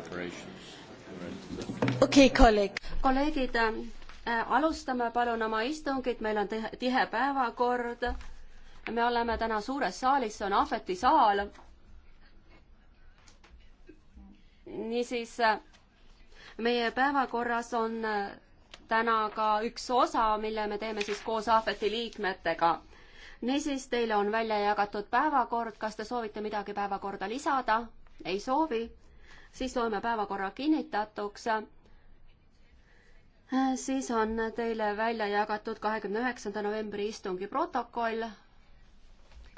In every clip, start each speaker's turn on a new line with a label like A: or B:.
A: okei okay,, kolleeg.
B: kolleegid, äh, alustame palun oma istungit, meil on tihe päevakord. me oleme täna suures saalis, see on ahveti saal. niisiis, äh, meie päevakorras on äh, täna ka üks osa, mille me teeme siis koos ahveti liikmetega. niisiis, teile on välja jagatud päevakord, kas te soovite midagi päevakorda lisada? ei soovi siis loeme päevakorra kinnitatuks. siis on teile välja jagatud kahekümne üheksanda novembri istungi protokoll.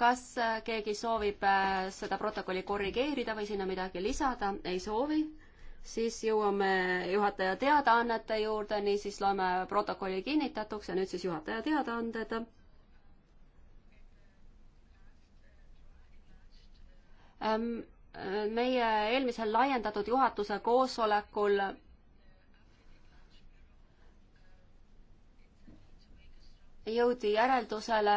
B: kas keegi soovib äh, seda protokolli korrigeerida või sinna midagi lisada? ei soovi siis jõuame juhataja teadaannete juurde, niisiis loeme protokolli kinnitatuks ja nüüd siis juhataja teadaanded. Um, ähm meie eelmisel laiendatud juhatuse koosolekul jõudi järeldusele,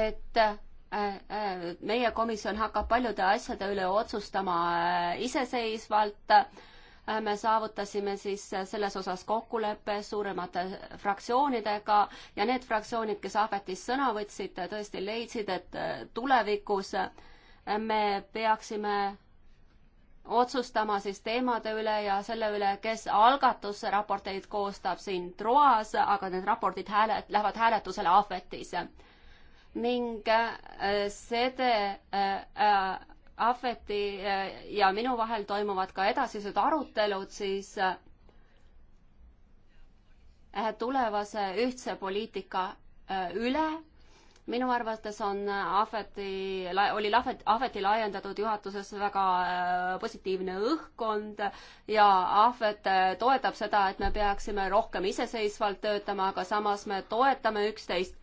B: et äh, äh, meie komisjon hakkab paljude asjade üle otsustama äh, iseseisvalt Äh, me saavutasime siis äh, selles osas kokkuleppe suuremate äh, fraktsioonidega ja need fraktsioonid, kes ametis sõna võtsid, tõesti leidsid, et tulevikus me peaksime otsustama siis teemade üle ja selle üle, kes algatusraporteid koostab siin troas, aga need raportid hääle, lähevad hääletusele ahvetis ning sede Ahveti eh, ja minu vahel toimuvad ka edasised arutelud siis eh, tulevase ühtse poliitika eh, üle. minu arvates on Ahveti, oli Ahveti laiendatud juhatuses väga positiivne õhkkond ja Ahvet toetab seda, et me peaksime rohkem iseseisvalt töötama, aga samas me toetame üksteist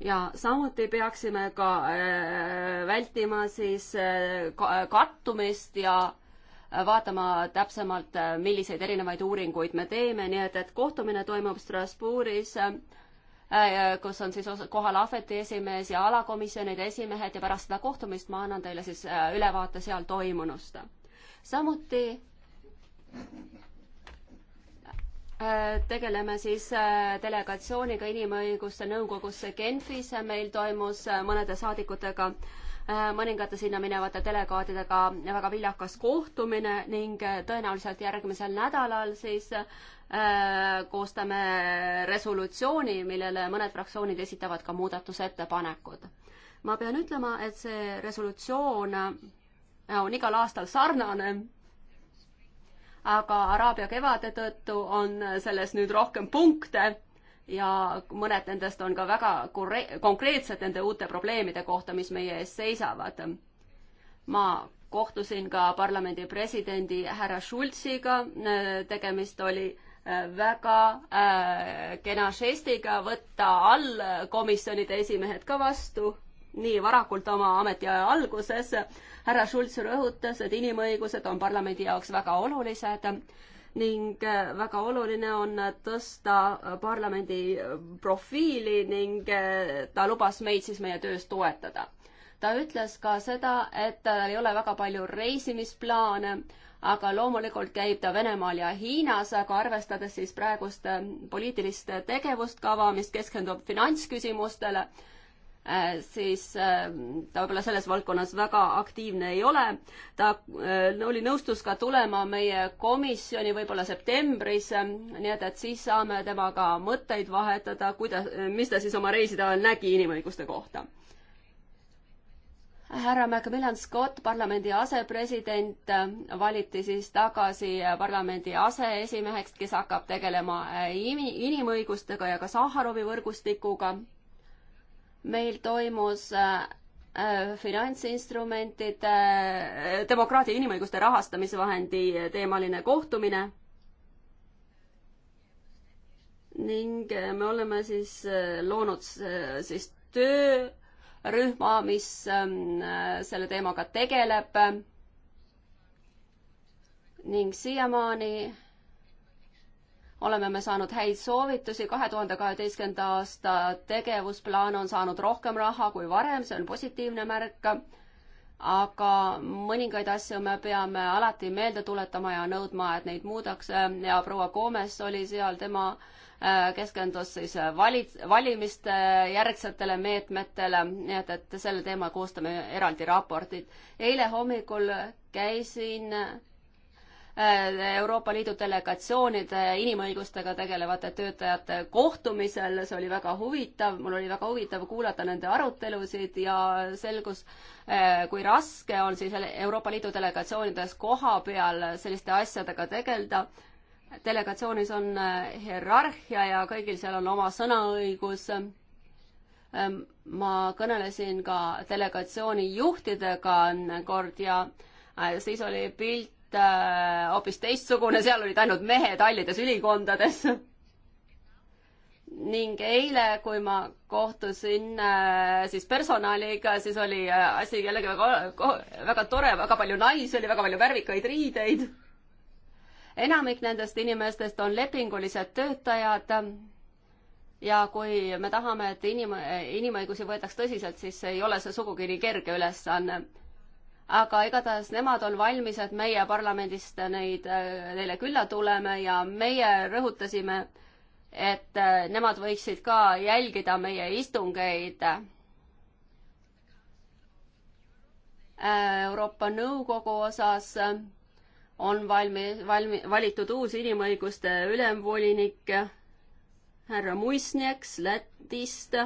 B: ja samuti peaksime ka äh, vältima siis äh, kattumist ja äh, vaatama täpsemalt, milliseid erinevaid uuringuid me teeme, nii et, et kohtumine toimub Strasbourgis, kus on siis kohal ahveti esimees ja alakomisjonide esimehed ja pärast seda kohtumist ma annan teile siis ülevaate seal toimunust. samuti Äh, tegeleme siis äh, delegatsiooniga Inimõiguste Nõukogusse Genfis. meil toimus äh, mõnede saadikutega, mõningate sinna minevate delegaatidega väga viljakas kohtumine ning tõenäoliselt järgmisel nädalal siis koostame resolutsiooni, millele mõned fraktsioonid esitavad ka muudatusettepanekud. ma pean ütlema, et see resolutsioon on igal aastal sarnane aga Araabia kevade tõttu on selles nüüd rohkem punkte ja mõned nendest on ka väga konkreetsed nende uute probleemide kohta, mis meie ees seisavad. ma kohtusin ka parlamendi presidendi härra Schulziga, tegemist oli äh, väga äh, kena žestiga võtta all komisjonide esimehed ka vastu nii varakult oma ametiaja alguses. härra Schulz rõhutas, et inimõigused on parlamendi jaoks väga olulised ning äh, väga oluline on tõsta parlamendi profiili ning äh, ta lubas meid siis meie töös toetada. ta ütles ka seda, et tal ei ole väga palju reisimisplaane, aga loomulikult käib ta Venemaal ja Hiinas, aga arvestades siis praegust äh, poliitilist tegevust kava, mis keskendub finantsküsimustele Äh, siis ähm, ta võib-olla selles valdkonnas väga aktiivne ei ole. ta äh, oli, nõustus ka tulema meie komisjoni võib-olla septembris, ähm, nii et, et siis saame temaga mõtteid vahetada, kuidas, mis ta siis oma reiside ajal nägi inimõiguste kohta härra Macmillan Scott, parlamendi asepresident, äh, valiti siis tagasi parlamendi aseesimeheks, kes hakkab tegelema inimõigustega ja ka Sahharovi võrgustikuga meil toimus äh, äh, finantsinstrumentide, äh, demokraatia inimõiguste rahastamisvahendi teemaline kohtumine ning me oleme siis loonud siis töörühma, mis ähm, selle teemaga tegeleb. ning siiamaani oleme me saanud häid soovitusi, kahe tuhande kaheteistkümnenda aasta tegevusplaan on saanud rohkem raha kui varem, see on positiivne märk, aga mõningaid asju me peame alati meelde tuletama ja nõudma, et neid muudaks ja proua Gomes oli seal, tema äh, keskendus siis vali-, valimiste järgsetele meetmetele, nii et, et selle teema koostame eraldi raportid. eile hommikul käisin Äh, Euroopa Liidu delegatsioonide inimõigustega tegelevate töötajate kohtumisel, see oli väga huvitav, mul oli väga huvitav kuulata nende arutelusid ja selgus, äh, kui raske on siis Euroopa Liidu delegatsioonides koha peal selliste asjadega tegeleda. delegatsioonis on äh, hierarhia ja kõigil seal on oma sõnaõigus ähm, ma kõnelesin ka delegatsiooni juhtidega kord ja siis oli pilt debatt äh, hoopis teistsugune, seal olid ainult mehed hallides ülikondades. ning eile, kui ma kohtusin äh, siis personaliga, siis oli äh, asi jällegi väga, väga tore, väga palju naisi oli, väga palju värvikaid riideid. enamik nendest inimestest on lepingulised töötajad ja kui me tahame, et inim-, inimõigusi võetaks tõsiselt, siis ei ole see sugugi nii kerge ülesanne aga igatahes nemad on valmis, et meie parlamendist neid, äh, neile külla tuleme ja meie rõhutasime, et äh, nemad võiksid ka jälgida meie istungeid. Äh, Euroopa Nõukogu osas on valmi-, valmi-, valitud uus inimõiguste ülemvolinik härra Muisnieks Lätist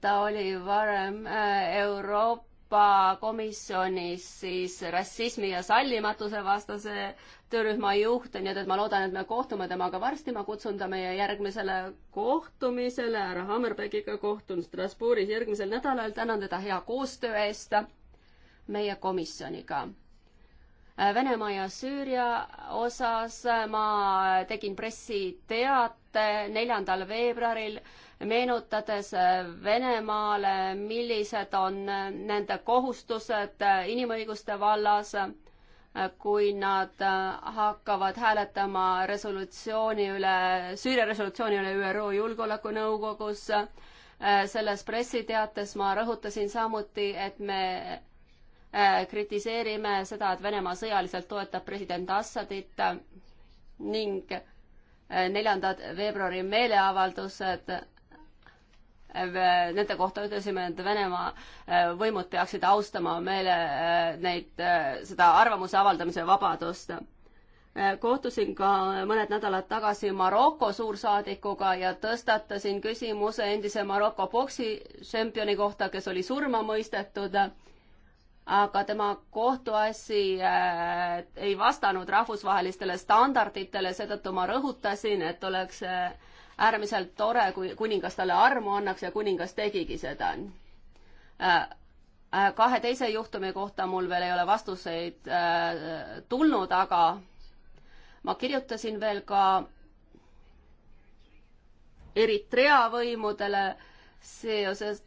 B: ta oli varem äh, Euroopa Komisjonis siis rassismi ja sallimatuse vastase töörühma juht, nii et, et ma loodan, et me kohtume temaga varsti, ma kutsun ta meie järgmisele kohtumisele, härra Hammerbergiga kohtun Strasbourgis järgmisel nädalal, tänan teda hea koostöö eest meie komisjoniga äh, Venemaa ja Süüria osas ma tegin pressiteate neljandal veebruaril meenutades äh, Venemaale, millised on äh, nende kohustused äh, inimõiguste vallas, kui nad hakkavad hääletama resolutsiooni üle, Süüria resolutsiooni üle ÜRO Julgeolekunõukogus. selles pressiteates ma rõhutasin samuti, et me kritiseerime seda, et Venemaa sõjaliselt toetab president Assadit ning neljandad veebruari meeleavaldused nende kohta ütlesime, et Venemaa äh, võimud peaksid austama meile äh, neid, äh, seda arvamuse avaldamise vabadust kohtusin ka mõned nädalad tagasi Maroko suursaadikuga ja tõstatasin küsimuse endise Maroko poksi tšempioni kohta, kes oli surma mõistetud. aga tema kohtuasi ei vastanud rahvusvahelistele standarditele, seetõttu ma rõhutasin, et oleks äärmiselt tore, kui kuningas talle armu annaks ja kuningas tegigi seda. Äh, äh, kahe teise juhtumi kohta mul veel ei ole vastuseid äh, tulnud, aga ma kirjutasin veel ka Eritrea võimudele seoses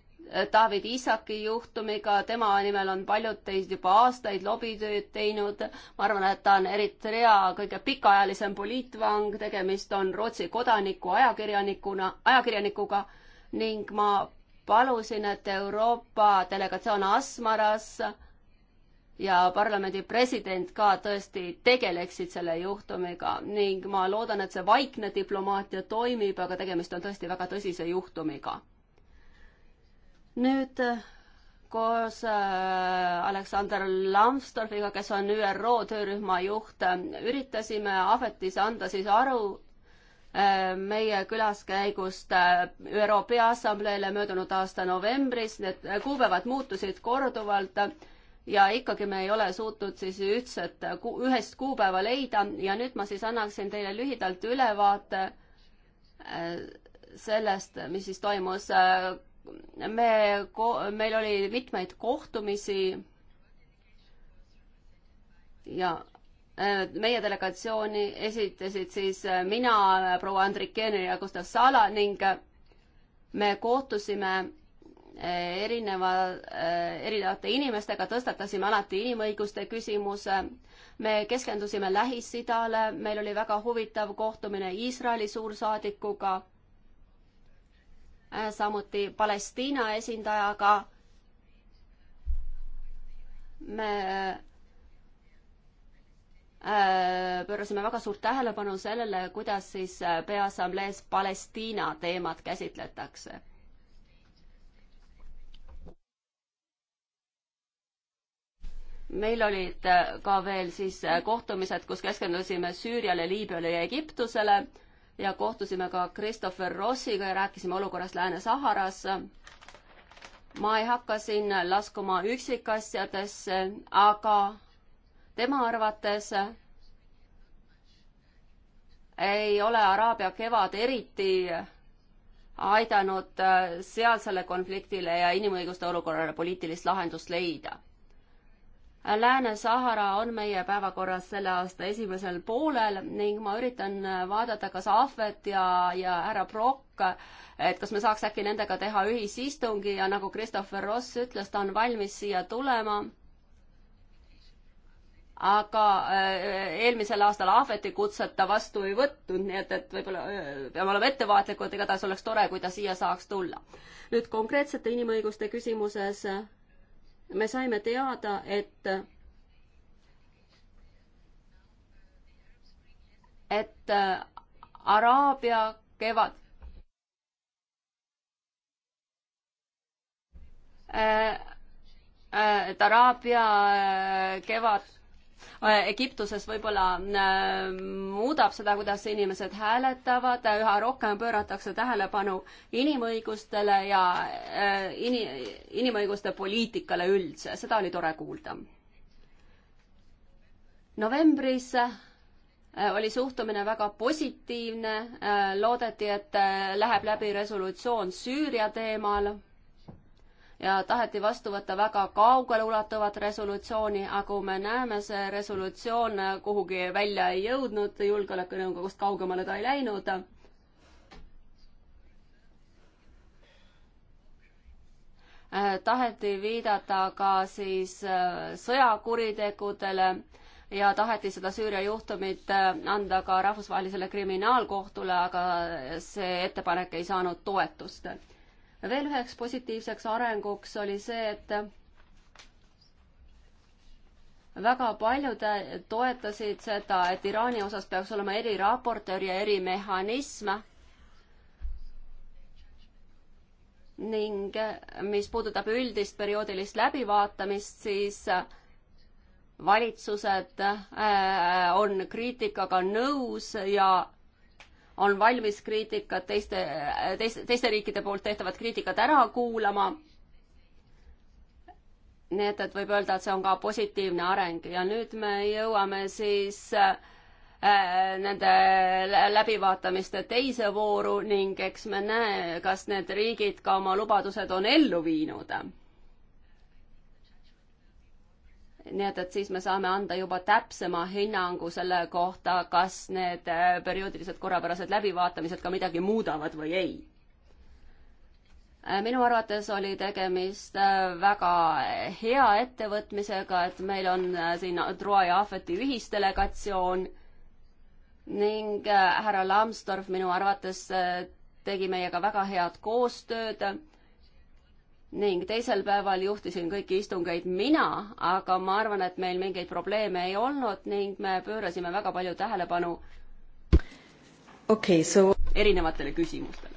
B: David Isaki juhtumiga, tema nimel on paljud teist juba aastaid lobitööd teinud. ma arvan, et ta on Eritrea kõige pikaajalisem poliitvang, tegemist on Rootsi kodaniku ajakirjanikuna, ajakirjanikuga ning ma palusin, et Euroopa delegatsioon Asmaras ja parlamendi president ka tõesti tegeleksid selle juhtumiga ning ma loodan, et see vaikne diplomaatia toimib, aga tegemist on tõesti väga tõsise juhtumiga nüüd äh, koos äh, Aleksander Lambsdorfiga, kes on ÜRO töörühma juht, äh, üritasime Ahvetis anda siis aru meie külaskäigust ÜRO Peaassambleele möödunud aasta novembris, need kuupäevad muutusid korduvalt ja ikkagi me ei ole suutnud siis ühtset, ühest kuupäeva leida ja nüüd ma siis annaksin teile lühidalt ülevaate sellest, mis siis toimus me, meil oli mitmeid kohtumisi ja äh, meie delegatsiooni esitasid siis äh, mina, proua Andrikene ja Gustav Sala ning äh, me kohtusime erineva, erinevate inimestega, tõstatasime alati inimõiguste küsimuse, me keskendusime Lähis-Idale, meil oli väga huvitav kohtumine Iisraeli suursaadikuga Äh, samuti Palestiina esindajaga. me äh, pöörasime väga suurt tähelepanu sellele, kuidas siis äh, Peaassamblees Palestiina teemat käsitletakse. meil olid ka veel siis kohtumised, kus keskendusime Süüriale, Liibüale ja Egiptusele ja kohtusime ka Christopher Rossiga ja rääkisime olukorrast Lääne-Saharas. ma ei hakka siin laskuma üksikasjadesse, aga tema arvates ei ole Araabia kevad eriti aidanud äh, sealsele konfliktile ja inimõiguste olukorrale poliitilist lahendust leida Lääne-Sahara on meie päevakorras selle aasta esimesel poolel ning ma üritan vaadata, kas Ahvet ja, ja härra Prokk, et kas me saaks äkki nendega teha ühisistungi ja nagu Christopher Ross ütles, ta on valmis siia tulema. aga äh, eelmisel aastal Ahveti kutset ta vastu ei võtnud, nii et, et võib-olla äh, peame olema ettevaatlikud, igatahes oleks tore, kui ta siia saaks tulla. nüüd konkreetsete inimõiguste küsimuses me saime teada, et et äh, Araabia kevad äh,, äh, et Araabia äh, kevad Äh, Egiptuses võib-olla äh, muudab seda, kuidas inimesed hääletavad, äh, üha rohkem pööratakse tähelepanu inimõigustele ja ini, inimõiguste poliitikale üldse, seda oli tore kuulda. novembris oli suhtumine väga positiivne, loodeti, et läheb läbi resolutsioon Süüria teemal ja taheti vastu võtta väga kaugeleulatuvat resolutsiooni, aga kui me näeme, see resolutsioon kuhugi välja ei jõudnud, julgeolekunõukogust kaugemale ta ei läinud. taheti viidata ka siis äh, sõjakuritegudele ja taheti seda Süüria juhtumit äh, anda ka rahvusvahelisele kriminaalkohtule, aga see ettepanek ei saanud toetust veel üheks positiivseks arenguks oli see, et väga paljud toetasid seda, et Iraani osas peaks olema eriraportöör ja erimehhanism ning mis puudutab üldist perioodilist läbivaatamist, siis valitsused äh, on kriitikaga nõus ja on valmis kriitikat teiste, teiste, teiste riikide poolt tehtavat kriitikat ära kuulama. nii et, et võib öelda, et see on ka positiivne areng ja nüüd me jõuame siis äh, nende läbivaatamiste teise vooru ning eks me näe, kas need riigid ka oma lubadused on ellu viinud nii et, et siis me saame anda juba täpsema hinnangu selle kohta, kas need äh, perioodilised korrapärased läbivaatamised ka midagi muudavad või ei. Äh, minu arvates oli tegemist äh, väga hea ettevõtmisega, et meil on siin Troa ja Ahveti ühisdelegatsioon ning härra Lambsdorff minu arvates tegi meiega väga head koostööd ning teisel päeval juhtisin kõiki istungeid mina, aga ma arvan, et meil mingeid probleeme ei olnud ning me pöörasime väga palju tähelepanu
A: okay, so...
B: erinevatele küsimustele.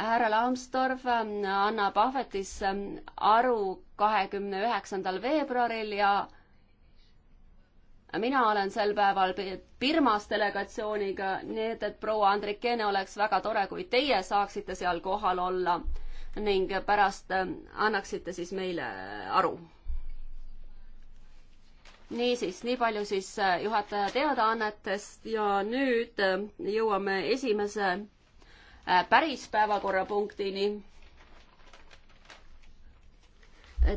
B: härra Lambsdorff ähm, annab ahvetisse ähm, aru kahekümne üheksandal veebruaril ja mina olen sel päeval Birmas delegatsiooniga, nii et, et proua Andrikene, oleks väga tore, kui teie saaksite seal kohal olla ning pärast äh, annaksite siis meile äh, aru. niisiis, nii palju siis äh, juhataja teadaannetest ja nüüd jõuame esimese päris päevakorrapunktini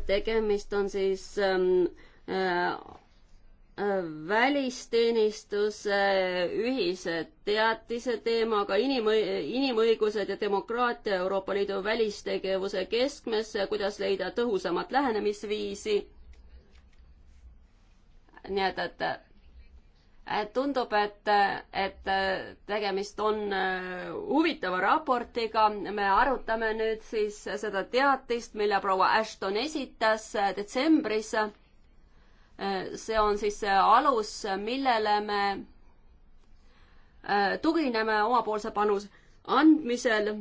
B: tegemist on siis ähm, äh, välisteenistuse ühised teatise teemaga inimõ-, inimõigused ja demokraatia Euroopa Liidu välistegevuse keskmesse, kuidas leida tõhusamat lähenemisviisi. nii et, et tundub, et, et tegemist on äh, huvitava raportiga, me arutame nüüd siis seda teatist, mille proua Ashton esitas äh, detsembris see on siis see alus, millele me äh, tugineme omapoolse panuse andmisel.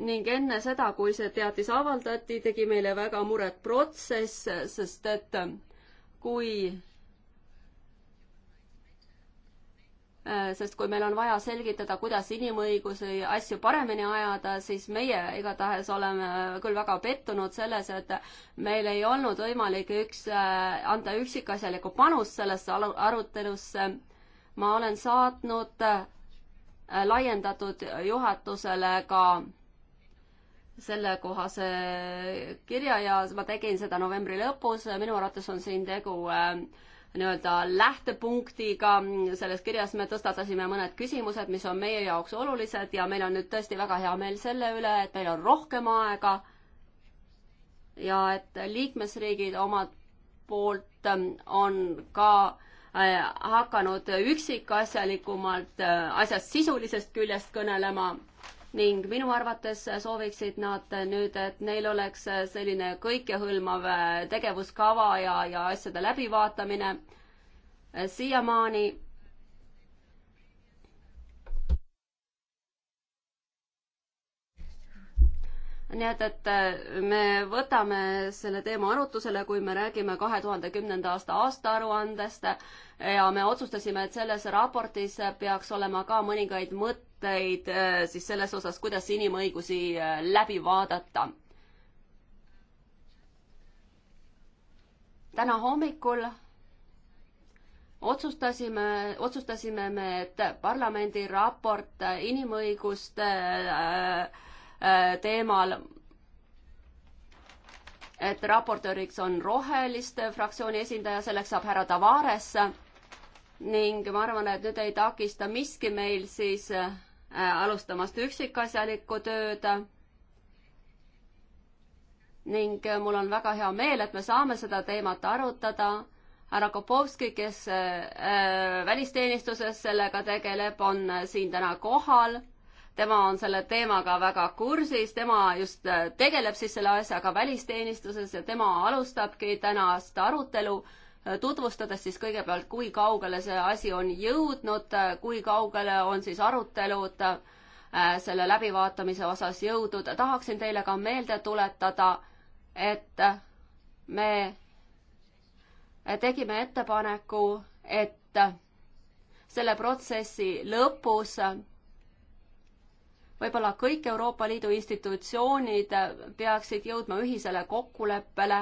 B: ning enne seda, kui see teatis avaldati, tegi meile väga muret protsess, sest et kui Äh, sest kui meil on vaja selgitada, kuidas inimõigusi asju paremini ajada, siis meie igatahes oleme küll väga pettunud selles, et meil ei olnud võimalik üks, äh, anda üksikasjalikku panust sellesse arutelusse. ma olen saatnud äh, laiendatud juhatusele ka sellekohase kirja ja ma tegin seda novembri lõpus, minu arvates on siin tegu äh, nii-öelda lähtepunktiga. selles kirjas me tõstatasime mõned küsimused, mis on meie jaoks olulised ja meil on nüüd tõesti väga hea meel selle üle, et meil on rohkem aega ja et liikmesriigid omalt poolt ähm, on ka äh, hakanud üksikasjalikumalt äh, asjast sisulisest küljest kõnelema ning minu arvates sooviksid nad nüüd, et neil oleks selline kõikehõlmav tegevuskava ja, ja asjade läbivaatamine. siiamaani nii et, et me võtame selle teema arutusele, kui me räägime kahe tuhande kümnenda aasta aastaaruandest ja me otsustasime, et selles raportis peaks olema ka mõningaid mõtteid mõtteid äh, siis selles osas, kuidas inimõigusi äh, läbi vaadata. täna hommikul otsustasime, otsustasime me, et parlamendi raport äh, inimõiguste teemal, et raportööriks on Roheliste fraktsiooni esindaja, selleks saab härra Tavares ning ma arvan, et nüüd ei takista miski meil siis Äh, alustamast üksikasjalikku tööd. ning äh, mul on väga hea meel, et me saame seda teemat arutada. härra Kopovski, kes äh, välisteenistuses sellega tegeleb, on siin täna kohal. tema on selle teemaga väga kursis, tema just tegeleb siis selle asjaga välisteenistuses ja tema alustabki tänast arutelu tutvustades siis kõigepealt, kui kaugele see asi on jõudnud, kui kaugele on siis arutelud äh, selle läbivaatamise osas jõudnud. tahaksin teile ka meelde tuletada, et me tegime ettepaneku, et selle protsessi lõpus võib-olla kõik Euroopa Liidu institutsioonid peaksid jõudma ühisele kokkuleppele,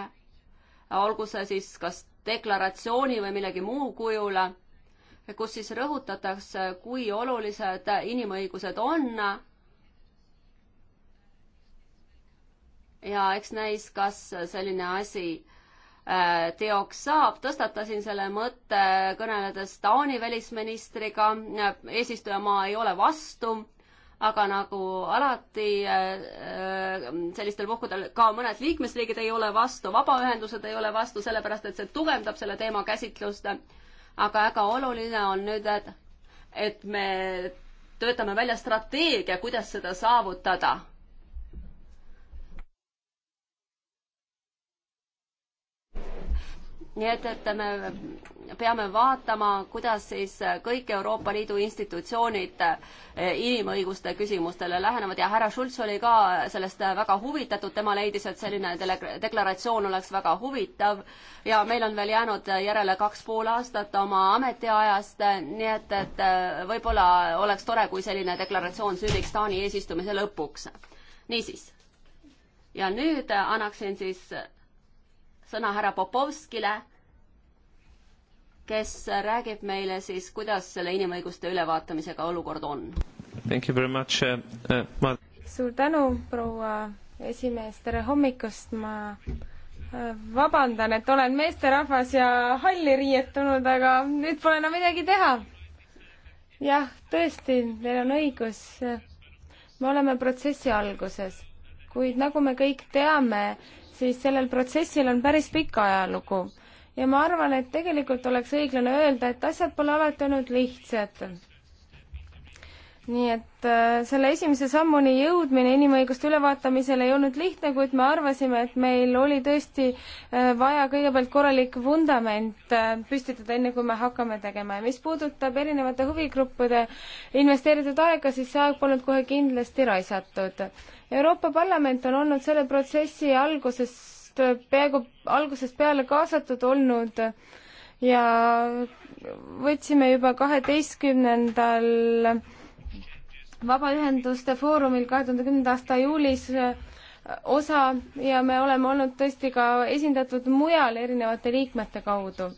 B: olgu see siis kas deklaratsiooni või millegi muu kujul, kus siis rõhutatakse, kui olulised inimõigused on. ja eks näis, kas selline asi äh, teoks saab, tõstatasin selle mõtte kõneledes Taani välisministriga, eesistujamaa ei ole vastu aga nagu alati äh, äh, sellistel puhkudel ka mõned liikmesriigid ei ole vastu, vabaühendused ei ole vastu, sellepärast et see tugevdab selle teema käsitlust. aga väga oluline on nüüd, et, et me töötame välja strateegia, kuidas seda saavutada nii et, et me peame vaatama, kuidas siis kõik Euroopa Liidu institutsioonid eh, inimõiguste küsimustele lähenevad ja härra Schulz oli ka sellest väga huvitatud, tema leidis, et selline deklaratsioon oleks väga huvitav ja meil on veel jäänud järele kaks pool aastat oma ametiajast, nii et, et eh, võib-olla oleks tore, kui selline deklaratsioon sünniks Taani eesistumise lõpuks. niisiis. ja nüüd annaksin siis sõna härra Popovskile, kes räägib meile siis, kuidas selle inimõiguste ülevaatamisega olukord on.
A: Uh, ma...
B: suur tänu,
C: proua esimees, tere hommikust, ma eh, vabandan, et olen meesterahvas ja halli riietunud, aga nüüd pole enam midagi teha. jah, tõesti, teil on õigus. me oleme protsessi alguses, kuid nagu me kõik teame, siis sellel protsessil on päris pikk ajalugu. ja ma arvan, et tegelikult oleks õiglane öelda, et asjad pole alati olnud lihtsad. nii et äh, selle esimese sammuni jõudmine inimõiguste ülevaatamisel ei olnud lihtne, kuid me arvasime, et meil oli tõesti äh, vaja kõigepealt korralik vundament äh, püstitada, enne kui me hakkame tegema ja mis puudutab erinevate huvigruppide investeeritud aega, siis see aeg polnud kohe kindlasti raisatud Euroopa Parlament on olnud selle protsessi algusest, peaaegu algusest peale kaasatud olnud ja võtsime juba kaheteistkümnendal vabaühenduste foorumil kahe tuhande kümnenda aasta juulis äh, osa ja me oleme olnud tõesti ka esindatud mujal erinevate liikmete kaudu.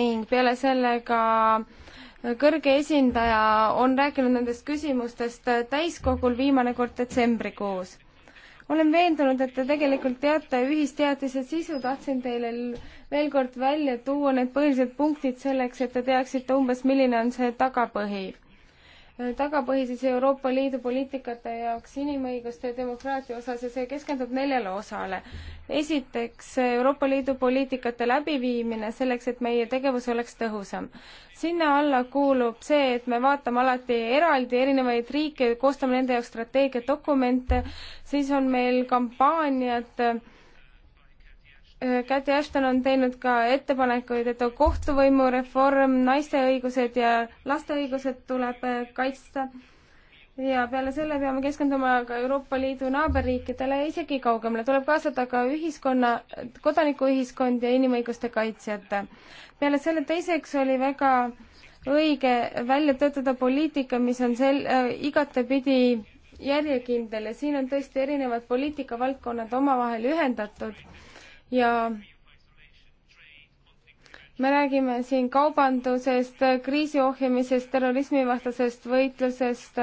C: ning peale selle ka äh, kõrge esindaja on rääkinud nendest küsimustest täiskogul viimane kord detsembrikuus. olen veendunud, et te tegelikult teate ühisteatise sisu, tahtsin teile veel kord välja tuua need põhilised punktid selleks, et te teaksite umbes, milline on see tagapõhi tagapõhisise Euroopa Liidu poliitikate jaoks inimõiguste ja demokraatia osas ja see keskendub neljale osale. esiteks Euroopa Liidu poliitikate läbiviimine selleks, et meie tegevus oleks tõhusam. sinna alla kuulub see, et me vaatame alati eraldi erinevaid riike, koostame nende jaoks strateegiadokumente, siis on meil kampaaniad Käti äh, Ashton on teinud ka ettepanekuid, et kohtuvõimu reform, naiste õigused ja laste õigused tuleb äh, kaitsta. ja peale selle peame keskenduma ka Euroopa Liidu naaberriikidele ja isegi kaugemale. tuleb kaasata ka ühiskonna, kodanikuühiskond ja inimõiguste kaitsjad. peale selle teiseks oli väga õige välja töötada poliitika, mis on sel- äh,, igatepidi järjekindel ja siin on tõesti erinevad poliitikavaldkonnad omavahel ühendatud ja me räägime siin kaubandusest, kriisi ohjamisest, terrorismivastasest võitlusest,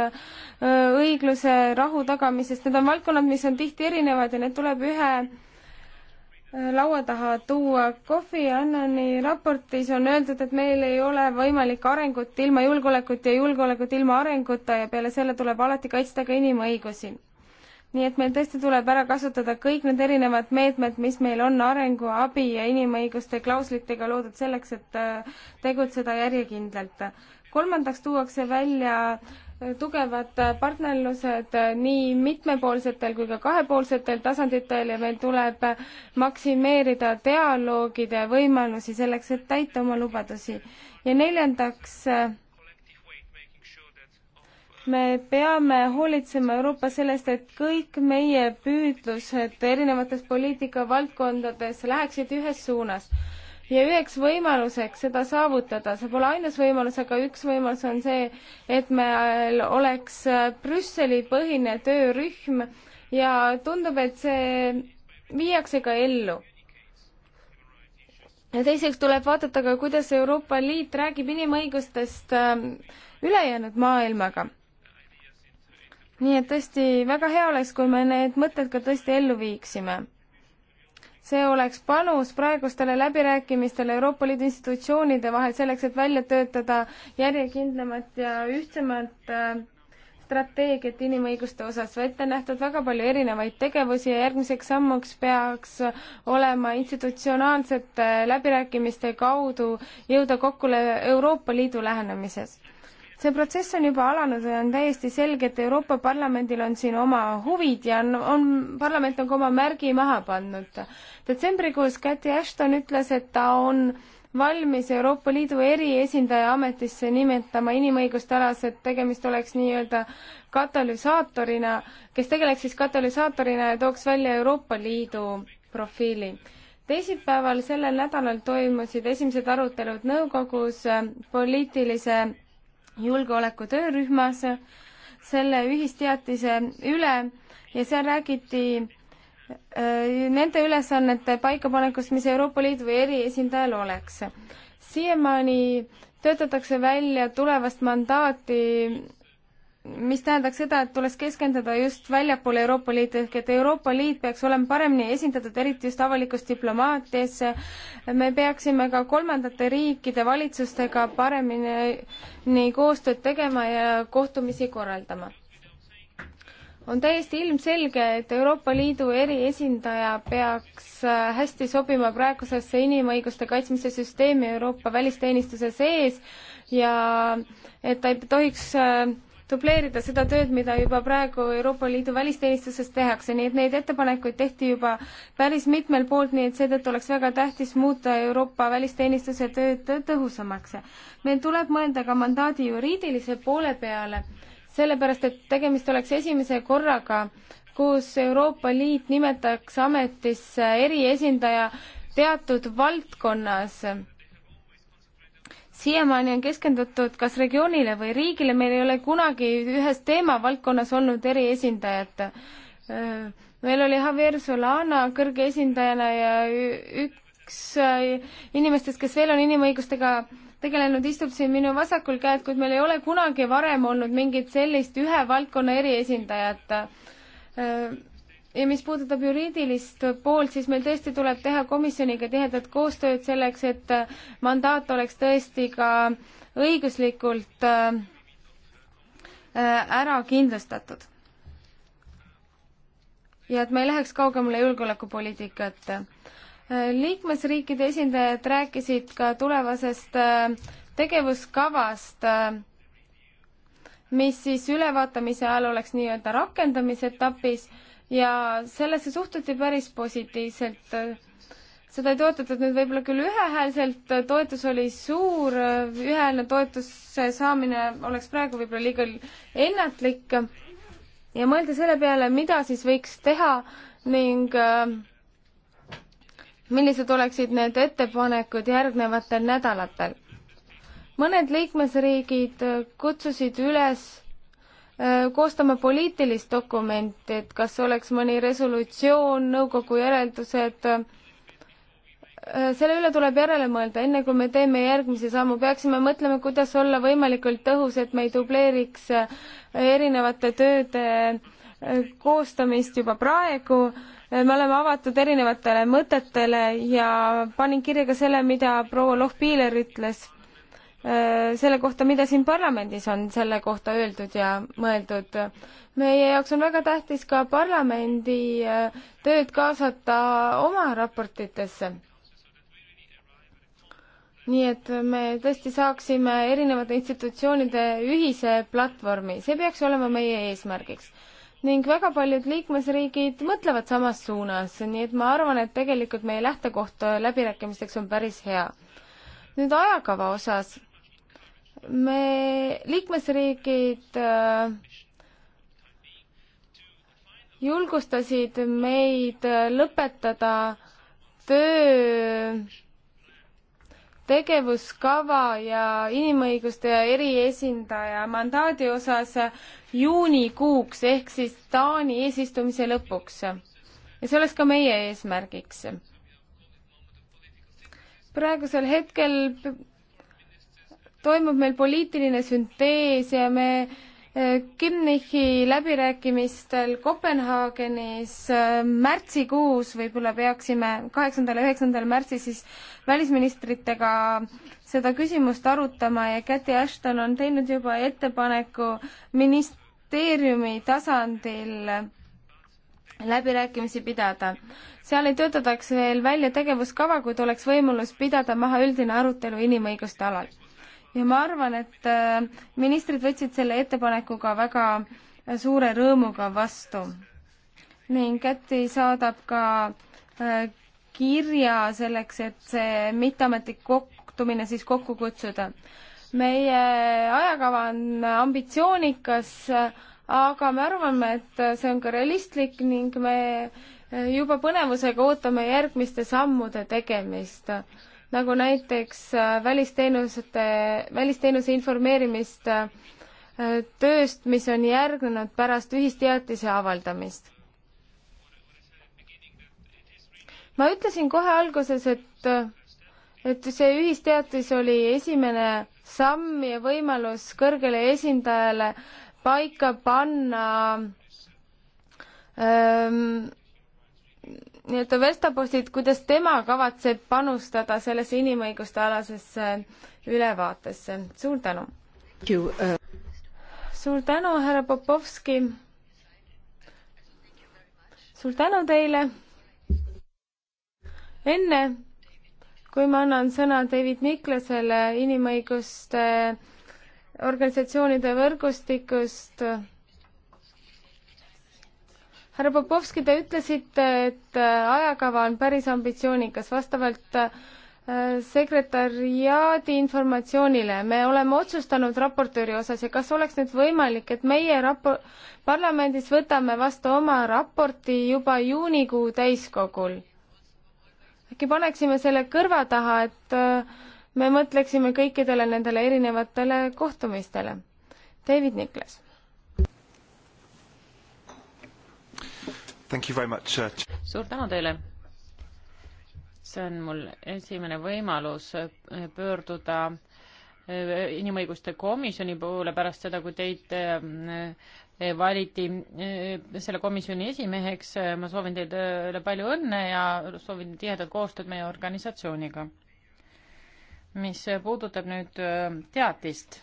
C: õigluse, rahu tagamisest, need on valdkonnad, mis on tihti erinevad ja need tuleb ühe laua taha tuua. Kofi Annani raportis on öeldud, et meil ei ole võimalik arengut ilma julgeolekut ja julgeolekut ilma arenguta ja peale selle tuleb alati kaitsta ka inimõigusi nii et meil tõesti tuleb ära kasutada kõik need erinevad meetmed, mis meil on arenguabi ja inimõiguste klauslitega loodud selleks, et äh, tegutseda järjekindlalt. kolmandaks tuuakse välja äh, tugevad äh, partnerlused nii mitmepoolsetel kui ka kahepoolsetel tasanditel ja meil tuleb maksimeerida dialoogide võimalusi selleks, et täita oma lubadusi. ja neljandaks me peame hoolitsema Euroopas sellest, et kõik meie püüdlused erinevates poliitikavaldkondades läheksid ühes suunas. ja üheks võimaluseks seda saavutada, see pole ainus võimalus, aga üks võimalus on see, et meil oleks Brüsseli põhine töörühm ja tundub, et see viiakse ka ellu ja teiseks tuleb vaadata ka, kuidas Euroopa Liit räägib inimõigustest äh, ülejäänud maailmaga nii et tõesti väga hea oleks, kui me need mõtted ka tõesti ellu viiksime. see oleks panus praegustele läbirääkimistele Euroopa Liidu institutsioonide vahel selleks, et välja töötada järjekindlamat ja ühtsemat äh, strateegiat inimõiguste osas ette nähtud väga palju erinevaid tegevusi ja järgmiseks sammuks peaks olema institutsionaalsete läbirääkimiste kaudu jõuda kokkule Euroopa Liidu lähenemises see protsess on juba alanud ja on täiesti selge, et Euroopa Parlamendil on siin oma huvid ja on, on, parlament on ka oma märgi maha pannud. detsembrikuus Käti Ashton ütles, et ta on valmis Euroopa Liidu eriesindaja ametisse nimetama inimõiguste alas, et tegemist oleks nii-öelda katalüsaatorina, kes tegeleks siis katalüsaatorina ja tooks välja Euroopa Liidu profiili teisipäeval sellel nädalal toimusid esimesed arutelud nõukogus poliitilise julgeoleku töörühmas selle ühisteatise üle ja seal räägiti äh, nende ülesannete paikapanekust, mis Euroopa Liidu või eriesindajal oleks. siiamaani töötatakse välja tulevast mandaati mis tähendaks seda, et tuleks keskenduda just väljapoole Euroopa Liitu, ehk et Euroopa Liit peaks olema paremini esindatud, eriti just avalikus diplomaatias. me peaksime ka kolmandate riikide valitsustega paremini koostööd tegema ja kohtumisi korraldama. on täiesti ilmselge, et Euroopa Liidu eriesindaja peaks hästi sobima praegusesse inimõiguste kaitsmise süsteemi Euroopa välisteenistuse sees ja et ta ei tohiks äh, dubleerida seda tööd, mida juba praegu Euroopa Liidu välisteenistuses tehakse, nii et neid ettepanekuid tehti juba päris mitmel poolt, nii et seetõttu oleks väga tähtis muuta Euroopa välisteenistuse tööd tõhusamaks. meil tuleb mõelda ka mandaadi juriidilise poole peale, sellepärast et tegemist oleks esimese korraga, kus Euroopa Liit nimetaks ametisse eriesindaja teatud valdkonnas siiamaani on keskendutud kas regioonile või riigile, meil ei ole kunagi ühes teemavaldkonnas olnud eriesindajat. Äh, meil oli Javier Solana kõrge esindajana ja üks äh, inimestest, kes veel on inimõigustega tegelenud, istub siin minu vasakul käed, kuid meil ei ole kunagi varem olnud mingit sellist ühe valdkonna eriesindajat äh, ja mis puudutab juriidilist poolt, siis meil tõesti tuleb teha komisjoniga tihedat koostööd selleks, et äh, mandaat oleks tõesti ka õiguslikult äh, äh, ära kindlustatud. ja et me ei läheks kaugemale julgeolekupoliitikat. liikmesriikide esindajad rääkisid ka tulevasest tegevuskavast, mis siis ülevaatamise ajal oleks nii-öelda rakendamise etapis ja sellesse suhtuti päris positiivselt. seda ei toetatud nüüd võib-olla küll ühehäälselt, toetus oli suur, ühehäälne toetuse saamine oleks praegu võib-olla liiga ennatlik ja mõelda selle peale, mida siis võiks teha ning äh, millised oleksid need ettepanekud järgnevatel nädalatel. mõned liikmesriigid kutsusid üles Äh, koostama poliitilist dokumenti, et kas oleks mõni resolutsioon, nõukogu järeldused, äh, selle üle tuleb järele mõelda, enne kui me teeme järgmise sammu, peaksime mõtlema, kuidas olla võimalikult tõhus, et me ei dubleeriks äh, erinevate tööde koostamist juba praegu, me oleme avatud erinevatele mõtetele ja panin kirja ka selle, mida proua Lohpiiler ütles Äh, selle kohta, mida siin parlamendis on selle kohta öeldud ja mõeldud. meie jaoks on väga tähtis ka parlamendi äh, tööd kaasata oma raportitesse. nii et me tõesti saaksime erinevate institutsioonide ühise platvormi, see peaks olema meie eesmärgiks. ning väga paljud liikmesriigid mõtlevad samas suunas, nii et ma arvan, et tegelikult meie lähtekoht läbirääkimisteks on päris hea. nüüd ajakava osas me, liikmesriigid äh, julgustasid meid äh, lõpetada töö tegevuskava ja inimõiguste ja eriesindaja mandaadi osas juunikuuks ehk siis Taani eesistumise lõpuks. ja see oleks ka meie eesmärgiks. praegusel hetkel toimub meil poliitiline süntees ja me eh, Kimnichi läbirääkimistel Kopenhaagenis eh, märtsikuus võib-olla peaksime kaheksandal ja üheksandal märtsil siis välisministritega seda küsimust arutama ja Käti Ashton on teinud juba ettepaneku ministeeriumi tasandil läbirääkimisi pidada. seal ei töötataks veel välja tegevuskava, kuid oleks võimalus pidada maha üldine arutelu inimõiguste alal ja ma arvan, et äh, ministrid võtsid selle ettepanekuga väga suure rõõmuga vastu ning Käti saadab ka äh, kirja selleks, et see mitteametlik kohtumine siis kokku kutsuda. meie ajakava on ambitsioonikas, aga me arvame, et see on ka realistlik ning me juba põnevusega ootame järgmiste sammude tegemist nagu näiteks äh, välisteenuste, välisteenuse informeerimist äh, tööst, mis on järgnenud pärast ühisteatise avaldamist. ma ütlesin kohe alguses, et, äh, et see ühisteatis oli esimene samm ja võimalus kõrgele esindajale paika panna öö, ähm, nii-öelda verstapostit, kuidas tema kavatseb panustada sellesse inimõiguste alasesse ülevaatesse. suur tänu! Uh, suur tänu, härra Popovski! suur tänu teile! enne, kui ma annan sõna David Miklasele inimõiguste organisatsioonide võrgustikust, härra Popovski, te ütlesite, et äh, ajakava on päris ambitsioonikas, vastavalt äh, sekretariaadi informatsioonile me oleme otsustanud raportööri osas ja kas oleks nüüd võimalik, et meie rapo-, parlamendis võtame vastu oma raporti juba juunikuu täiskogul? äkki paneksime selle kõrva taha, et äh, me mõtleksime kõikidele nendele erinevatele kohtumistele. David Niklas Uh, suur
D: tänu teile. see on mul esimene võimalus äh, pöörduda äh, inimõiguste komisjoni poole pärast seda, kui teid äh, valiti selle komisjoni esimeheks. ma soovin teile palju õnne ja soovin tihedat koostööd meie organisatsiooniga. mis puudutab nüüd teatist,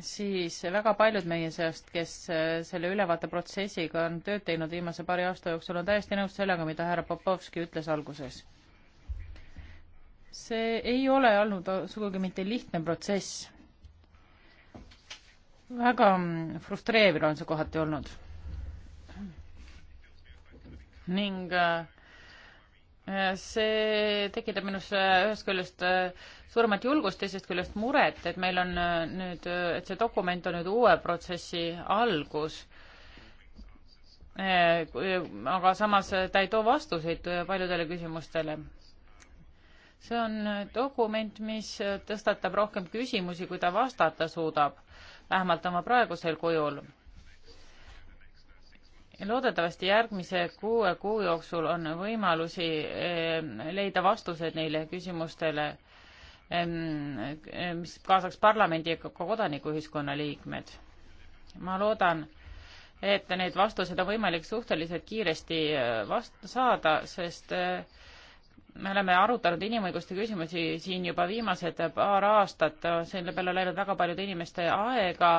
D: siis väga paljud meie seast, kes äh, selle ülevaateprotsessiga on tööd teinud viimase paari aasta jooksul, on täiesti nõus sellega, mida härra Popovski ütles alguses. see ei ole olnud sugugi mitte lihtne protsess. väga mm, frustreeriv on see kohati olnud. ning äh, see tekitab minus äh, ühest küljest äh, suuremat julgust, teisest küljest muret, et meil on äh, nüüd, et see dokument on nüüd uue protsessi algus. aga samas ta ei too vastuseid paljudele küsimustele. see on dokument, mis tõstatab rohkem küsimusi, kui ta vastata suudab, vähemalt oma praegusel kujul loodetavasti järgmise kuue kuu jooksul on võimalusi eh, leida vastused neile küsimustele, mis kaasaks parlamendi ja ka kodanikuühiskonna liikmed. ma loodan, et need vastused on võimalik suhteliselt kiiresti eh, vast-, saada, sest eh, me oleme arutanud inimõiguste küsimusi siin juba viimased paar aastat, selle peale on läinud väga paljude inimeste aega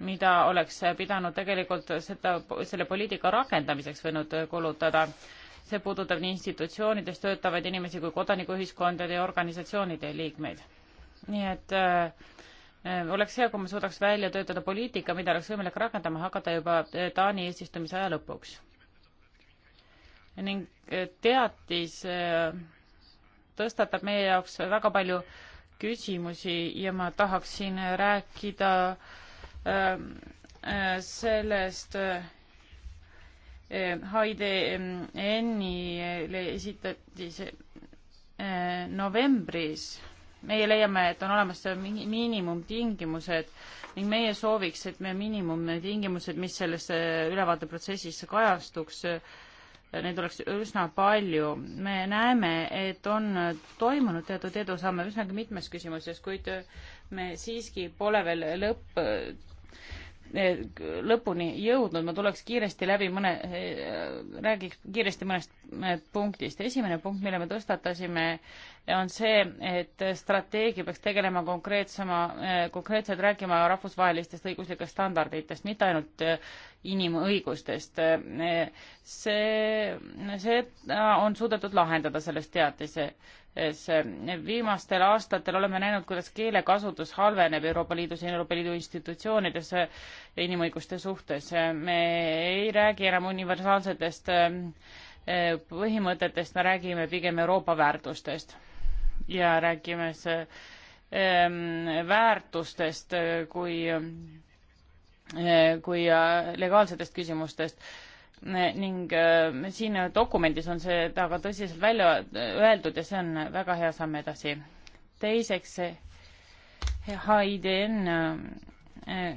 D: mida oleks pidanud tegelikult seda, selle poliitika rakendamiseks võinud kulutada. see puudutab nii institutsioonides töötavaid inimesi kui kodanikuühiskondade ja organisatsioonide liikmeid. nii et äh, oleks hea, kui me suudaks välja töötada poliitika, mida oleks võimalik rakendama hakata juba äh, Taani eesistumise aja lõpuks. ning äh, teatis äh, tõstatab meie jaoks väga palju küsimusi ja ma tahaksin rääkida äh, Ähm, äh, sellest HIDN-ile äh, äh, esitati see novembris. meie leiame, et on olemas miinimumtingimused ning meie sooviks, et me miinimumtingimused, mis selles ülevaateprotsessis kajastuks, neid oleks üsna palju. me näeme, et on toimunud teatud edusamme üsnagi mitmes küsimuses, kuid me siiski pole veel lõpp, lõpuni jõudnud, ma tuleks kiiresti läbi mõne, räägiks kiiresti mõnest punktist. esimene punkt, mille me tõstatasime, on see, et strateegia peaks tegelema konkreetsema, konkreetselt rääkima rahvusvahelistest õiguslikest standarditest, mitte ainult inimõigustest. see, see on suudetud lahendada selles teatise Eh, viimastel aastatel oleme näinud, kuidas keelekasutus halveneb Euroopa Liidus ja Euroopa Liidu institutsioonides eh, inimõiguste suhtes. Eh, me ei räägi enam universaalsetest põhimõtetest, me räägime pigem Euroopa väärtustest ja räägime väärtustest kui, kui legaalsetest küsimustest ning äh, siin dokumendis on seda ka tõsiselt välja äh, öeldud ja see on väga hea samm edasi. teiseks, HIDN äh,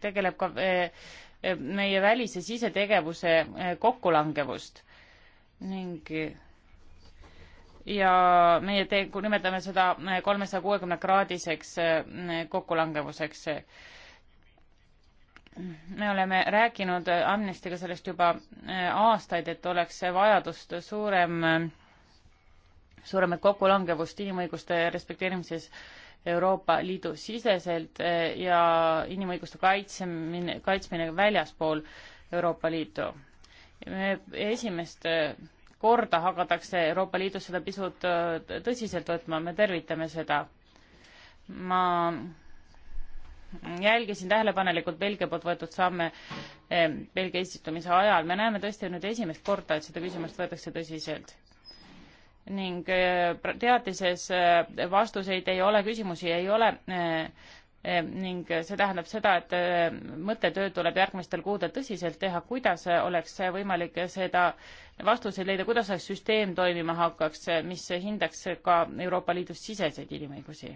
D: tegeleb ka meie välise sisetegevuse kokkulangevust ning ja meie te-, nimetame seda kolmesaja kuuekümne kraadiseks kokkulangevuseks me oleme rääkinud äh, Amnestiga sellest juba äh, aastaid, et oleks vajadust suurem, äh, suuremat kokkulangevust inimõiguste respekteerimises Euroopa Liidu siseselt ja inimõiguste kaitsemine, kaitsmine väljaspool Euroopa Liitu. esimest korda hakatakse Euroopa Liidus seda pisut tõsiselt võtma, me tervitame seda. ma jälgisin tähelepanelikult Belgia poolt võetud samme eh, Belgia esitamise ajal. me näeme tõesti nüüd esimest korda, et seda küsimust võetakse tõsiselt. ning eh, teatises eh, vastuseid ei ole, küsimusi ei ole ning see tähendab seda, et mõttetööd tuleb järgmistel kuudel tõsiselt teha, kuidas oleks võimalik seda vastuseid leida, kuidas oleks süsteem toimima hakkaks, mis hindaks ka Euroopa Liidus siseseid inimõigusi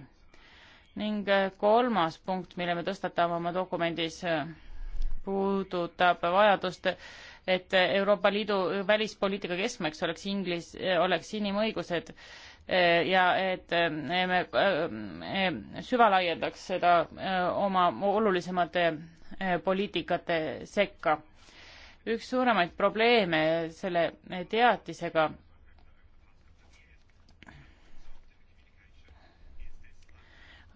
D: ning äh, kolmas punkt, mille me tõstatame oma dokumendis, äh, puudutab vajadust, et Euroopa Liidu välispoliitika keskmeks oleks inglis, äh, oleks inimõigused ja et me süvalaiendaks seda oma olulisemate poliitikate sekka. üks suuremaid probleeme selle teatisega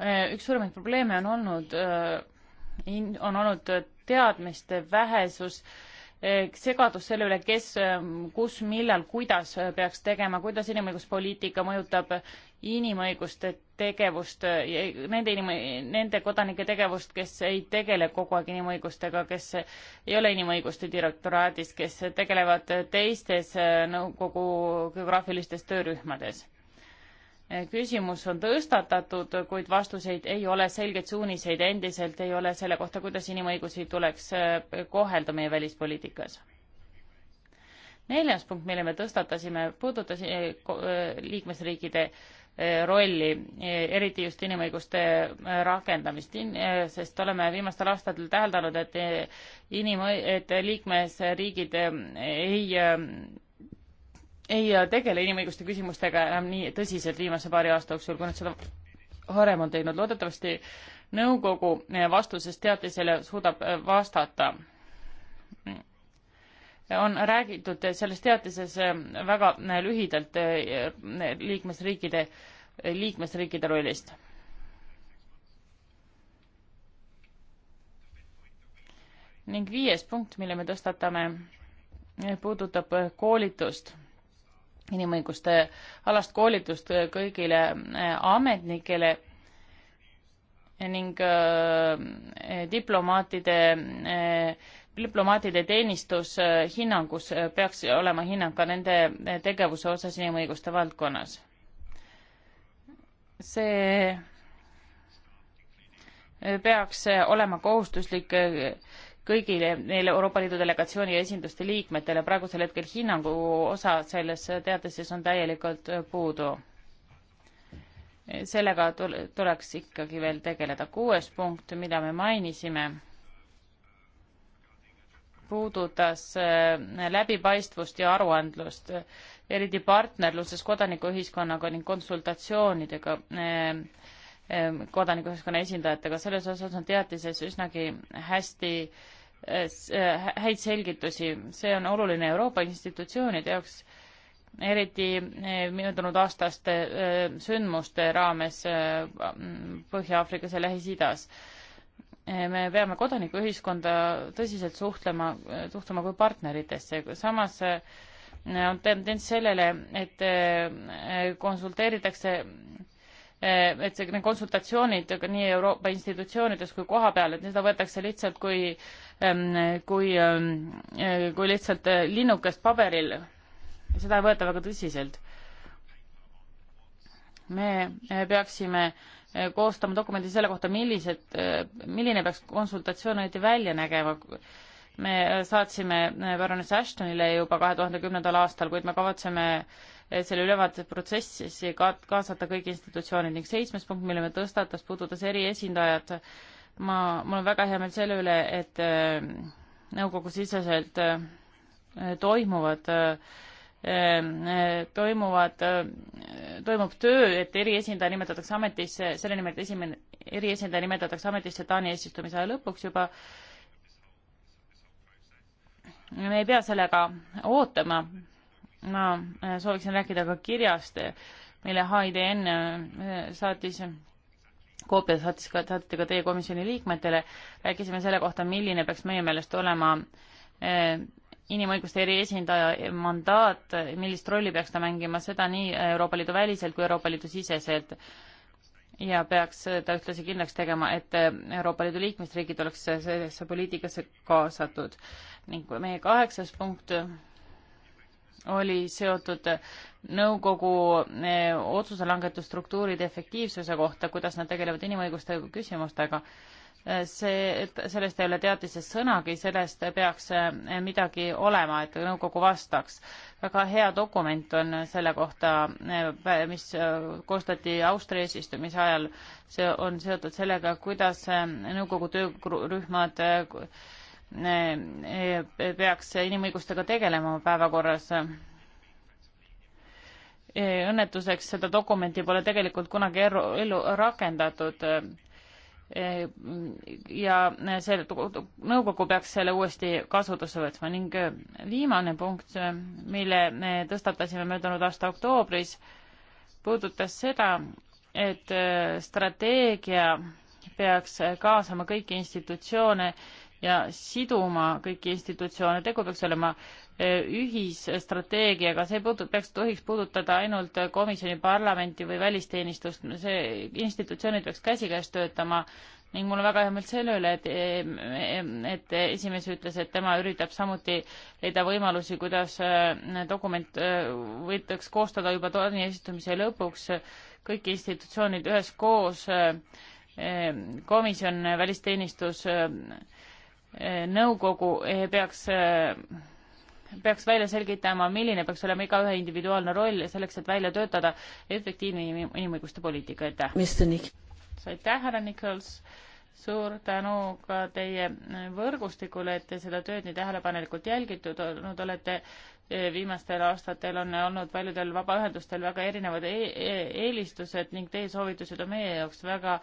D: Äh, üks suuremaid probleeme on olnud, äh, on olnud äh, teadmiste vähesus, segadus selle üle, kes, ähm, kus, millal, kuidas peaks tegema, kuidas inimõiguspoliitika mõjutab inimõiguste tegevust, nende inim-, nende kodanike tegevust, kes ei tegele kogu aeg inimõigustega, kes ei ole inimõiguste direktoraadis, kes tegelevad teistes nõukogu geograafilistes töörühmades küsimus on tõstatatud, kuid vastuseid ei ole, selgeid suuniseid endiselt ei ole selle kohta, kuidas inimõigusi tuleks eh, kohelda meie välispoliitikas. neljas punkt, mille me tõstatasime, puudutas eh, eh, liikmesriikide rolli, eriti just inimõiguste rakendamist, sest oleme viimastel aastatel täheldanud, et inim-, et liikmesriigid ei ei tegele inimõiguste küsimustega enam nii tõsiselt viimase paari aasta jooksul, kui nad seda varem on teinud. loodetavasti nõukogu vastuses teatisele suudab vastata. on räägitud selles teatises väga lühidalt liikmesriikide, liikmesriikide rollist ning viies punkt, mille me tõstatame, puudutab koolitust inimõiguste alast koolitust äh, kõigile äh, ametnikele ning äh, diplomaatide, diplomaatide teenistus hinnangus peaks olema hinnang ka nende tegevuse osas inimõiguste valdkonnas. see peaks olema kohustuslik kõigile neile Euroopa Liidu delegatsiooni esinduste liikmetele praegusel hetkel hinnangu osa selles teatises on täielikult puudu. sellega tuleks ikkagi veel tegeleda. kuues punkt, mida me mainisime, puudutas äh, läbipaistvust ja aruandlust, eriti partnerluses kodanikuühiskonnaga ning konsultatsioonidega äh, kodanikuühiskonna esindajatega, selles osas on teatises üsnagi hästi eh, eh, häid selgitusi, see on oluline Euroopa institutsioonide jaoks, eriti eh, möödunud aastaste sündmuste raames Põhja-Aafrikas ja Lähis-Idas. me peame kodanikuühiskonda tõsiselt suhtlema, suhtuma kui partneritesse, samas on tendents sellele, et konsulteeritakse Eh, et see, need konsultatsioonid nii Euroopa institutsioonides kui koha peal, et seda võetakse lihtsalt kui, ehm, kui, ehm, eh, kui lihtsalt eh, linnukest paberil. seda ei võeta väga tõsiselt. me peaksime koostama dokumendi selle kohta, millised, milline peaks konsultatsioon õieti välja nägema. me saatsime baroness Ashtonile juba kahe tuhande kümnendal aastal, kuid me kavatseme äh, selle ülevaate protsessi kaasata kõik institutsioonid ning seitsmes punkt, mille me tõstatas, puudutas eriesindajad. ma, mul on väga hea meel selle üle, et äh, nõukogusiseselt äh, toimuvad äh, toimuvad, toimub töö, et eriesindaja nimetatakse ametisse, selle nimel, et esimene eriesindaja nimetatakse ametisse Taani eesistumise aja lõpuks juba. me ei pea sellega ootama, ma äh, sooviksin rääkida ka kirjast, mille HIDN äh, saatis, koopia saatis ka, saadeti ka teie komisjoni liikmetele, rääkisime selle kohta, milline peaks meie meelest olema äh, inimõiguste eriesindaja mandaat, millist rolli peaks ta mängima, seda nii Euroopa Liidu väliselt kui Euroopa Liidu siseselt. ja peaks ta ühtlasi kindlaks tegema, et Euroopa Liidu liikmesriigid oleks sellesse poliitikasse kaasatud. ning meie kaheksas punkt oli seotud nõukogu eh, otsuse langetusstruktuuride efektiivsuse kohta, kuidas nad tegelevad inimõiguste küsimustega. Eh, see, et sellest ei ole teadises sõnagi, sellest peaks eh, midagi olema, et nõukogu vastaks. väga hea dokument on selle kohta, mis koostati Austria eesistumise ajal. see on seotud sellega, kuidas nõukogu töörühmad E, peaks inimõigustega tegelema päevakorras. E, õnnetuseks seda dokumenti pole tegelikult kunagi ellu, ellu rakendatud e, ja see nõukogu peaks selle uuesti kasutusse võtma ning viimane punkt, mille me tõstatasime möödunud aasta oktoobris, puudutas seda, et strateegia peaks kaasama kõiki institutsioone äh, ja siduma kõiki institutsioone, tegu peaks olema e, ühisstrateegiaga, see puudu-, peaks, tohiks puudutada ainult komisjoni, parlamenti või välisteenistust, see, institutsioonid peaks käsikäes töötama ning mul on väga hea meel selle üle, et, e, et esimees ütles, et tema üritab samuti leida võimalusi, kuidas e, dokument võidaks koostada juba tooni esitamise lõpuks, kõik institutsioonid üheskoos, komisjon, välisteenistus, nõukogu eh, peaks, eh, peaks välja selgitama, milline peaks olema igaühe individuaalne roll selleks, et välja töötada efektiivne inimõiguste poliitika, aitäh! aitäh, härra Nichols! suur tänu ka teie võrgustikule, et te seda tööd nii tähelepanelikult jälgitud olnud olete. Eh, viimastel aastatel on olnud paljudel vabaühendustel väga erinevad e e eelistused ning teie soovitused on meie jaoks väga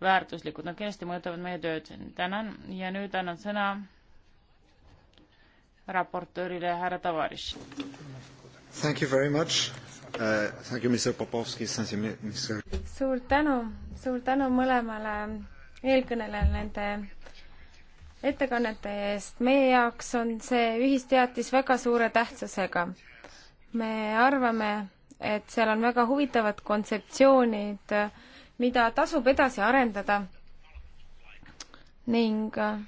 D: väärtuslikud, nad kindlasti mõjutavad meie tööd. tänan ja nüüd annan sõna raportöörile härra Tavares.
A: Thank you very much uh,. Thank you, Mr Popovski, thank you, Mr.
C: suur tänu, suur tänu mõlemale eelkõnelejale nende ettekannete eest. meie jaoks on see ühisteatis väga suure tähtsusega. me arvame, et seal on väga huvitavad kontseptsioonid äh, mida tasub edasi arendada ning äh,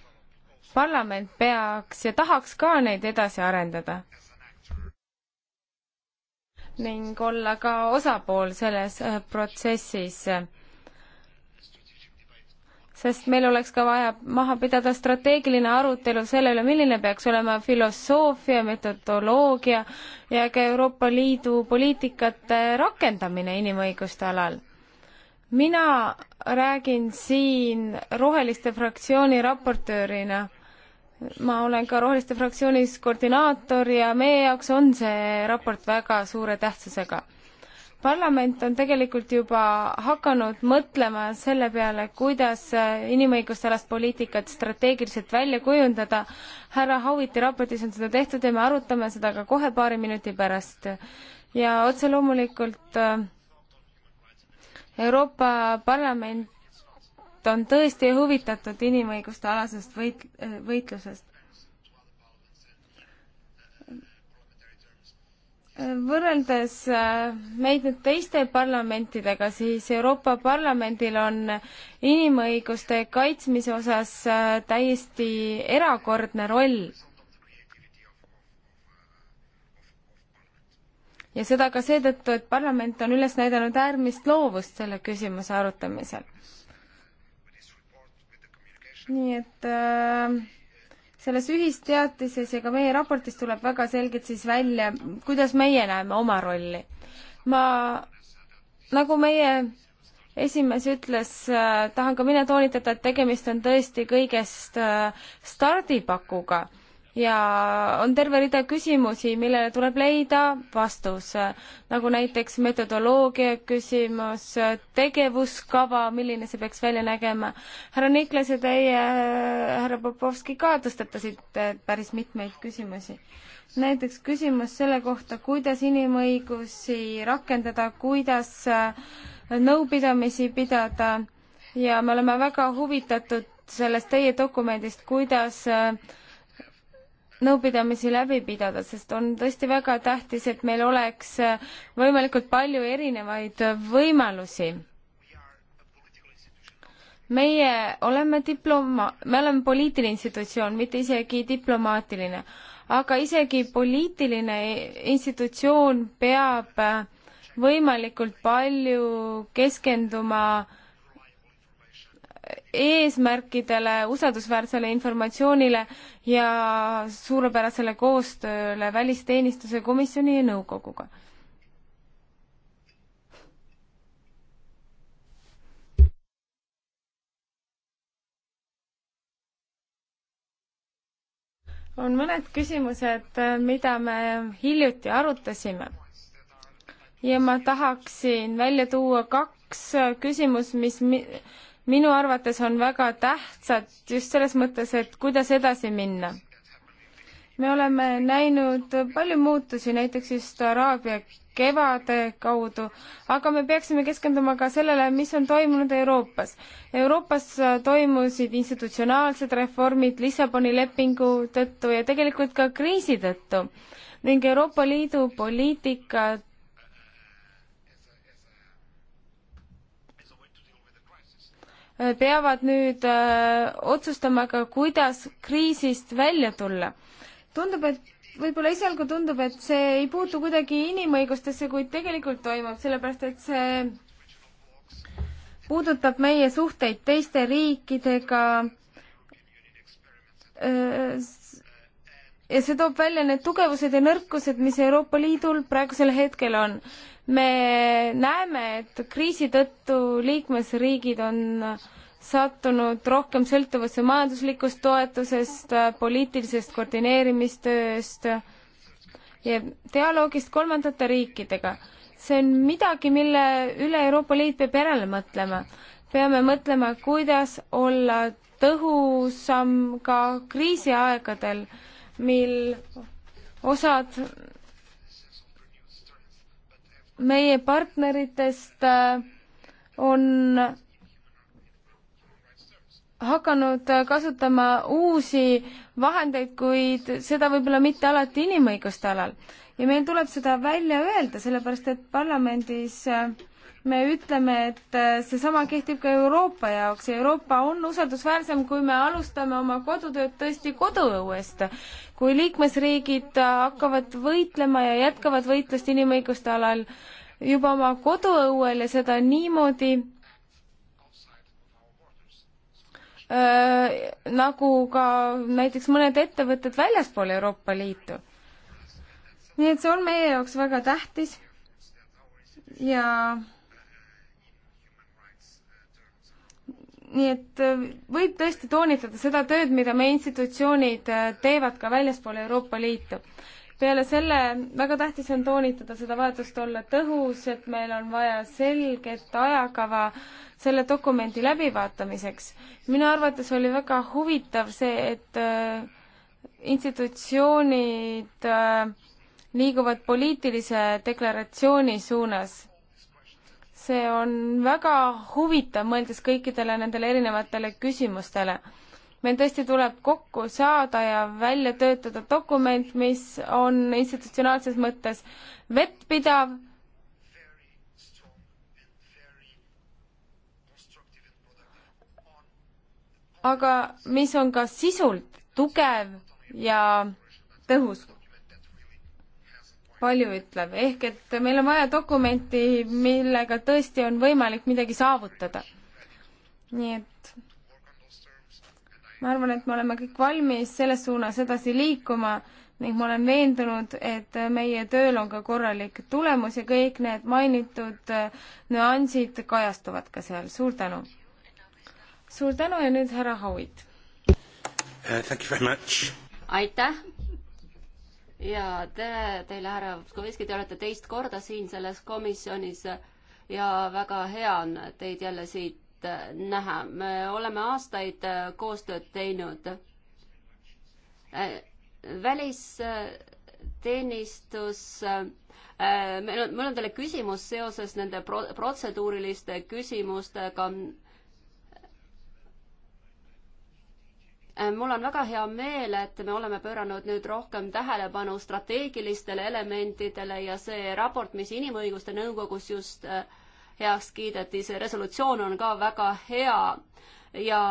C: parlament peaks ja tahaks ka neid edasi arendada ning olla ka osapool selles äh, protsessis. sest meil oleks ka vaja maha pidada strateegiline arutelu selle üle, milline peaks olema filosoofia, metodoloogia ja ka Euroopa Liidu poliitikate rakendamine inimõiguste alal mina räägin siin Roheliste fraktsiooni raportöörina. ma olen ka Roheliste fraktsioonis koordinaator ja meie jaoks on see raport väga suure tähtsusega. parlament on tegelikult juba hakanud mõtlema selle peale, kuidas inimõiguste alast poliitikat strateegiliselt välja kujundada. härra Hauiti raportis on seda tehtud ja me arutame seda ka kohe paari minuti pärast. ja otse loomulikult äh, Euroopa Parlament on tõesti huvitatud inimõiguste alasest võit-, võitlusest. võrreldes äh, meid nüüd teiste parlamentidega, siis Euroopa Parlamendil on inimõiguste kaitsmise osas äh, täiesti erakordne roll ja seda ka seetõttu, et parlament on üles näidanud äärmist loovust selle küsimuse arutamisel. nii et äh, selles ühisteatises ja ka meie raportis tuleb väga selgelt siis välja, kuidas meie näeme oma rolli. ma, nagu meie esimees ütles äh,, tahan ka mina toonitada, et tegemist on tõesti kõigest äh, stardipakuga ja on terve rida küsimusi, millele tuleb leida vastus, nagu näiteks metodoloogia küsimus, tegevuskava, milline see peaks välja nägema. härra Niklas ja teie, härra Popovski ka tõstatasite päris mitmeid küsimusi. näiteks küsimus selle kohta, kuidas inimõigusi rakendada, kuidas nõupidamisi pidada ja me oleme väga huvitatud sellest teie dokumendist, kuidas äh, nõupidamisi läbi pidada, sest on tõesti väga tähtis, et meil oleks äh, võimalikult palju erinevaid äh, võimalusi. meie oleme diploma-, me oleme poliitiline institutsioon, mitte isegi diplomaatiline, aga isegi poliitiline institutsioon peab äh, võimalikult palju keskenduma äh, eesmärkidele, usaldusväärsele informatsioonile ja suurepärasele koostööle välisteenistuse komisjoni ja nõukoguga. on mõned küsimused, mida me hiljuti arutasime. ja ma tahaksin välja tuua kaks küsimust, mis minu arvates on väga tähtsad just selles mõttes, et kuidas edasi minna. me oleme näinud palju muutusi, näiteks just Araabia kevade kaudu, aga me peaksime keskenduma ka sellele, mis on toimunud Euroopas. Euroopas toimusid institutsionaalsed reformid Lissaboni lepingu tõttu ja tegelikult ka kriisi tõttu ning Euroopa Liidu poliitikad peavad nüüd äh, otsustama ka, kuidas kriisist välja tulla. tundub, et võib-olla esialgu tundub, et see ei puutu kuidagi inimõigustesse, kuid tegelikult toimub, sellepärast et see puudutab meie suhteid teiste riikidega, äh, ja see toob välja need tugevused ja nõrkused, mis Euroopa Liidul praegusel hetkel on. me näeme, et kriisi tõttu liikmesriigid on sattunud rohkem sõltuvusse majanduslikust toetusest, poliitilisest koordineerimistööst ja dialoogist kolmandate riikidega. see on midagi, mille üle Euroopa Liit peab järele mõtlema. peame mõtlema, kuidas olla tõhusam ka kriisiaegadel äh, mil osad meie partneritest äh, on hakanud kasutama uusi vahendeid, kuid seda võib-olla mitte alati inimõiguste alal. ja meil tuleb seda välja öelda, sellepärast et parlamendis äh, me ütleme, et äh, seesama kehtib ka Euroopa jaoks ja Euroopa on usaldusväärsem, kui me alustame oma kodutööd tõesti koduõuest. kui liikmesriigid hakkavad võitlema ja jätkavad võitlust inimõiguste alal juba oma koduõuel ja seda niimoodi äh,, nagu ka näiteks mõned ettevõtted väljaspool Euroopa Liitu. nii et see on meie jaoks väga tähtis ja nii et äh, võib tõesti toonitada seda tööd, mida meie institutsioonid äh, teevad ka väljaspool Euroopa Liitu. peale selle väga tähtis on toonitada seda vajadust olla tõhus, et meil on vaja selget ajakava selle dokumendi läbivaatamiseks. minu arvates oli väga huvitav see, et äh, institutsioonid liiguvad poliitilise deklaratsiooni suunas see on väga huvitav, mõeldes kõikidele nendele erinevatele küsimustele. meil tõesti tuleb kokku saada ja välja töötada dokument, mis on institutsionaalses mõttes vettpidav, aga mis on ka sisult tugev ja tõhus palju ütlev, ehk et meil on vaja dokumenti, millega tõesti on võimalik midagi saavutada. nii et ma arvan, et me oleme kõik valmis selles suunas edasi liikuma ning ma olen veendunud, et meie tööl on ka korralik tulemus ja kõik need mainitud nüansid kajastuvad ka seal, suur tänu! suur tänu ja nüüd härra Howitt
A: uh,!
C: aitäh!
B: ja tere teile, härra Vskoviski, te olete teist korda siin selles komisjonis ja väga hea on teid jälle siit näha. me oleme aastaid koostööd teinud. välisteenistus, meil on, mul on teile küsimus seoses nende pro-, protseduuriliste küsimustega Äh, mul on väga hea meel, et me oleme pööranud nüüd rohkem tähelepanu strateegilistele elementidele ja see raport, mis Inimõiguste Nõukogus just äh, heaks kiideti, see resolutsioon on ka väga hea ja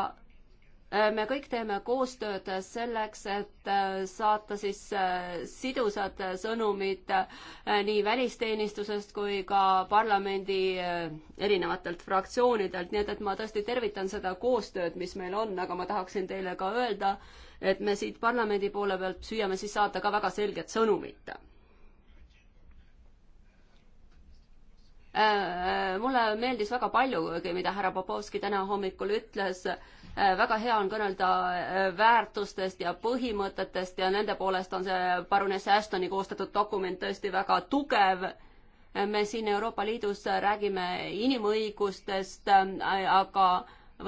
B: me kõik teeme koostööd selleks, et äh, saata siis äh, sidusad sõnumid äh, nii välisteenistusest kui ka parlamendi erinevatelt fraktsioonidelt, nii et, et ma tõesti tervitan seda koostööd, mis meil on, aga ma tahaksin teile ka öelda, et me siit parlamendi poole pealt püüame siis saata ka väga selget sõnumit mulle meeldis väga paljugi, mida härra Popovski täna hommikul ütles Äh, väga hea on kõnelda äh, väärtustest ja põhimõtetest ja nende poolest on see parunes Ashtoni koostatud dokument tõesti väga tugev. Äh, me siin Euroopa Liidus räägime inimõigustest, aga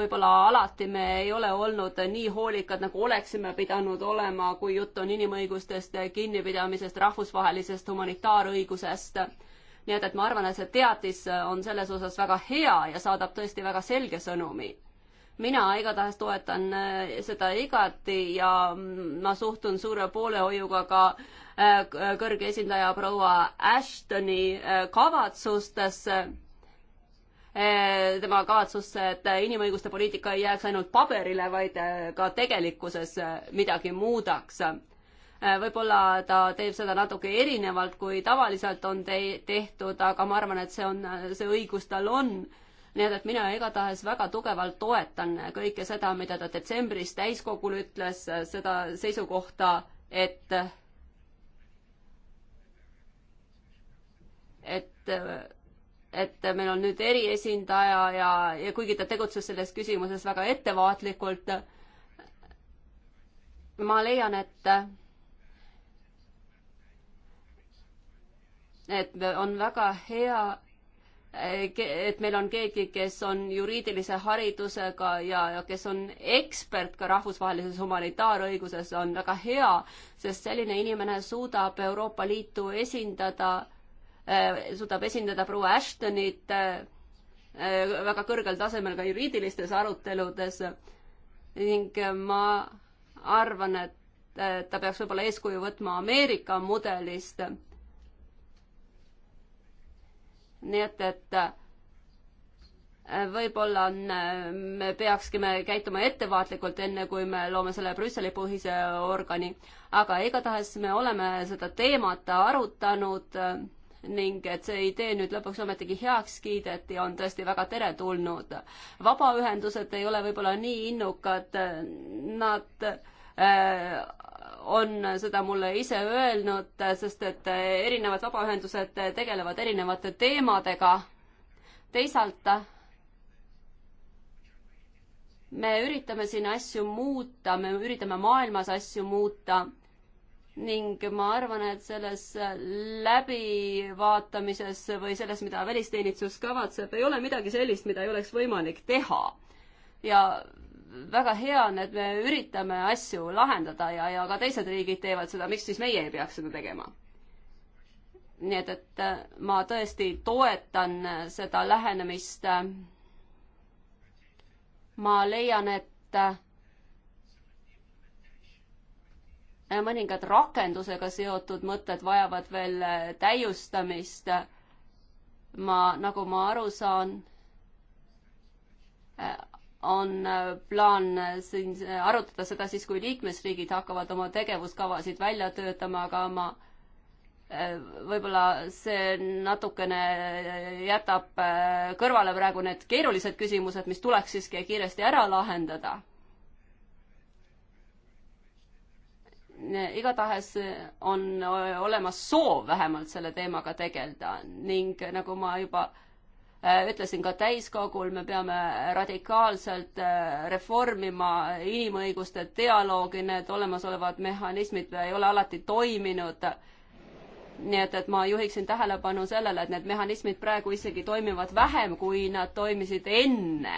B: võib-olla alati me ei ole olnud nii hoolikad, nagu oleksime pidanud olema, kui jutt on inimõigustest, kinnipidamisest, rahvusvahelisest humanitaarõigusest. nii et, et ma arvan, et see teatis on selles osas väga hea ja saadab tõesti väga selge sõnumi mina igatahes toetan äh, seda igati ja mm, ma suhtun suure poolehoiuga ka äh, kõrge esindaja proua Ashtoni äh, kavatsustesse tema kavatsusse, et inimõiguste poliitika ei jääks ainult paberile, vaid ka tegelikkuses midagi muudaks. võib-olla ta teeb seda natuke erinevalt, kui tavaliselt on te tehtud, aga ma arvan, et see on, see õigus tal on nii et, et mina igatahes väga tugevalt toetan kõike seda, mida ta detsembris täiskogul ütles, seda seisukohta, et et, et meil on nüüd eriesindaja ja, ja kuigi ta tegutses selles küsimuses väga ettevaatlikult, ma leian, et et on väga hea, et meil on keegi, kes on juriidilise haridusega ja, ja kes on ekspert ka rahvusvahelises humanitaarõiguses, on väga hea, sest selline inimene suudab Euroopa Liitu esindada, äh, suudab esindada proua Ashtonit äh, äh, väga kõrgel tasemel ka juriidilistes aruteludes ning ma arvan, et ta peaks võib-olla eeskuju võtma Ameerika mudelist nii et, et äh, võib-olla on, äh, me peaksime käituma ettevaatlikult, enne kui me loome selle Brüsseli põhise organi, aga igatahes me oleme seda teemat arutanud äh, ning et see idee nüüd lõpuks ometigi heaks kiideti, on tõesti väga teretulnud. vabaühendused ei ole võib-olla nii innukad, nad Äh, on seda mulle ise öelnud, sest et erinevad vabaühendused tegelevad erinevate teemadega. teisalt me üritame siin asju muuta, me üritame maailmas asju muuta ning ma arvan, et selles läbivaatamises või selles, mida välisteenistus kavatseb, ei ole midagi sellist, mida ei oleks võimalik teha. ja väga hea on, et me üritame asju lahendada ja, ja ka teised riigid teevad seda, miks siis meie ei peaks seda tegema? nii et, et äh, ma tõesti toetan äh, seda lähenemist. Äh, ma leian, et mõningad rakendusega seotud mõtted vajavad veel täiustamist. ma, nagu ma aru saan, on äh, plaan äh, siin äh, arutada seda siis, kui liikmesriigid hakkavad oma tegevuskavasid välja töötama, aga ma võib-olla see natukene jätab kõrvale praegu need keerulised küsimused, mis tuleks siiski kiiresti ära lahendada. igatahes on olemas soov vähemalt selle teemaga tegeleda ning nagu ma juba äh, Äh, ütlesin ka täiskogul, me peame radikaalselt äh, reformima inimõiguste dialoogi, need olemasolevad mehhanismid ei ole alati toiminud. nii et, et ma juhiksin tähelepanu sellele, et need mehhanismid praegu isegi toimivad vähem, kui nad toimisid enne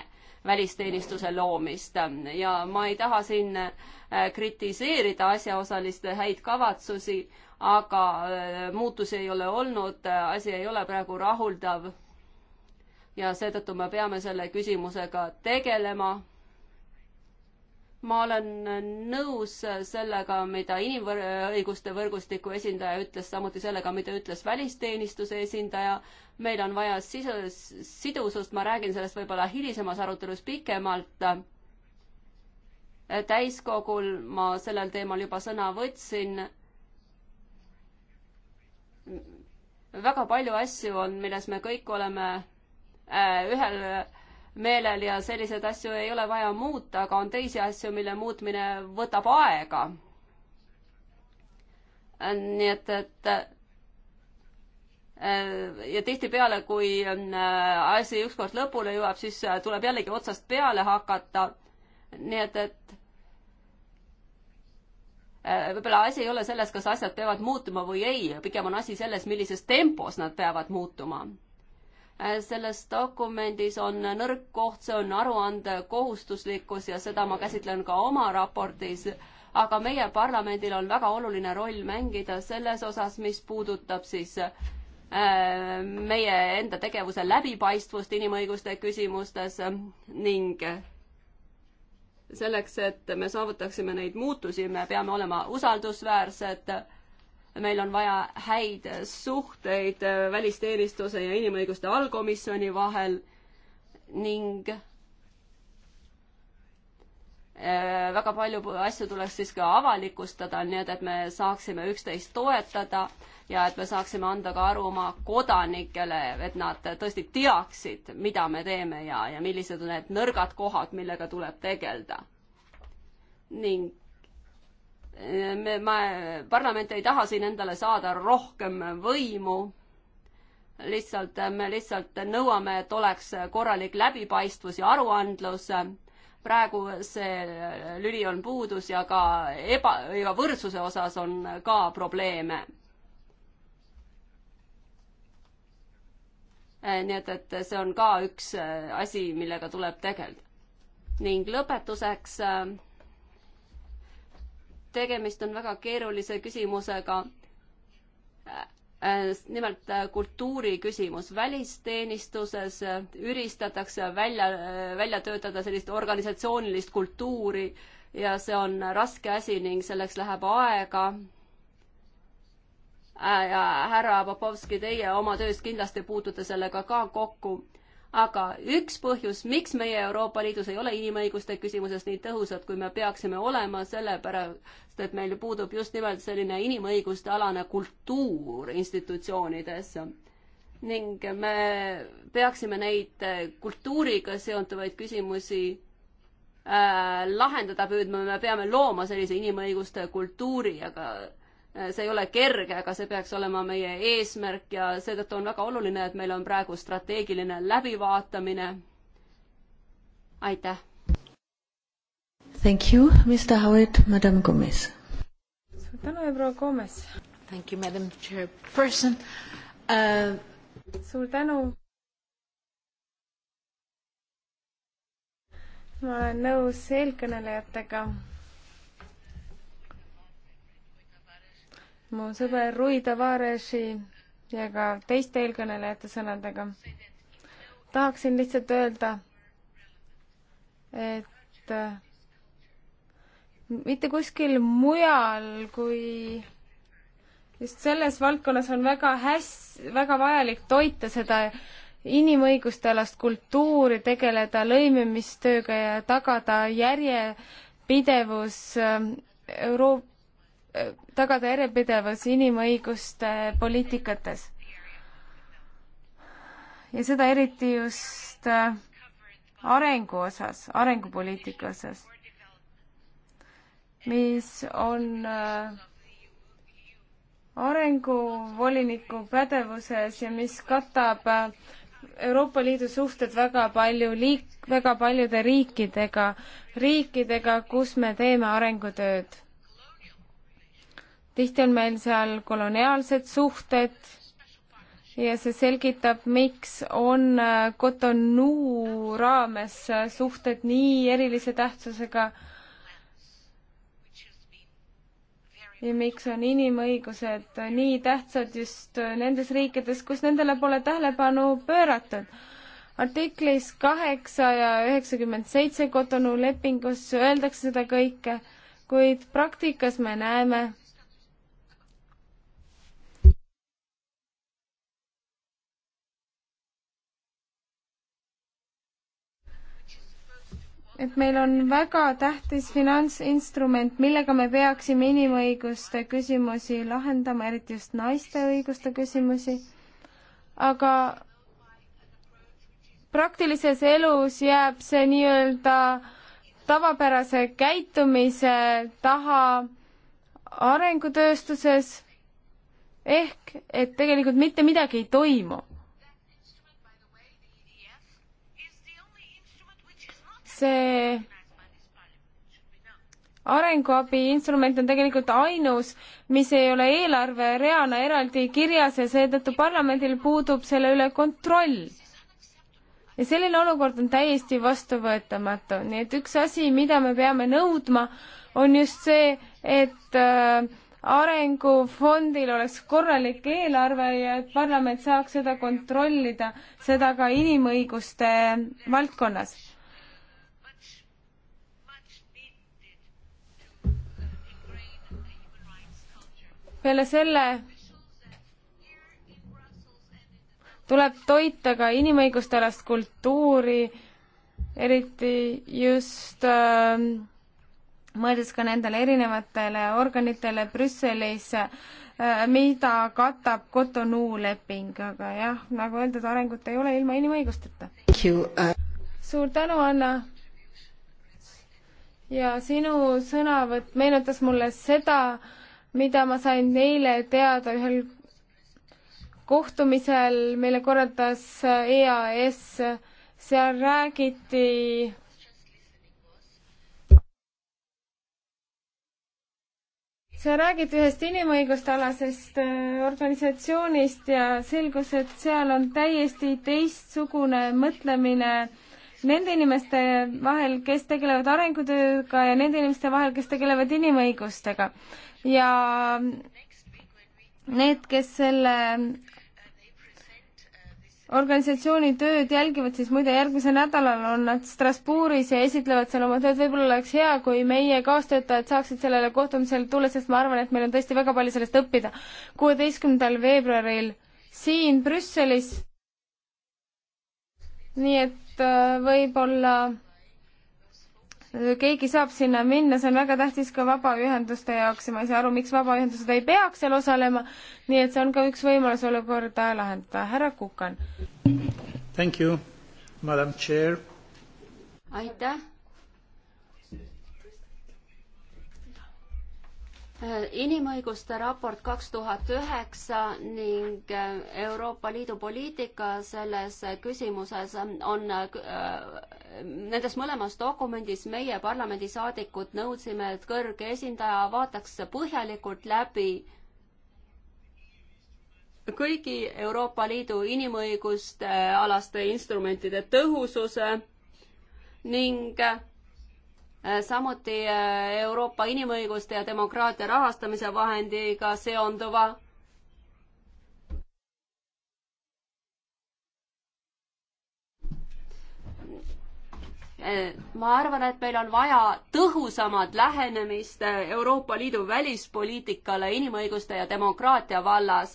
B: välisteenistuse loomist ja ma ei taha siin äh, kritiseerida asjaosaliste häid kavatsusi, aga muutusi ei ole olnud, asi ei ole praegu rahuldav ja seetõttu me peame selle küsimusega tegelema. ma olen nõus sellega, mida inimõiguste võrgustiku esindaja ütles, samuti sellega, mida ütles välisteenistuse esindaja. meil on vaja sisu, sidusust, ma räägin sellest võib-olla hilisemas arutelus pikemalt. täiskogul ma sellel teemal juba sõna võtsin väga palju asju on, milles me kõik oleme Äh, ühel meelel ja selliseid asju ei ole vaja muuta, aga on teisi asju, mille muutmine võtab aega. nii et, et äh, ja tihtipeale, kui äh, asi ükskord lõpule jõuab, siis tuleb jällegi otsast peale hakata. nii et, et võib-olla asi ei ole selles, kas asjad peavad muutuma või ei, pigem on asi selles, millises tempos nad peavad muutuma Äh, selles dokumendis on nõrk koht, see on aruande kohustuslikkus ja seda ma käsitlen ka oma raportis, aga meie parlamendil on väga oluline roll mängida selles osas, mis puudutab siis äh, meie enda tegevuse läbipaistvust inimõiguste küsimustes ning selleks, et me saavutaksime neid muutusi, me peame olema usaldusväärsed meil on vaja häid suhteid äh, välisteenistuse ja inimõiguste allkomisjoni vahel ning äh, väga palju asju tuleks siis ka avalikustada, nii et, et me saaksime üksteist toetada ja et me saaksime anda ka aru oma kodanikele, et nad tõesti teaksid, mida me teeme ja, ja millised on need nõrgad kohad, millega tuleb tegeleda. ning me, ma, parlament ei taha siin endale saada rohkem võimu. lihtsalt, me lihtsalt nõuame, et oleks korralik läbipaistvus ja aruandlus. praegu see lüli on puudus ja ka eba, ja võrdsuse osas on ka probleeme nii et, et see on ka üks asi, millega tuleb tegeleda. ning lõpetuseks äh, tegemist on väga keerulise küsimusega. Äh, äh, nimelt äh, kultuuri küsimus. välisteenistuses üristatakse välja, välja töötada sellist organisatsioonilist kultuuri ja see on raske asi ning selleks läheb aega ja härra Popovski, teie oma töös kindlasti puutute sellega ka kokku aga üks põhjus, miks meie Euroopa Liidus ei ole inimõiguste küsimuses nii tõhusad, kui me peaksime olema, sellepärast et meil puudub just nimelt selline inimõiguste alane kultuur institutsioonides. ning me peaksime neid kultuuriga seonduvaid küsimusi äh, lahendada püüdma, me peame looma sellise inimõiguste kultuuri, aga Eh, see ei ole kerge, aga see peaks olema meie eesmärk ja seetõttu on väga oluline, et meil on praegu strateegiline läbivaatamine. aitäh!
A: Thank you, Mr Howard, Madam Gomez.
C: suur tänu ja proua Gomez! Thank you, Madam Chairperson uh.... suur tänu! ma olen nõus eelkõnelejatega mu sõber Rui Tavaresi ja ka teiste eelkõnelejate sõnadega. tahaksin lihtsalt öelda, et äh, mitte kuskil mujal kui just selles valdkonnas on väga hästi, väga vajalik toita seda inimõiguste alast kultuuri, tegeleda lõimimistööga ja tagada järjepidevus äh, Euroopa tagada järjepidevus inimõiguste poliitikates. ja seda eriti just äh, arengu osas, arengupoliitika osas, mis on äh, arenguvoliniku pädevuses ja mis katab äh, Euroopa Liidu suhted väga palju liik-, väga paljude riikidega, riikidega, kus me teeme arengutööd tihti on meil seal koloniaalsed suhted ja see selgitab, miks on äh, Cotonou raames äh, suhted nii erilise tähtsusega ja miks on inimõigused äh, nii tähtsad just nendes riikides, kus nendele pole tähelepanu pööratud. artiklis kaheksa ja üheksakümmend seitse Cotonou lepingus öeldakse seda kõike, kuid praktikas me näeme, et meil on väga tähtis finantsinstrument, millega me peaksime inimõiguste küsimusi lahendama, eriti just naiste õiguste küsimusi. aga praktilises elus jääb see nii-öelda tavapärase käitumise taha arengutööstuses ehk et tegelikult mitte midagi ei toimu see arenguabi instrument on tegelikult ainus, mis ei ole eelarvereana eraldi kirjas ja seetõttu parlamendil puudub selle üle kontroll. ja selline olukord on täiesti vastuvõetamatu, nii et üks asi, mida me peame nõudma, on just see, et äh, arengufondil oleks korralik eelarve ja et parlament saaks seda kontrollida, seda ka inimõiguste valdkonnas peale selle tuleb toita ka inimõiguste alast kultuuri, eriti just äh, mõeldes ka nendele erinevatele organitele Brüsselis äh,, mida katab Cotonou leping, aga jah, nagu öeldud, arengut ei ole ilma inimõigusteta. Uh, suur tänu, Anna! ja sinu sõnavõtt meenutas mulle seda, mida ma sain eile teada ühel kohtumisel, mille korraldas EAS, seal räägiti sa räägid ühest inimõiguste alasest äh, organisatsioonist ja selgus, et seal on täiesti teistsugune mõtlemine nende inimeste vahel, kes tegelevad arengutööga ja nende inimeste vahel, kes tegelevad inimõigustega ja need, kes selle organisatsiooni tööd jälgivad, siis muide järgmisel nädalal on nad Strasbourgis ja esitlevad seal oma tööd, võib-olla oleks hea, kui meie kaastöötajad saaksid sellele kohtumisele tulla, sest ma arvan, et meil on tõesti väga palju sellest õppida. kuueteistkümnendal veebruaril siin Brüsselis. nii et äh, võib-olla keegi saab sinna minna, see on väga tähtis ka vabaühenduste jaoks ja ma ei saa aru, miks vabaühendused ei peaks seal osalema, nii et see on ka üks võimalus olukorda lahendada. härra Kukan.
A: Thank you, madam chair.
C: aitäh
B: inimõiguste raport kaks tuhat üheksa ning äh, Euroopa Liidu poliitika selles küsimuses on äh, nendes mõlemas dokumendis meie parlamendisaadikud nõudsime, et kõrge esindaja vaataks põhjalikult läbi kõigi Euroopa Liidu inimõiguste alaste instrumentide tõhususe ning äh, Äh, samuti äh, Euroopa inimõiguste ja demokraatia rahastamise vahendiga seonduva äh, ma arvan, et meil on vaja tõhusamat lähenemist Euroopa Liidu välispoliitikale inimõiguste ja demokraatia vallas.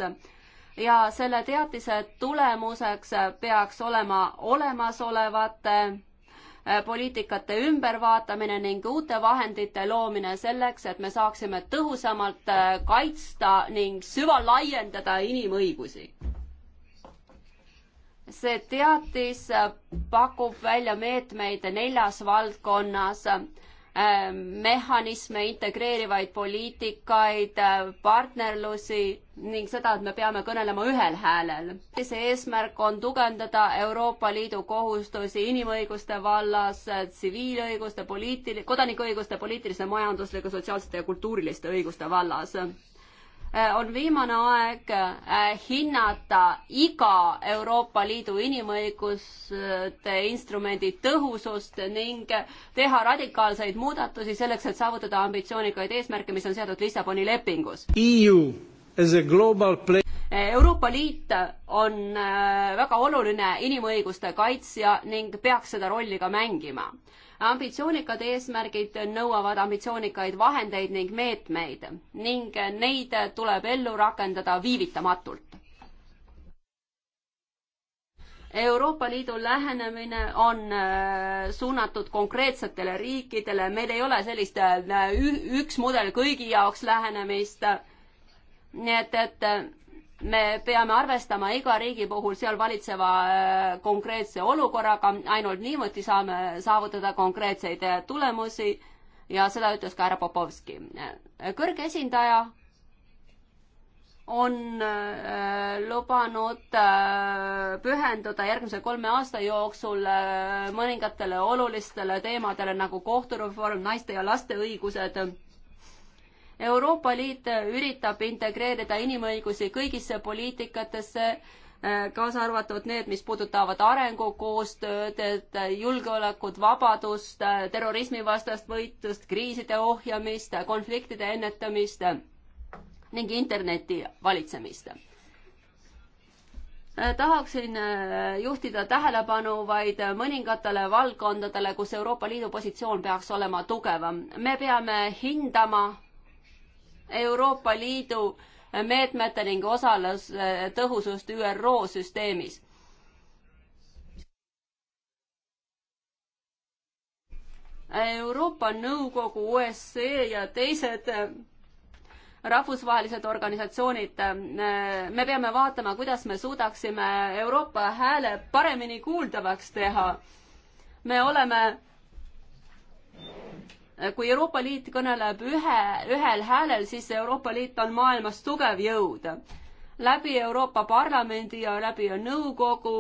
B: ja selle teatise tulemuseks peaks olema olemasolevate poliitikate ümbervaatamine ning uute vahendite loomine selleks, et me saaksime tõhusamalt äh, kaitsta ning süvalaiendada inimõigusi. see teatis äh, pakub välja meetmeid neljas valdkonnas Ähm, mehhanisme, integreerivaid poliitikaid, äh, partnerlusi ning seda, et me peame kõnelema ühel häälel. see eesmärk on tugevdada Euroopa Liidu kohustusi inimõiguste vallas, tsiviilõiguste, poliitil-, kodanikuõiguste, poliitiliste, majanduslike, sotsiaalsete ja kultuuriliste õiguste vallas Äh, on viimane aeg äh, hinnata iga Euroopa Liidu inimõiguste instrumendi tõhusust ning teha radikaalseid muudatusi selleks, et saavutada ambitsioonikaid eesmärke, mis on seatud Lissaboni lepingus.
A: E äh,
B: Euroopa Liit on väga oluline inimõiguste kaitsja ning peaks seda rolli ka mängima ambitsioonikad eesmärgid nõuavad ambitsioonikaid vahendeid ning meetmeid ning neid tuleb ellu rakendada viivitamatult. Euroopa Liidu lähenemine on äh, suunatud konkreetsetele riikidele, meil ei ole sellist äh, üks mudel kõigi jaoks lähenemist nii et, et me peame arvestama iga riigi puhul seal valitseva äh, konkreetse olukorraga, ainult niimoodi saame saavutada konkreetseid äh, tulemusi ja seda ütles ka härra Popovski. Äh, kõrge esindaja on lubanud pühenduda järgmise kolme aasta jooksul mõningatele olulistele teemadele nagu kohtureform, naiste ja laste õigused Euroopa Liit üritab integreerida inimõigusi kõigisse poliitikatesse, äh, kaasa arvatud need, mis puudutavad arengukoostööd, et julgeolekut, vabadust, äh, terrorismivastast võitlust, kriiside ohjamist, konfliktide ennetamist ning interneti valitsemist äh, tahaksin juhtida tähelepanu vaid mõningatele valdkondadele, kus Euroopa Liidu positsioon peaks olema tugevam. me peame hindama Euroopa Liidu meetmete ning osalus eh, tõhusust ÜRO süsteemis. Euroopa Nõukogu, OSCE ja teised eh, rahvusvahelised organisatsioonid, eh, me peame vaatama, kuidas me suudaksime Euroopa hääle paremini kuuldavaks teha. me oleme kui Euroopa Liit kõneleb ühe, ühel häälel, siis Euroopa Liit on maailmas tugev jõud. läbi Euroopa Parlamendi ja läbi nõukogu,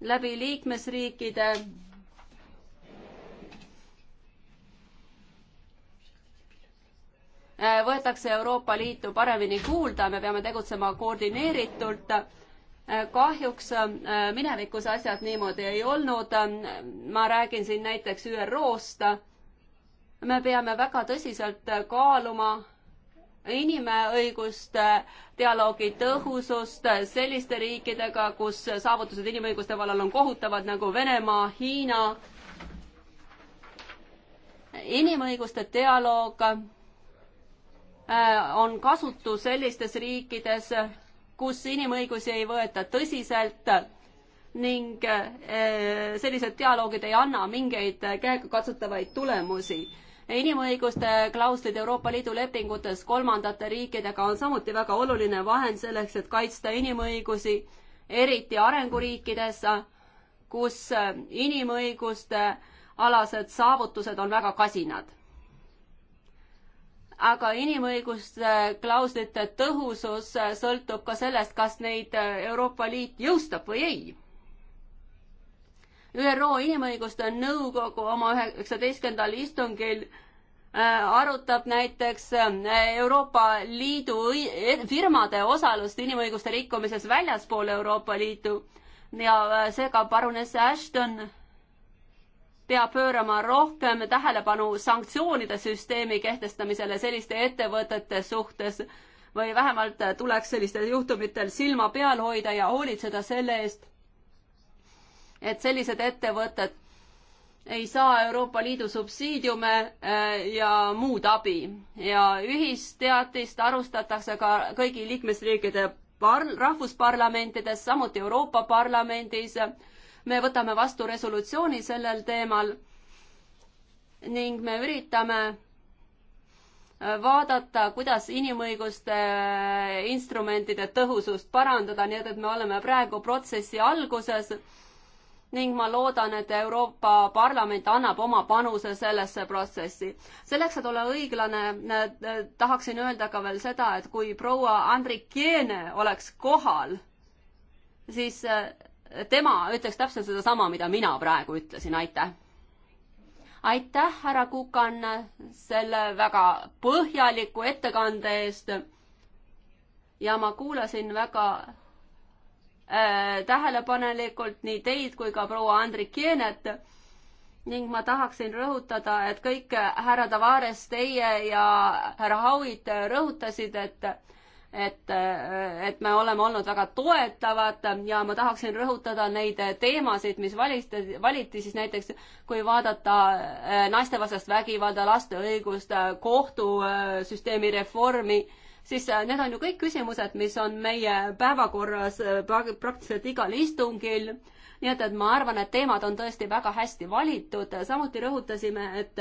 B: läbi liikmesriikide võetakse Euroopa Liitu paremini kuulda, me peame tegutsema koordineeritult. kahjuks äh, minevikus asjad niimoodi ei olnud. ma räägin siin näiteks ÜRO-st me peame väga tõsiselt kaaluma inimõiguste dialoogi tõhusust selliste riikidega, kus saavutused inimõiguste vallal on kohutavad nagu Venemaa, Hiina. inimõiguste dialoog äh, on kasutu sellistes riikides, kus inimõigusi ei võeta tõsiselt ning äh, sellised dialoogid ei anna mingeid käegakatsutavaid tulemusi inimõiguste klauslid Euroopa Liidu lepingutes kolmandate riikidega on samuti väga oluline vahend selleks, et kaitsta inimõigusi, eriti arenguriikides, kus äh, inimõiguste alased saavutused on väga kasinad aga inimõiguste klauslite tõhusus äh, sõltub ka sellest, kas neid äh, Euroopa Liit jõustab või ei. ÜRO Inimõiguste Nõukogu oma üheksateistkümnendal istungil Äh, arutab näiteks äh, Euroopa Liidu e-, firmade osalust inimõiguste rikkumises väljaspool Euroopa Liitu ja äh, seega parunes Ashton peab pöörama rohkem tähelepanu sanktsioonide süsteemi kehtestamisele selliste ettevõtete suhtes või vähemalt tuleks sellistel juhtumitel silma peal hoida ja hoolitseda selle eest, et sellised ettevõtted ei saa Euroopa Liidu subsiidiume äh, ja muud abi ja ühisteatist arustatakse ka kõigi liikmesriikide par-, rahvusparlamentides, samuti Euroopa Parlamendis. me võtame vastu resolutsiooni sellel teemal ning me üritame äh, vaadata, kuidas inimõiguste äh, instrumentide tõhusust parandada, nii et, et me oleme praegu protsessi alguses ning ma loodan, et Euroopa Parlament annab oma panuse sellesse protsessi. selleks, et olla õiglane, äh, äh, tahaksin öelda ka veel seda, et kui proua Andrikiene oleks kohal, siis äh, tema ütleks täpselt sedasama, mida mina praegu ütlesin, aitäh! aitäh, härra Kukan, selle väga põhjaliku ettekande eest ja ma kuulasin väga Äh, tähelepanelikult nii teid kui ka proua Andrik Jeenet ning ma tahaksin rõhutada, et kõik äh, härra Tavares, teie ja härra Howitt äh, rõhutasid, et et, et me oleme olnud väga toetavad ja ma tahaksin rõhutada neid teemasid, mis valiste, valiti siis näiteks, kui vaadata naistevastast vägivalda, laste õigust, kohtusüsteemi reformi siis äh, need on ju kõik küsimused, mis on meie päevakorras äh, praktiliselt igal istungil. nii et, et ma arvan, et teemad on tõesti väga hästi valitud, samuti rõhutasime, et,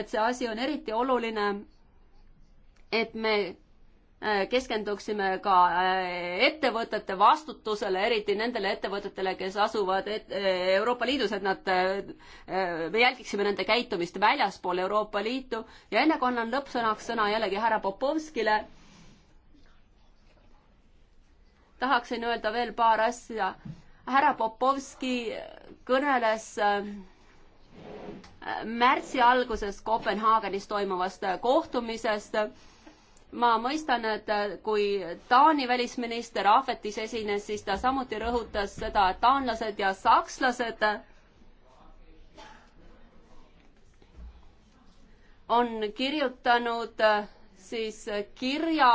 B: et see asi on eriti oluline, et me Äh, keskenduksime ka äh, ettevõtete vastutusele, eriti nendele ettevõtetele, kes asuvad et, äh, Euroopa Liidus, et nad, me jälgiksime nende käitumist väljaspool Euroopa Liitu ja enne kui annan lõppsõnaks sõna jällegi härra Popovskile, tahaksin öelda veel paar asja. härra Popovski kõneles märtsi alguses Kopenhaagenis toimuvast kohtumisest ma mõistan, et äh, kui Taani välisminister Ahvetis esines, siis ta samuti rõhutas seda, et taanlased ja sakslased on kirjutanud äh, siis kirja,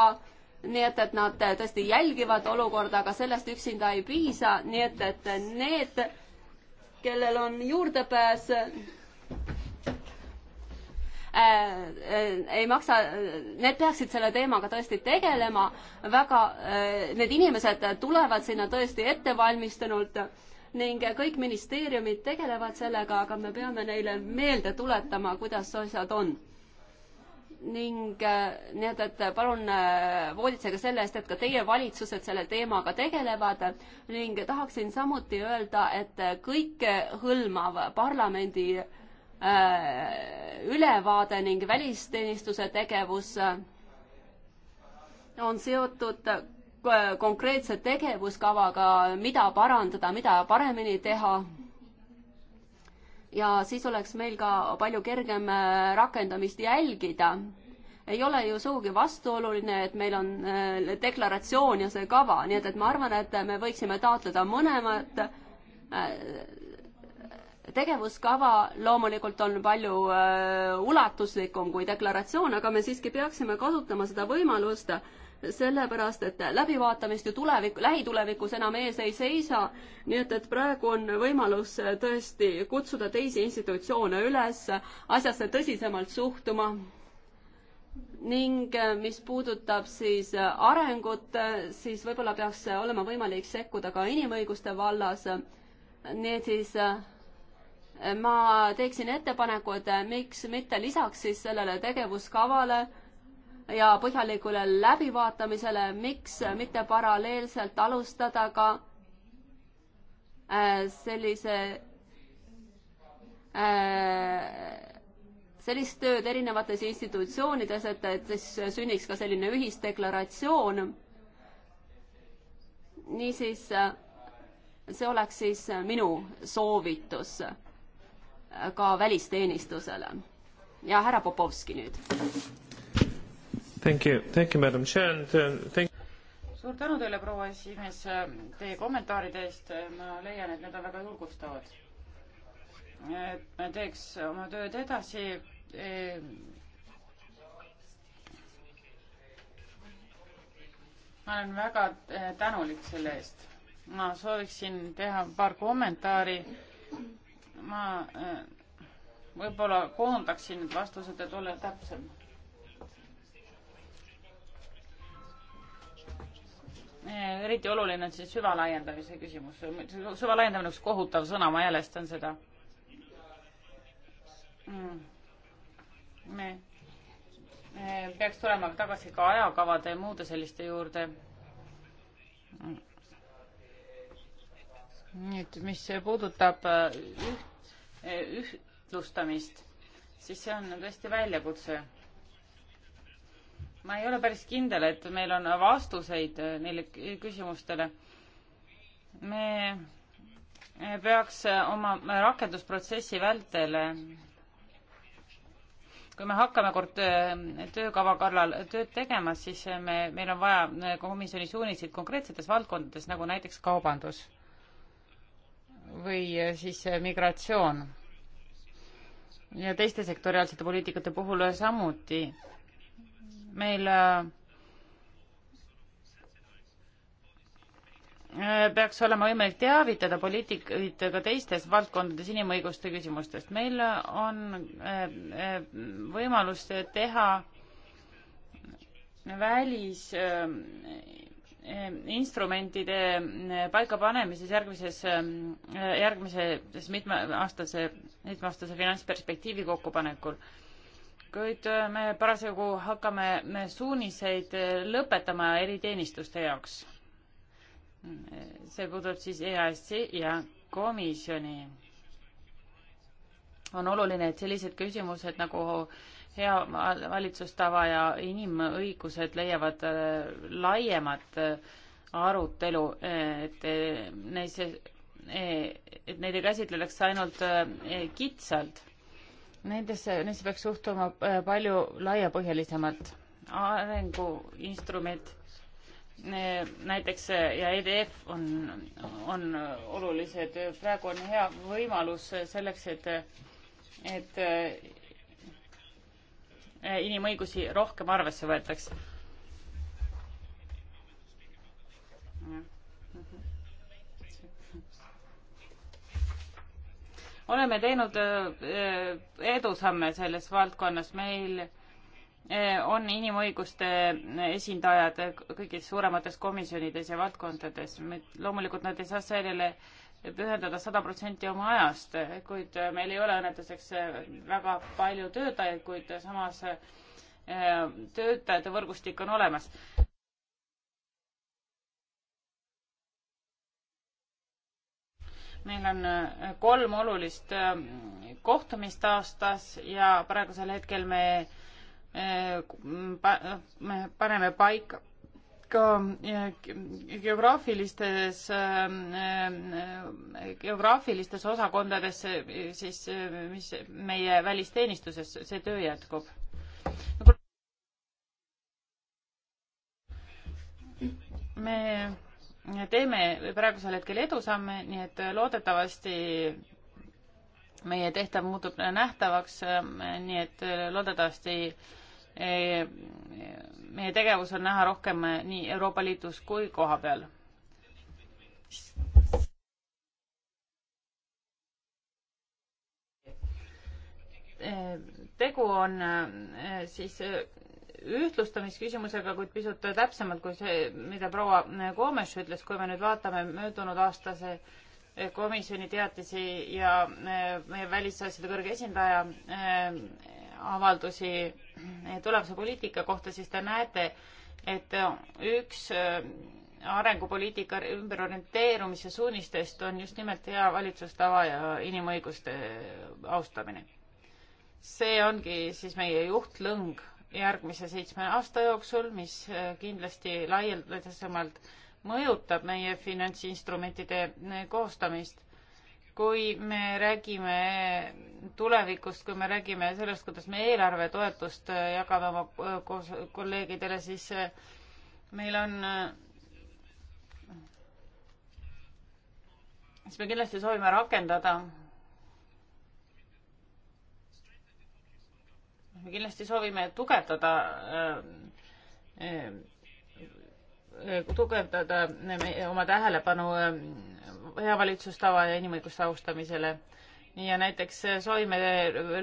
B: nii et, et nad äh, tõesti jälgivad olukorda, aga sellest üksinda ei piisa, nii et, et need, kellel on juurdepääs Äh, äh, ei maksa, need peaksid selle teemaga tõesti tegelema, väga, äh, need inimesed tulevad sinna tõesti ettevalmistunult ning kõik ministeeriumid tegelevad sellega, aga me peame neile meelde tuletama, kuidas asjad on ning nii et, et palun hoolitsege selle eest, et ka teie valitsused selle teemaga tegelevad ning tahaksin samuti öelda, et kõikehõlmav parlamendi äh, Äh, ülevaade ning välisteenistuse tegevus äh, on seotud äh, konkreetse tegevuskavaga, mida parandada, mida paremini teha. ja siis oleks meil ka palju kergem rakendamist jälgida. ei ole ju sugugi vastuoluline, et meil on deklaratsioon ja see kava, nii et, et ma arvan, et me võiksime taotleda mõlemat tegevuskava loomulikult on palju äh, ulatuslikum kui deklaratsioon, aga me siiski peaksime kasutama seda võimalust, sellepärast et läbivaatamist ju tulevik, lähitulevikus enam ees ei seisa, nii et, et praegu on võimalus tõesti kutsuda teisi institutsioone üles asjasse tõsisemalt suhtuma ning äh, mis puudutab siis äh, arengut, siis võib-olla peaks olema võimalik sekkuda ka inimõiguste vallas. nii et siis ma teeksin ettepaneku, et miks mitte lisaks siis sellele tegevuskavale ja põhjalikule läbivaatamisele, miks mitte paralleelselt alustada ka äh, sellise, äh, sellist tööd erinevates institutsioonides, et, et siis sünniks ka selline ühisdeklaratsioon. niisiis, see oleks siis minu soovitus ka välisteenistusele. ja härra
D: Popovski nüüd.
A: Thank you, thank you, madam chair and uh, thank
D: suur tänu teile, proua esimees, teie kommentaaride eest, ma leian, et need on väga julgustavad. et me teeks oma tööd edasi. E, ma olen väga e, tänulik selle eest. ma sooviksin teha paar kommentaari ma äh, võib-olla koondaksin need vastused, et olla täpsem. Äh, eriti oluline on siin süvalaiendamise küsimus. süvalaiendamine on üks kohutav sõna, ma häälestan seda mm.. me peaks tulema tagasi ka ajakavade ja muude selliste juurde mm nii et mis puudutab äh, üht Eh, ühtlustamist, siis see on tõesti väljakutse. ma ei ole päris kindel, et meil on vastuseid eh, neile küsimustele. me eh, peaks oma rakendusprotsessi vältel kui me hakkame kord töökava kallal tööd tegema, siis me, meil on vaja komisjoni suuniseid konkreetsetes valdkondades, nagu näiteks kaubandus või eh, siis eh, migratsioon. ja teiste sektoriaalsete poliitikate puhul eh, samuti. meil peaks olema võimalik teavitada poliitikuid ka teistes valdkondades inimõiguste küsimustest. meil on võimalus teha välis Ehm, instrumentide ehm, paikapanemises järgmises, ehm, järgmises mitmeaastase, mitmeaastase finantsperspektiivi kokkupanekul. kuid me parasjagu hakkame me suuniseid lõpetama eriteenistuste jaoks. see puudutab siis EAS-i ja komisjoni. on oluline, et sellised küsimused nagu hea valitsustava ja inimõigused leiavad äh, laiemat äh, arutelu, äh, et neis, et neid ei käsitletaks ainult kitsalt. Nendesse, neisse peaks suhtuma palju laiapõhjalisemalt. arenguinstrument näiteks ja EDF on, on olulised, praegu on hea võimalus selleks, et, et Eh, inimõigusi rohkem arvesse võetaks. oleme teinud eh, eh, edusamme selles valdkonnas, meil on inimõiguste esindajad kõigis suuremates komisjonides ja valdkondades. loomulikult nad ei saa sellele pühendada sada protsenti oma ajast, kuid meil ei ole õnnetuseks väga palju töötajaid, kuid samas eh, töötajate võrgustik on olemas. meil on eh, kolm olulist eh, kohtumist aastas ja praegusel hetkel me, me paneme paika ka eh, geograafilistes, ähm, ähm, geograafilistes osakondades siis, mis meie välisteenistuses, see töö jätkub. me teeme praegusel hetkel edusamme, nii et loodetavasti meie tehtav muutub nähtavaks, nii et loodetavasti eh, meie tegevus on näha rohkem nii Euroopa Liidus kui kohapeal. tegu on eh, siis eh, ühtlustamisküsimusega, kuid pisut täpsemalt kui see, mida proua eh, Koomes ütles, kui me nüüd vaatame möödunud aastase komisjoni teatisi ja meie välisasjade kõrge esindaja avaldusi eh, tulevase poliitika kohta, siis te näete, et eh, üks eh, arengupoliitika ümberorienteerumise suunistest on just nimelt hea valitsustava ja inimõiguste austamine. see ongi siis meie juhtlõng järgmise seitsme aasta jooksul, mis kindlasti laialdasemalt mõjutab meie finantsinstrumentide koostamist kui me räägime tulevikust, kui me räägime sellest, kuidas me eelarvetoetust äh, jagame oma äh, koos kolleegidele, siis äh, meil on, siis me kindlasti soovime rakendada, me kindlasti soovime tugevdada tugevdada oma tähelepanu hea valitsustava ja inimõiguste austamisele. ja näiteks äh, soovime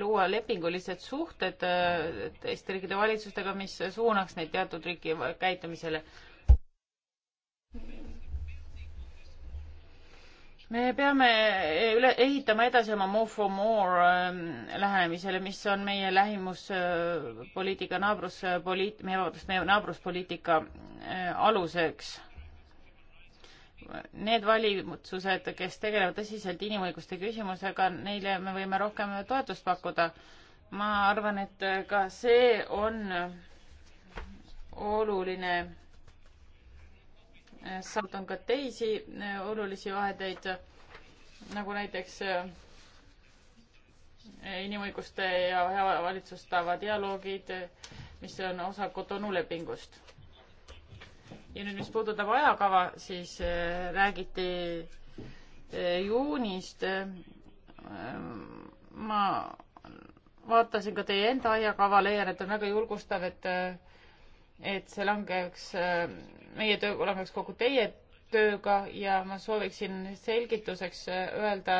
D: luua lepingulised suhted äh, teiste riikide valitsustega, mis suunaks neid teatud riigi käitumisele. me peame äh, üle, ehitama edasi oma more for more ähm, lähenemisele, mis on meie lähimuspoliitika, naabruspoliit-, meie, vabandust, meie naabruspoliitika aluseks need valitsused, kes tegelevad tõsiselt inimõiguste küsimusega, neile me võime rohkem toetust pakkuda. ma arvan, et ka see on oluline. sealt on ka teisi olulisi vahendeid, nagu näiteks eh, inimõiguste ja hea valitsustava dialoogid, mis on osa Cotonou lepingust ja nüüd, mis puudutab ajakava, siis äh, räägiti äh, juunist. Äh, ma vaatasin ka teie enda aiakava, leian, et on väga julgustav, et, et see langeks, meie töö langeks kokku teie tööga ja ma sooviksin selgituseks öelda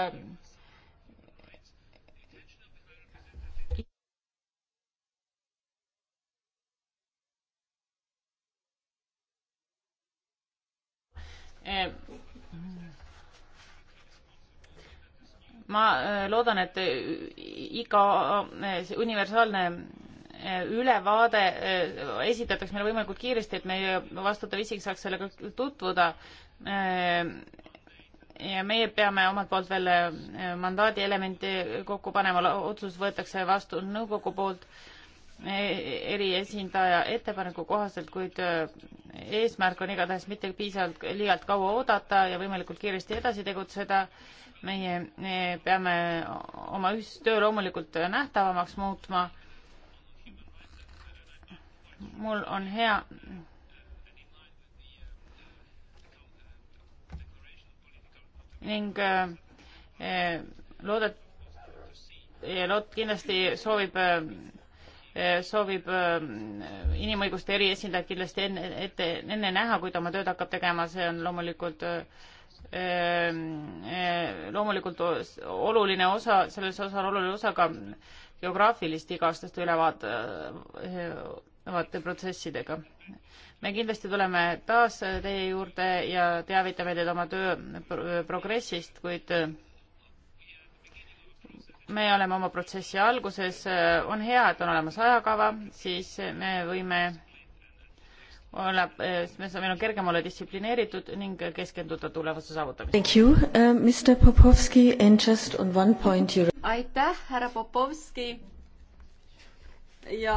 D: ma äh, loodan, et äh, iga äh, see universaalne ülevaade esitatakse meile võimalikult kiiresti, et meie vastutav isik saaks sellega tutvuda. ja meie peame omalt poolt veel mandaadi elemente kokku panema, otsus võetakse vastu nõukogu poolt E, eriesindaja ettepaneku kohaselt, kuid e, eesmärk on igatahes mitte piisavalt liialt kaua oodata ja võimalikult kiiresti edasi tegutseda. meie me peame oma ühistöö loomulikult nähtavamaks muutma. mul on hea ning e, loodet-, lood kindlasti soovib soovib äh, inimõiguste eriesindaja kindlasti enne, ette, enne näha, kui ta oma tööd hakkab tegema, see on loomulikult äh, äh, loomulikult oluline osa, selles osas oluline osa ka geograafiliste iga-aastaste ülevaate, vaateprotsessidega. me kindlasti tuleme taas teie juurde ja teavitame teid oma töö progressist, kuid me oleme oma protsessi alguses, on hea, et on olemas ajakava, siis me võime olla, me saame, meil on kergem olla distsiplineeritud ning keskenduda tulemuse saavutamisele. Thank you
A: uh,, Mr Popovski and just on one point you
D: aitäh, härra Popovski ja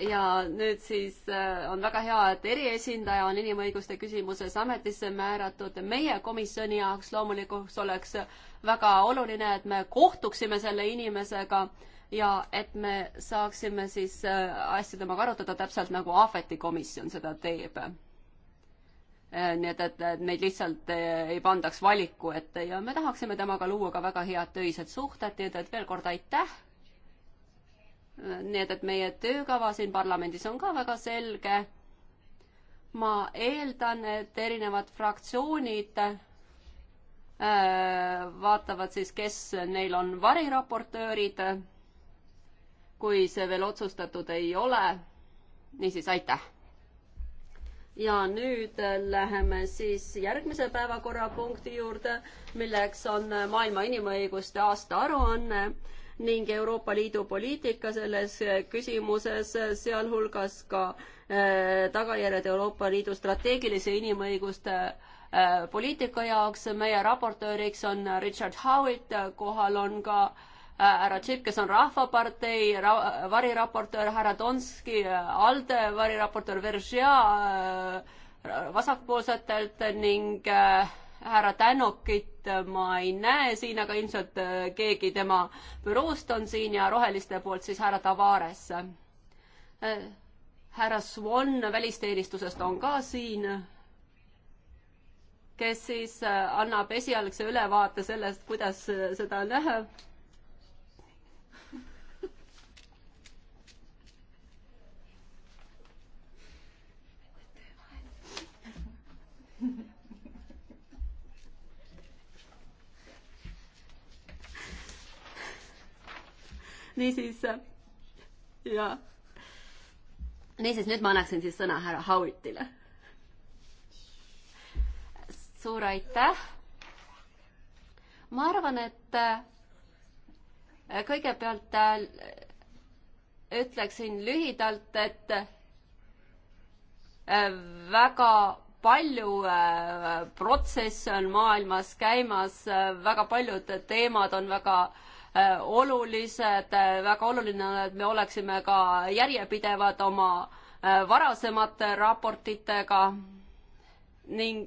B: ja nüüd siis äh, on väga hea, et eriesindaja on inimõiguste küsimuses ametisse määratud. meie komisjoni jaoks loomulikult oleks väga oluline, et me kohtuksime selle inimesega ja et me saaksime siis äh, asju temaga arutada täpselt nagu Ahveti komisjon seda teeb. Äh, nii et, et neid lihtsalt ei pandaks valiku ette ja me tahaksime temaga luua ka väga head töised suhted, nii et, et veel kord aitäh nii et, et meie töökava siin parlamendis on ka väga selge. ma eeldan, et erinevad fraktsioonid äh, vaatavad siis, kes neil on variraportöörid, kui see veel otsustatud ei ole. niisiis, aitäh! ja nüüd äh, läheme siis järgmise päevakorrapunkti juurde, milleks on äh, maailma inimõiguste aasta aruanne ning Euroopa Liidu poliitika selles küsimuses, sealhulgas ka äh, tagajärjed Euroopa Liidu strateegilise inimõiguste äh, poliitika jaoks. meie raportööriks on Richard Howitt, kohal on ka äh, härra Tšipp, kes on Rahvapartei ra variraportöör, härra Donski, ALDE variraportöör, Veržia vasakpoolsetelt ning äh, härra Tänokit äh, ma ei näe siin, aga ilmselt äh, keegi tema büroost on siin ja roheliste poolt siis härra Tavares. Äh, härra Swan välisteenistusest on ka siin, kes siis annab esialgse ülevaate sellest, kuidas seda läheb niisiis äh, ja niisiis, nüüd ma annaksin siis sõna härra Howitile. suur aitäh. ma arvan, et äh, kõigepealt äh, ütleksin lühidalt, et väga palju protsesse on maailmas käimas, väga paljud teemad on väga äh, Äh, olulised, äh, väga oluline on, et me oleksime ka järjepidevad oma äh, varasemate raportitega ning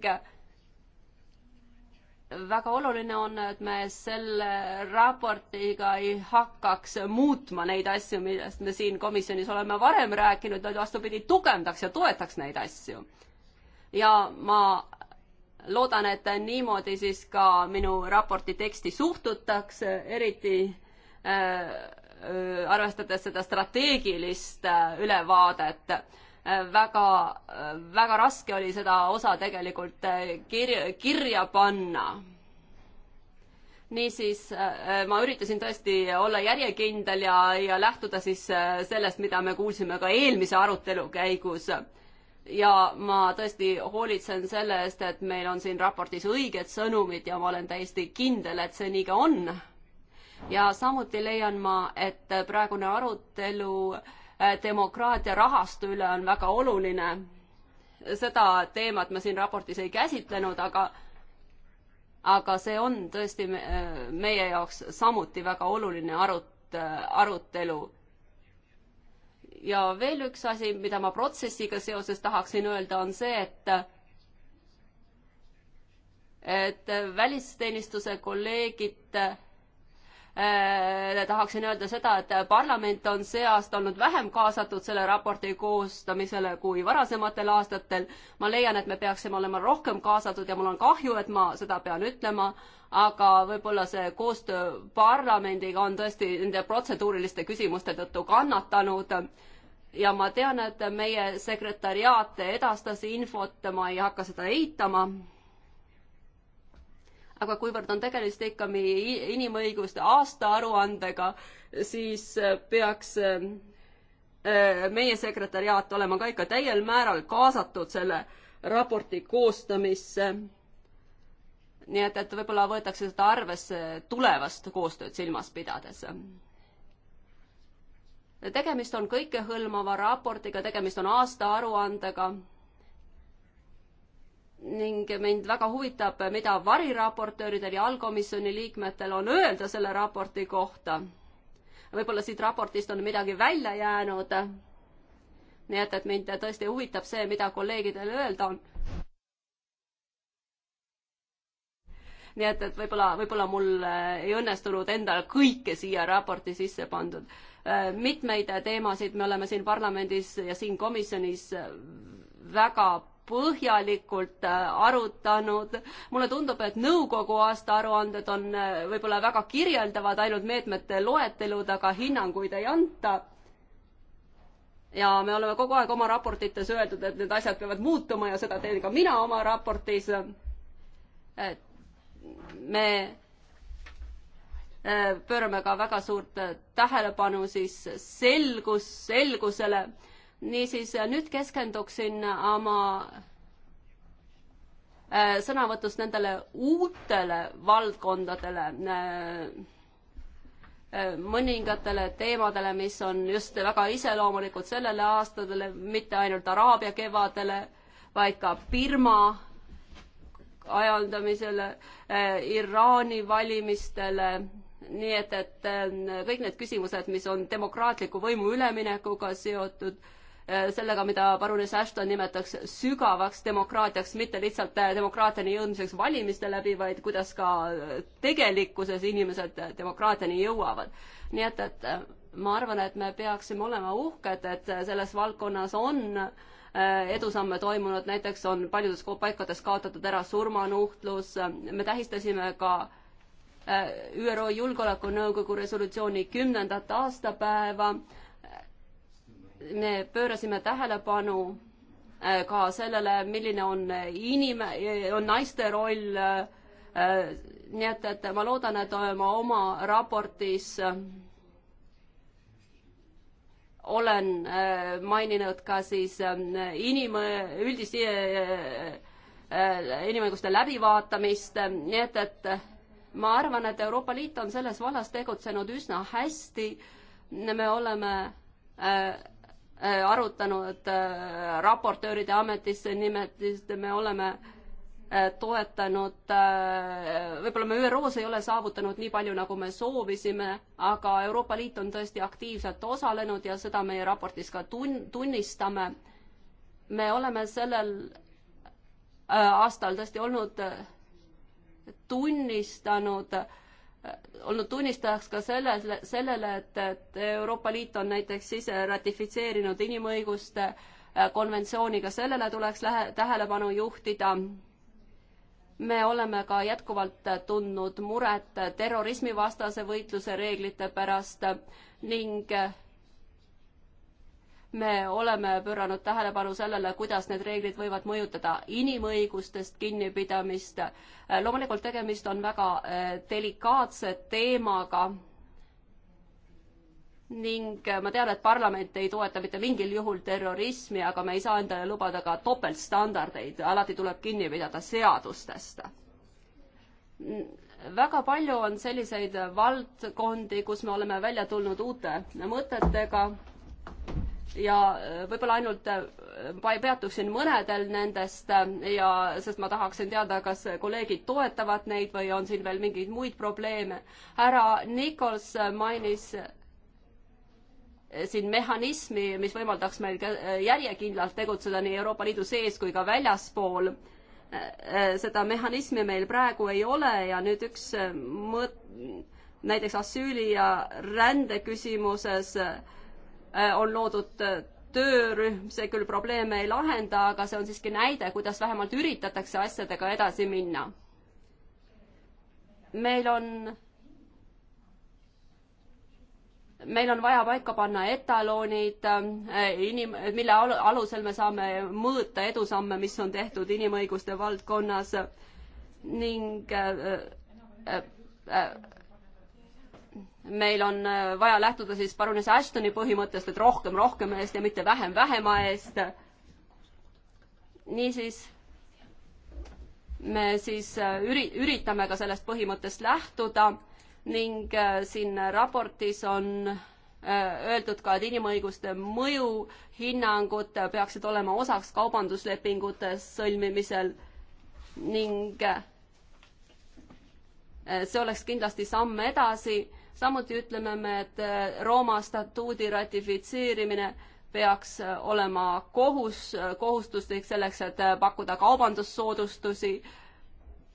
B: väga oluline on, et me selle raportiga ei hakkaks muutma neid asju, millest me siin komisjonis oleme varem rääkinud, vaid vastupidi, tugevdaks ja toetaks neid asju. ja ma loodan, et niimoodi siis ka minu raporti teksti suhtutakse, eriti äh, arvestades seda strateegilist äh, ülevaadet äh,. väga äh,, väga raske oli seda osa tegelikult äh, kirja, kirja panna niisiis äh, ma üritasin tõesti olla järjekindel ja, ja lähtuda siis äh, sellest, mida me kuulsime ka eelmise arutelu käigus ja ma tõesti hoolitsen selle eest, et meil on siin raportis õiged sõnumid ja ma olen täiesti kindel, et see nii ka on. ja samuti leian ma, et praegune arutelu äh, demokraatia rahastu üle on väga oluline. seda teemat me siin raportis ei käsitlenud, aga aga see on tõesti äh, meie jaoks samuti väga oluline arut-, äh, arutelu ja veel üks asi, mida ma protsessiga seoses tahaksin öelda, on see, et et välisteenistuse kolleegid eh, tahaksin öelda seda, et parlament on see aasta olnud vähem kaasatud selle raporti koostamisele kui varasematel aastatel. ma leian, et me peaksime olema rohkem kaasatud ja mul on kahju, et ma seda pean ütlema, aga võib-olla see koostöö parlamendiga on tõesti nende protseduuriliste küsimuste tõttu kannatanud eh, ja ma tean, et meie sekretariaat edastas infot, ma ei hakka seda eitama. aga kuivõrd on tegemist ikka meie inimõiguste aastaaruandega, siis äh, peaks äh, äh, meie sekretariaat olema ka ikka täiel määral kaasatud selle raporti koostamisse. nii et, et võib-olla võetakse seda arvesse tulevast koostööd silmas pidades tegemist on kõikehõlmava raportiga, tegemist on aastaaruandega ning mind väga huvitab, mida variraportööridel ja allkomisjoni liikmetel on öelda selle raporti kohta. võib-olla siit raportist on midagi välja jäänud. nii et, et mind tõesti huvitab see, mida kolleegidel öelda on nii et, et võib-olla, võib-olla mul äh, ei õnnestunud endal kõike siia raporti sisse pandud. Äh, mitmeid teemasid me oleme siin parlamendis ja siin komisjonis äh, väga põhjalikult arutanud. mulle tundub, et nõukogu aastaaruanded on võib-olla väga kirjeldavad, ainult meetmete loetelud, aga hinnanguid ei anta. ja me oleme kogu aeg oma raportites öeldud, et need asjad peavad muutuma ja seda teen ka mina oma raportis. et me äh, pöörame ka väga suurt tähelepanu siis selgus, selgusele. niisiis nüüd keskenduksin oma äh, sõnavõtus nendele uutele valdkondadele, äh, mõningatele teemadele, mis on just väga iseloomulikud sellele aastadele, mitte ainult Araabia kevadele, vaid ka Birma ajaldamisele, eh, Iraani valimistele, nii et, et eh, kõik need küsimused, mis on demokraatliku võimu üleminekuga seotud, eh, sellega, mida parunes Ashton nimetaks sügavaks demokraatiaks, mitte lihtsalt demokraatiani jõudmiseks valimiste läbi, vaid kuidas ka tegelikkuses inimesed demokraatiani jõuavad. nii et, et ma arvan, et me peaksime olema uhked, et selles valdkonnas on äh, Äh, edusamme toimunud, näiteks on paljudes paikades kaotatud ära surmanuhtlus, me tähistasime ka äh, ÜRO Julgeolekunõukogu resolutsiooni kümnendat aastapäeva. me pöörasime tähelepanu äh, ka sellele, milline on inim-, on naiste roll. nii et, et ma loodan, et oma raportis olen äh, maininud ka siis ähm, inim-, üldist äh, äh, inimõiguste läbivaatamist, nii et, et ma arvan, et Euroopa Liit on selles vallas tegutsenud üsna hästi. me oleme arutanud raportööride ametisse nimetist, me oleme äh, Äh, toetanud, äh, võib-olla me ÜRO-s ei ole saavutanud nii palju, nagu me soovisime, aga Euroopa Liit on tõesti aktiivselt osalenud ja seda meie raportis ka tun-, tunnistame. me oleme sellel äh, aastal tõesti olnud tunnistanud, olnud tunnistajaks ka selles, sellele, et, et Euroopa Liit on näiteks ise ratifitseerinud inimõiguste konventsiooni, ka sellele tuleks lähe-, tähelepanu juhtida me oleme ka jätkuvalt tundnud muret terrorismivastase võitluse reeglite pärast ning me oleme pööranud tähelepanu sellele, kuidas need reeglid võivad mõjutada inimõigustest kinnipidamist. loomulikult tegemist on väga eh, delikaatse teemaga ning äh, ma tean, et parlament ei toeta mitte mingil juhul terrorismi, aga me ei saa endale lubada ka topeltstandardeid, alati tuleb kinni pidada seadustest. väga palju on selliseid valdkondi, kus me oleme välja tulnud uute mõtetega ja äh, võib-olla ainult äh, peatuksin mõnedel nendest ja, sest ma tahaksin teada, kas kolleegid toetavad neid või on siin veel mingeid muid probleeme. härra Nichols mainis siin mehhanismi, mis võimaldaks meil äh, järjekindlalt tegutseda nii Euroopa Liidu sees kui ka väljaspool. Äh, äh, seda mehhanismi meil praegu ei ole ja nüüd üks mõt-, näiteks asüüli ja rände küsimuses on loodud töörühm, see küll probleeme ei lahenda, aga see on siiski näide, kuidas vähemalt üritatakse asjadega edasi minna. meil on meil on vaja paika panna etaloonid, äh, inim-, mille alusel me saame mõõta edusamme, mis on tehtud inimõiguste valdkonnas ning äh, äh, meil on vaja lähtuda siis parunese Ashtoni põhimõttest, et rohkem rohkema eest ja mitte vähem vähema eest. niisiis me siis üri-, üritame ka sellest põhimõttest lähtuda ning äh, siin raportis on äh, öeldud ka, et inimõiguste mõjuhinnangud peaksid olema osaks kaubanduslepingute sõlmimisel ning äh, see oleks kindlasti samm edasi. samuti ütleme me, et Rooma statuudi ratifitseerimine peaks olema kohus, kohustuslik selleks, et pakkuda kaubandussoodustusi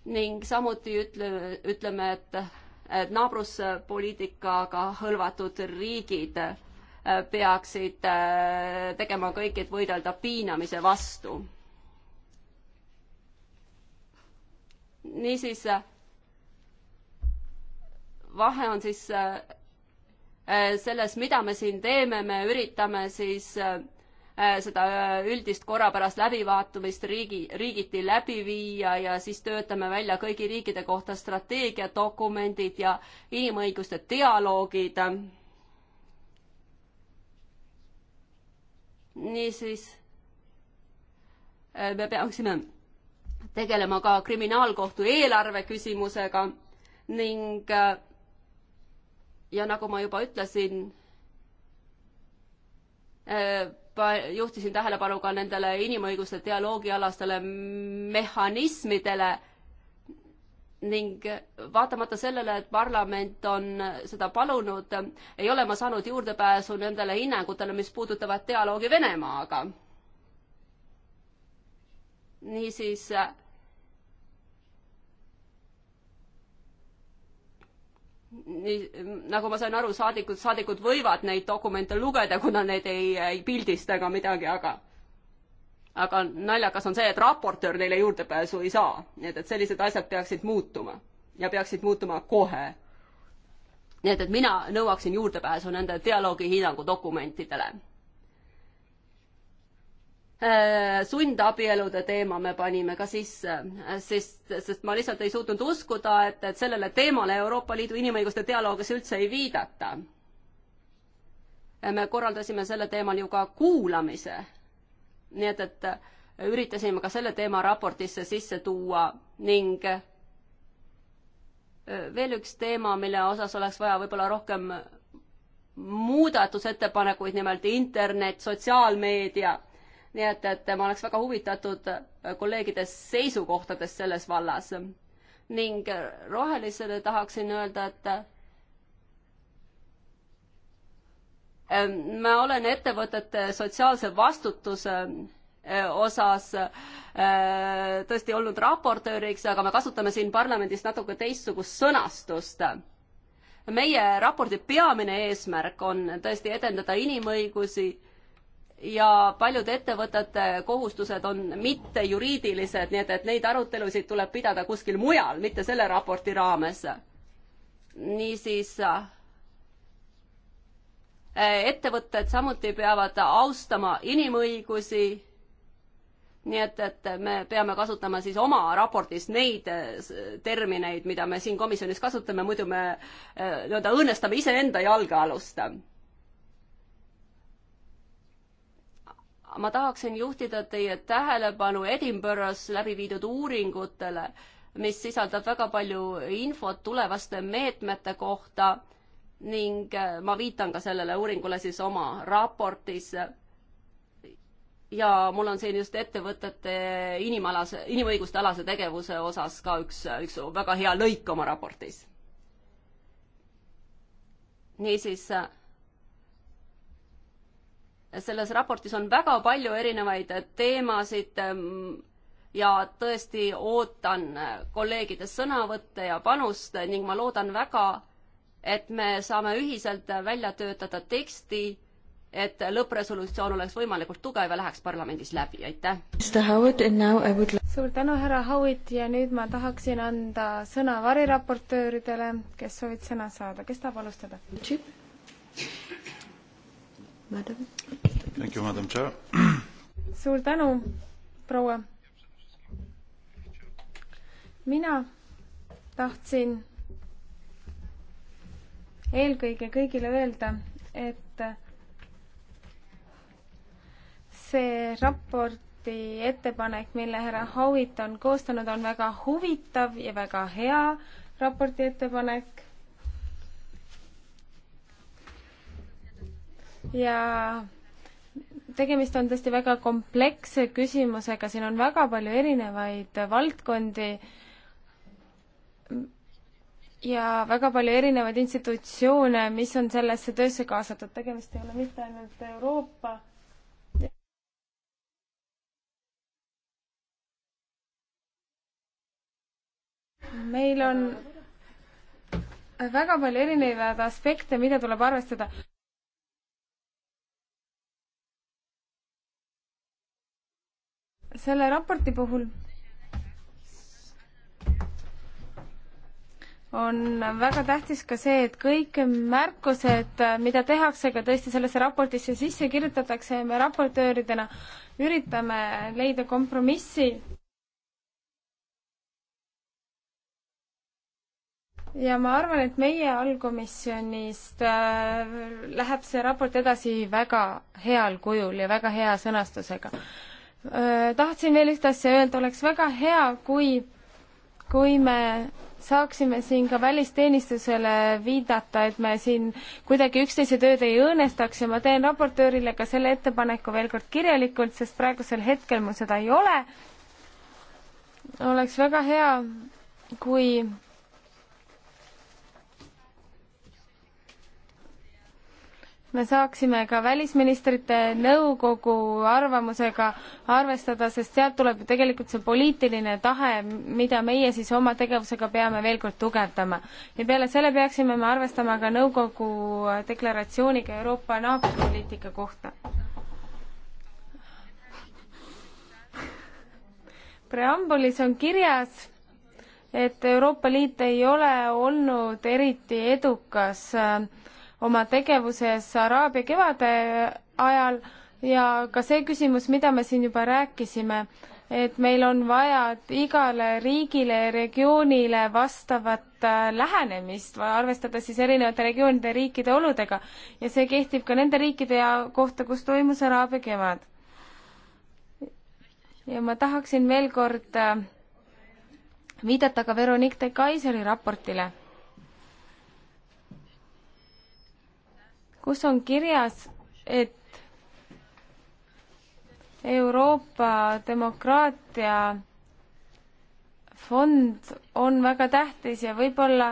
B: ning samuti ütle, ütleme, et naabruspoliitikaga hõlvatud riigid äh, peaksid äh, tegema kõik, et võidelda piinamise vastu. niisiis, vahe on siis äh, selles, mida me siin teeme, me üritame siis Äh, seda üldist korrapärast läbivaatamist riigi, riigiti läbi viia ja siis töötame välja kõigi riikide kohta strateegiadokumendid ja inimõiguste dialoogid. niisiis, äh, me peaksime tegelema ka kriminaalkohtu eelarve küsimusega ning äh, ja nagu ma juba ütlesin, juhtisin tähelepanu ka nendele inimõiguste dialoogialastele mehhanismidele ning vaatamata sellele, et parlament on seda palunud, ei ole ma saanud juurdepääsu nendele hinnangutele, mis puudutavad dialoogi Venemaaga. niisiis nii, nagu ma sain aru, saadikud, saadikud võivad neid dokumente lugeda, kuna need ei, ei pildista ega midagi, aga aga naljakas on see, et raportöör neile juurdepääsu ei saa. nii et, et sellised asjad peaksid muutuma ja peaksid muutuma kohe. nii et, et mina nõuaksin juurdepääsu nende dialoogihinnangu dokumentidele Äh, sundabielude teema me panime ka sisse, äh, sest, sest ma lihtsalt ei suutnud uskuda, et, et sellele teemale Euroopa Liidu inimõiguste dialoogis üldse ei viidata. Äh, me korraldasime sellel teemal ju ka kuulamise. nii et, et üritasime ka selle teema raportisse sisse tuua ning veel üks teema, mille osas oleks vaja võib-olla rohkem muudatusettepanekuid, nimelt internet, sotsiaalmeedia nii et, et ma oleks väga huvitatud äh, kolleegide seisukohtadest selles vallas. ning äh, rohelisele tahaksin öelda, et äh, ma olen ettevõtete sotsiaalse vastutuse osas tõesti olnud raportööriks, aga me kasutame siin parlamendis natuke teistsugust sõnastust. meie raporti peamine eesmärk on tõesti edendada inimõigusi ja paljude ettevõtete kohustused on mittejuriidilised, nii et, et neid arutelusid tuleb pidada kuskil mujal, mitte selle raporti raames. niisiis ettevõtted samuti peavad austama inimõigusi. nii et, et me peame kasutama siis oma raportis neid äh, termineid, mida me siin komisjonis kasutame, muidu me äh, nii-öelda õõnestame iseenda jalgealust ma tahaksin juhtida teie tähelepanu Edinburgh's läbi viidud uuringutele, mis sisaldab väga palju infot tulevaste meetmete kohta ning äh, ma viitan ka sellele uuringule siis oma raportis. ja mul on siin just ettevõtete inimalase, inimõiguste alase tegevuse osas ka üks, üks väga hea lõik oma raportis. niisiis äh, selles raportis on väga palju erinevaid teemasid ehm, ja tõesti ootan eh, kolleegide sõnavõtte ja panust ning ma loodan väga, et me saame ühiselt välja töötada teksti, et lõppresolutsioon oleks võimalikult tugev ja läheks parlamendis läbi, aitäh!
A: Would...
C: suur tänu, härra Howitt, ja nüüd ma tahaksin anda sõna variraportööridele, kes soovid sõna saada, kes tahab alustada? madam.
E: Thank you, madam chair.
C: suur tänu, proua. mina tahtsin eelkõige kõigile öelda, et see raporti ettepanek, mille härra Howitt on koostanud, on väga huvitav ja väga hea raporti ettepanek ja tegemist on tõesti väga kompleksse küsimusega, siin on väga palju erinevaid valdkondi ja väga palju erinevaid institutsioone, mis on sellesse töösse kaasatud, tegemist ei ole mitte ainult Euroopa meil on väga palju erinevaid aspekte, mida tuleb arvestada. selle raporti puhul on väga tähtis ka see, et kõik märkused, mida tehakse, ka tõesti sellesse raportisse sisse kirjutatakse ja me raportööridena üritame leida kompromissi. ja ma arvan, et meie allkomisjonist äh, läheb see raport edasi väga heal kujul ja väga hea sõnastusega Äh, tahtsin veel ühte asja öelda, oleks väga hea, kui, kui me saaksime siin ka välisteenistusele viidata, et me siin kuidagi üksteise tööd ei õõnestaks ja ma teen raportöörile ka selle ettepaneku veel kord kirjalikult, sest praegusel hetkel mul seda ei ole. oleks väga hea, kui me saaksime ka välisministrite nõukogu arvamusega arvestada, sest sealt tuleb ju tegelikult see poliitiline tahe, mida meie siis oma tegevusega peame veel kord tugevdama. ja peale selle peaksime me arvestama ka nõukogu deklaratsiooniga Euroopa naabripoliitika kohta. preambulis on kirjas, et Euroopa Liit ei ole olnud eriti edukas äh, oma tegevuses Araabia kevade ajal ja ka see küsimus, mida me siin juba rääkisime, et meil on vaja igale riigile ja regioonile vastavat äh, lähenemist, arvestada siis erinevate regioonide ja riikide oludega. ja see kehtib ka nende riikide ja kohta, kus toimus Araabia kevad. ja ma tahaksin veel kord äh, viidata ka Veronique de Kaiseri raportile kus on kirjas, et Euroopa demokraatia fond on väga tähtis ja võib-olla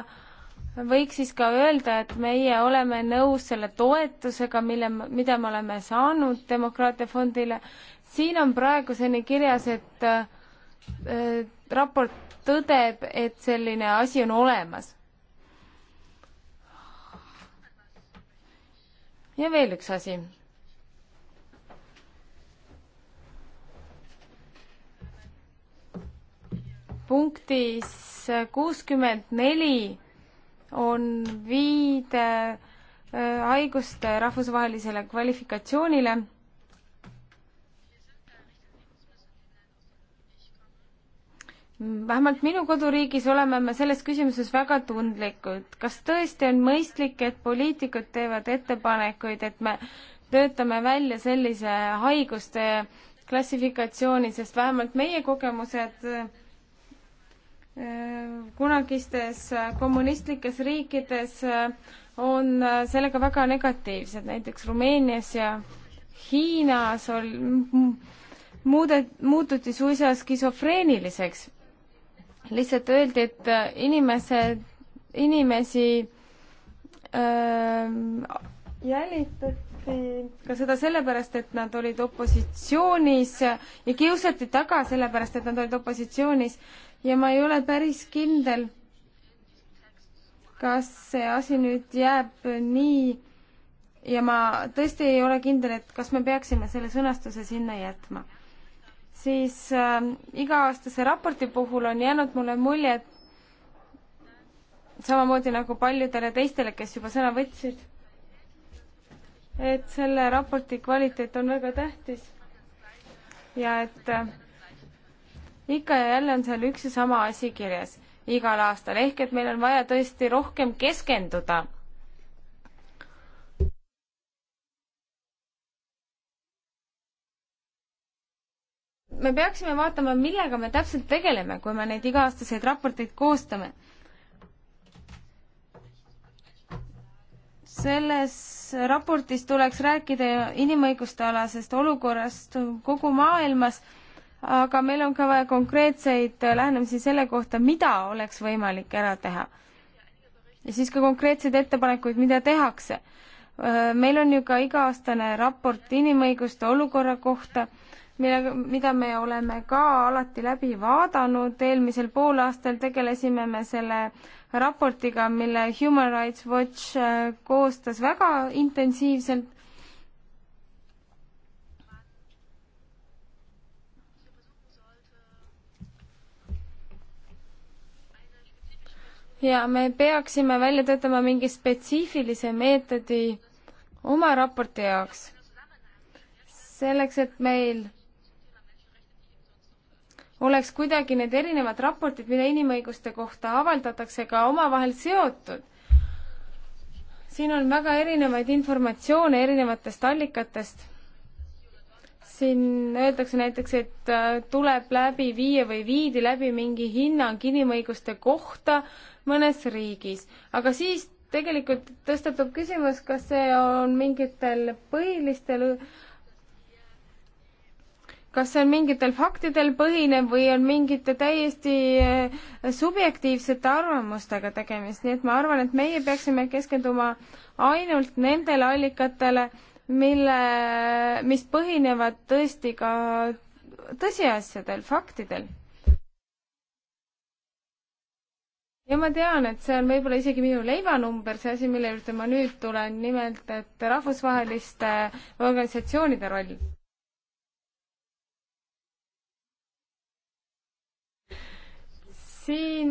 C: võiks siis ka öelda, et meie oleme nõus selle toetusega, mille, mida me oleme saanud Demokraatia Fondile. siin on praeguseni kirjas, et äh, raport tõdeb, et selline asi on olemas. ja veel üks asi. punktis kuuskümmend neli on viide äh, haiguste rahvusvahelisele kvalifikatsioonile vähemalt minu koduriigis oleme me selles küsimuses väga tundlikud. kas tõesti on mõistlik, et poliitikud teevad ettepanekuid, et me töötame välja sellise haiguste klassifikatsiooni, sest vähemalt meie kogemused äh, kunagistes kommunistlikes riikides äh, on äh, sellega väga negatiivsed, näiteks Rumeenias ja Hiinas on muudet-, muututi suisa skisofreeniliseks lihtsalt öeldi, et äh, inimesed, inimesi äh, jälitati ka seda sellepärast, et nad olid opositsioonis ja kiusati taga sellepärast, et nad olid opositsioonis ja ma ei ole päris kindel, kas see asi nüüd jääb nii ja ma tõesti ei ole kindel, et kas me peaksime selle sõnastuse sinna jätma siis äh, iga-aastase raporti puhul on jäänud mulle mulje, et samamoodi nagu paljudele teistele, kes juba sõna võtsid, et selle raporti kvaliteet on väga tähtis ja et äh, ikka ja jälle on seal üks ja sama asi kirjas igal aastal, ehk et meil on vaja tõesti rohkem keskenduda me peaksime vaatama, millega me täpselt tegeleme, kui me neid iga-aastaseid raporteid koostame. selles raportis tuleks rääkida inimõiguste alasest olukorrast kogu maailmas, aga meil on ka vaja konkreetseid lähenemisi selle kohta, mida oleks võimalik ära teha. ja siis ka konkreetseid ettepanekuid, mida tehakse. meil on ju ka iga-aastane raport inimõiguste olukorra kohta mille, mida me oleme ka alati läbi vaadanud, eelmisel poolaastal tegelesime me selle raportiga, mille Human Rights Watch äh, koostas väga intensiivselt. ja me peaksime välja töötama mingi spetsiifilise meetodi oma raporti jaoks selleks, et meil oleks kuidagi need erinevad raportid, mida inimõiguste kohta avaldatakse, ka omavahel seotud. siin on väga erinevaid informatsioone erinevatest allikatest. siin öeldakse näiteks, et äh, tuleb läbi viia või viidi läbi mingi hinnang inimõiguste kohta mõnes riigis, aga siis tegelikult tõstatub küsimus, kas see on mingitel põhilistel kas see on mingitel faktidel põhinev või on mingite täiesti eh, subjektiivsete arvamustega tegemist, nii et ma arvan, et meie peaksime keskenduma ainult nendele allikatele, mille, mis põhinevad tõesti ka tõsiasjadel, faktidel. ja ma tean, et see on võib-olla isegi minu leivanumber, see asi, mille juurde ma nüüd tulen, nimelt et rahvusvaheliste organisatsioonide roll siin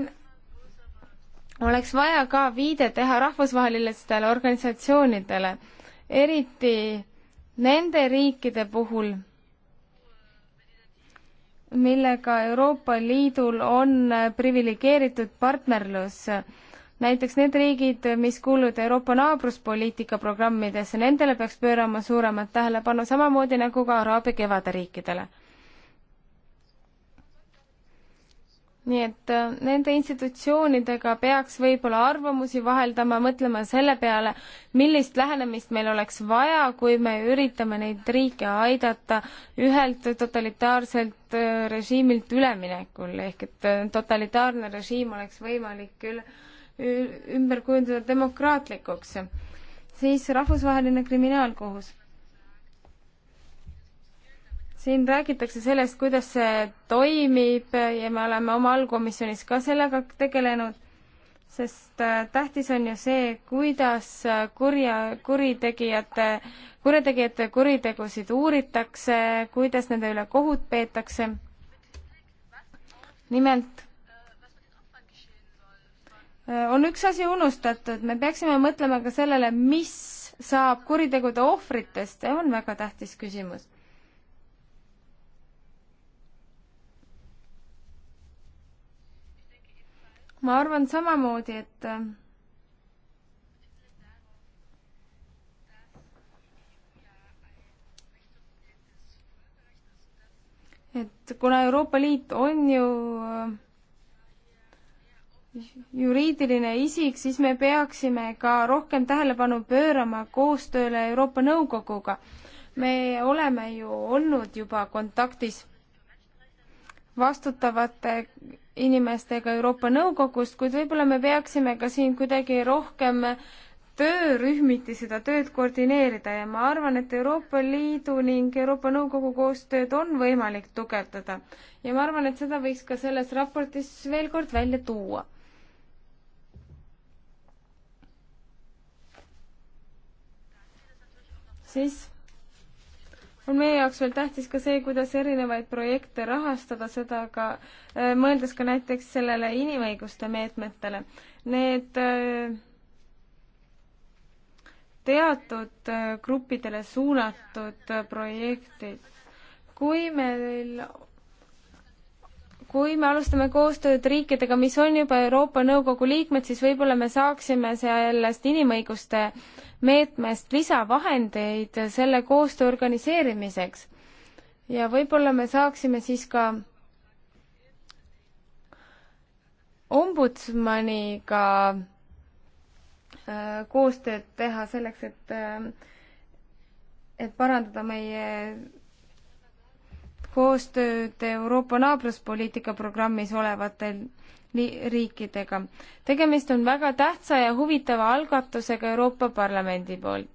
C: oleks vaja ka viide teha rahvusvahelistele organisatsioonidele, eriti nende riikide puhul, millega Euroopa Liidul on priviligeeritud partnerlus. näiteks need riigid, mis kuuluvad Euroopa naabruspoliitika programmidesse, nendele peaks pöörama suuremat tähelepanu, samamoodi nagu ka Araabia kevade riikidele nii et äh, nende institutsioonidega peaks võib-olla arvamusi vaheldama, mõtlema selle peale, millist lähenemist meil oleks vaja, kui me üritame neid riike aidata ühelt totalitaarselt äh, režiimilt üleminekul, ehk et äh, totalitaarne režiim oleks võimalik üle, ümber kujundada demokraatlikuks. siis rahvusvaheline kriminaalkohus siin räägitakse sellest, kuidas see toimib ja me oleme oma allkomisjonis ka sellega tegelenud, sest äh, tähtis on ju see, kuidas äh, kurja, kuritegijate, kurjategijate kuritegusid uuritakse, kuidas nende üle kohut peetakse. nimelt äh, on üks asi unustatud, me peaksime mõtlema ka sellele, mis saab kuritegude ohvritest, see on väga tähtis küsimus. ma arvan samamoodi, et äh, et kuna Euroopa Liit on ju äh, juriidiline isik, siis me peaksime ka rohkem tähelepanu pöörama koostööle Euroopa Nõukoguga. me oleme ju olnud juba kontaktis vastutavate inimestega Euroopa Nõukogust, kuid võib-olla me peaksime ka siin kuidagi rohkem töörühmiti seda tööd koordineerida ja ma arvan, et Euroopa Liidu ning Euroopa Nõukogu koostööd on võimalik tugevdada. ja ma arvan, et seda võiks ka selles raportis veel kord välja tuua. siis on meie jaoks veel tähtis ka see, kuidas erinevaid projekte rahastada, seda ka äh, mõeldes ka näiteks sellele inimõiguste meetmetele. Need äh, teatud äh, gruppidele suunatud projektid, kui meil kui me alustame koostööd riikidega, mis on juba Euroopa Nõukogu liikmed, siis võib-olla me saaksime sellest inimõiguste äh, meetmest lisavahendeid selle koostöö organiseerimiseks. ja võib-olla me saaksime siis ka ombudsmaniga äh, koostööd teha selleks, et, äh, et parandada meie koostööd Euroopa naabruspoliitika programmis olevatel riikidega. tegemist on väga tähtsa ja huvitava algatusega Euroopa Parlamendi poolt.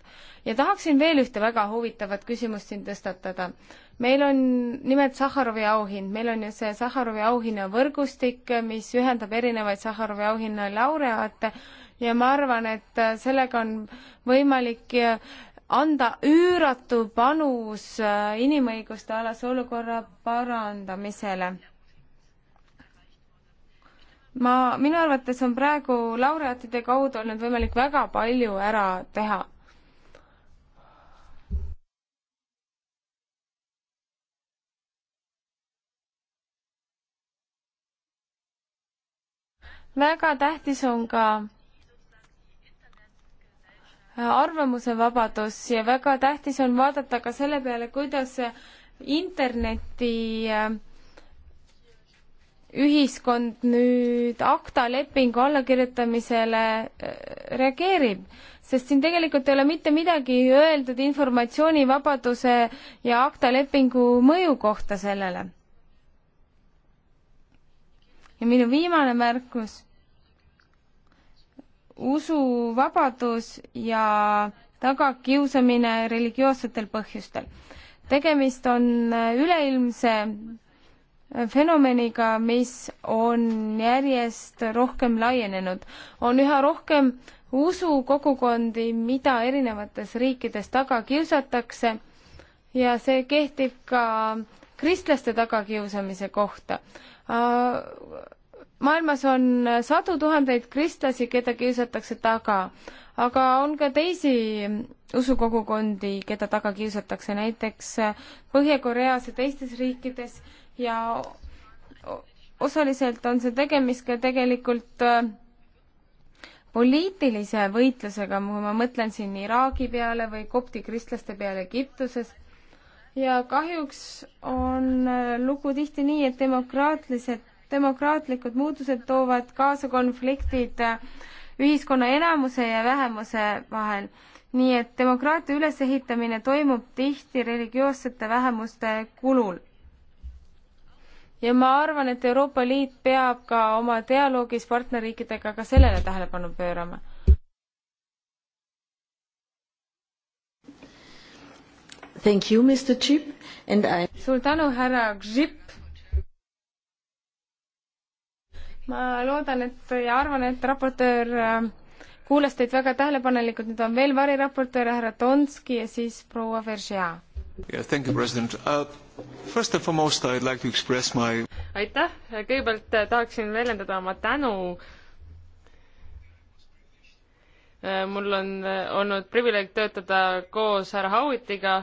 C: ja tahaksin veel ühte väga huvitavat küsimust siin tõstatada. meil on nimelt Sahharovi auhind, meil on ju see Sahharovi auhinna võrgustik, mis ühendab erinevaid Sahharovi auhinna laureaate ja ma arvan, et sellega on võimalik anda üüratu panus inimõiguste alase olukorra parandamisele ma, minu arvates on praegu laureaatide kaudu olnud võimalik väga palju ära teha. väga tähtis on ka arvamusevabadus ja väga tähtis on vaadata ka selle peale, kuidas interneti äh, ühiskond nüüd akta lepingu allakirjutamisele äh, reageerib, sest siin tegelikult ei ole mitte midagi öeldud informatsioonivabaduse ja akta lepingu mõju kohta sellele. ja minu viimane märkus, usuvabadus ja tagakiusamine religioossetel põhjustel. tegemist on üleilmse fenomeniga, mis on järjest rohkem laienenud. on üha rohkem usukogukondi, mida erinevates riikides taga kiusatakse ja see kehtib ka kristlaste tagakiusamise kohta. Äh, maailmas on sadu tuhandeid kristlasi, keda kiusatakse taga, aga on ka teisi usukogukondi, keda taga kiusatakse, näiteks Põhja-Koreas ja teistes riikides ja osaliselt on see tegemist ka tegelikult äh, poliitilise võitlusega, ma mõtlen siin Iraagi peale või kopti kristlaste peale Egiptuses. ja kahjuks on äh, lugu tihti nii, et demokraatlised, demokraatlikud muutused toovad kaasa konfliktid äh, ühiskonna enamuse ja vähemuse vahel. nii et demokraatia ülesehitamine toimub tihti religioossete vähemuste kulul ja ma arvan, et Euroopa Liit peab ka oma dialoogis partnerriikidega ka sellele tähelepanu pöörama.
A: Thank you, Mr Chip and I. suur tänu, härra Grip.
C: ma loodan, et ja arvan, et raportöör äh, kuulas teid väga tähelepanelikult, nüüd on veel variraportöör härra Tonski ja siis
E: proua Veržea Yeah, thank you, president uh,. First and foremost I would like to express my aitäh, kõigepealt äh, tahaksin väljendada oma tänu. Äh, mul on äh, olnud privileeg töötada koos härra Howitiga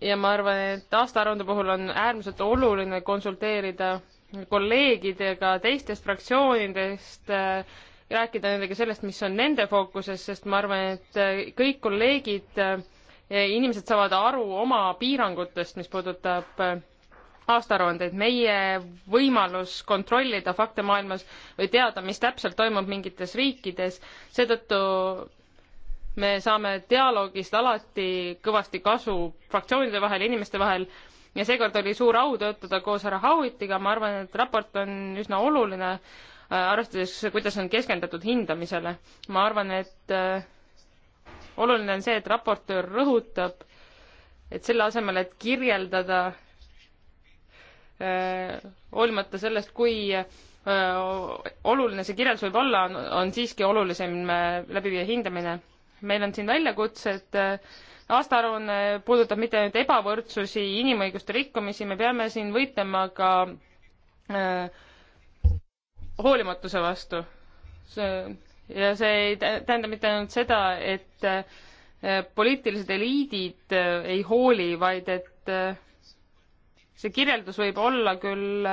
E: ja ma arvan, et aastaaruande puhul on äärmiselt oluline konsulteerida kolleegidega teistest fraktsioonidest äh,, rääkida nendega sellest, mis on nende fookuses, sest ma arvan, et kõik kolleegid äh, inimesed saavad aru oma piirangutest, mis puudutab äh, aastaaruandeid, meie võimalus kontrollida fakte maailmas või teada, mis täpselt toimub mingites riikides, seetõttu me saame dialoogist alati kõvasti kasu fraktsioonide vahel, inimeste vahel ja seekord oli suur au töötada koos härra Howitiga, ma arvan, et raport on üsna oluline, äh, arvestades, kuidas on keskendatud hindamisele. ma arvan, et äh, oluline on see, et raportöör rõhutab, et selle asemel, et kirjeldada äh, hoolimata sellest, kui äh, oluline see kirjeldus võib olla, on, on siiski olulisem äh, läbi viia hindamine. meil on siin väljakutsed, aastaaruanne puudutab mitte ainult ebavõrdsusi, inimõiguste rikkumisi, me peame siin võitlema ka äh, hoolimatuse vastu. see ja see ei tähenda mitte ainult seda, et äh, poliitilised eliidid äh, ei hooli, vaid et äh, see kirjeldus võib olla küll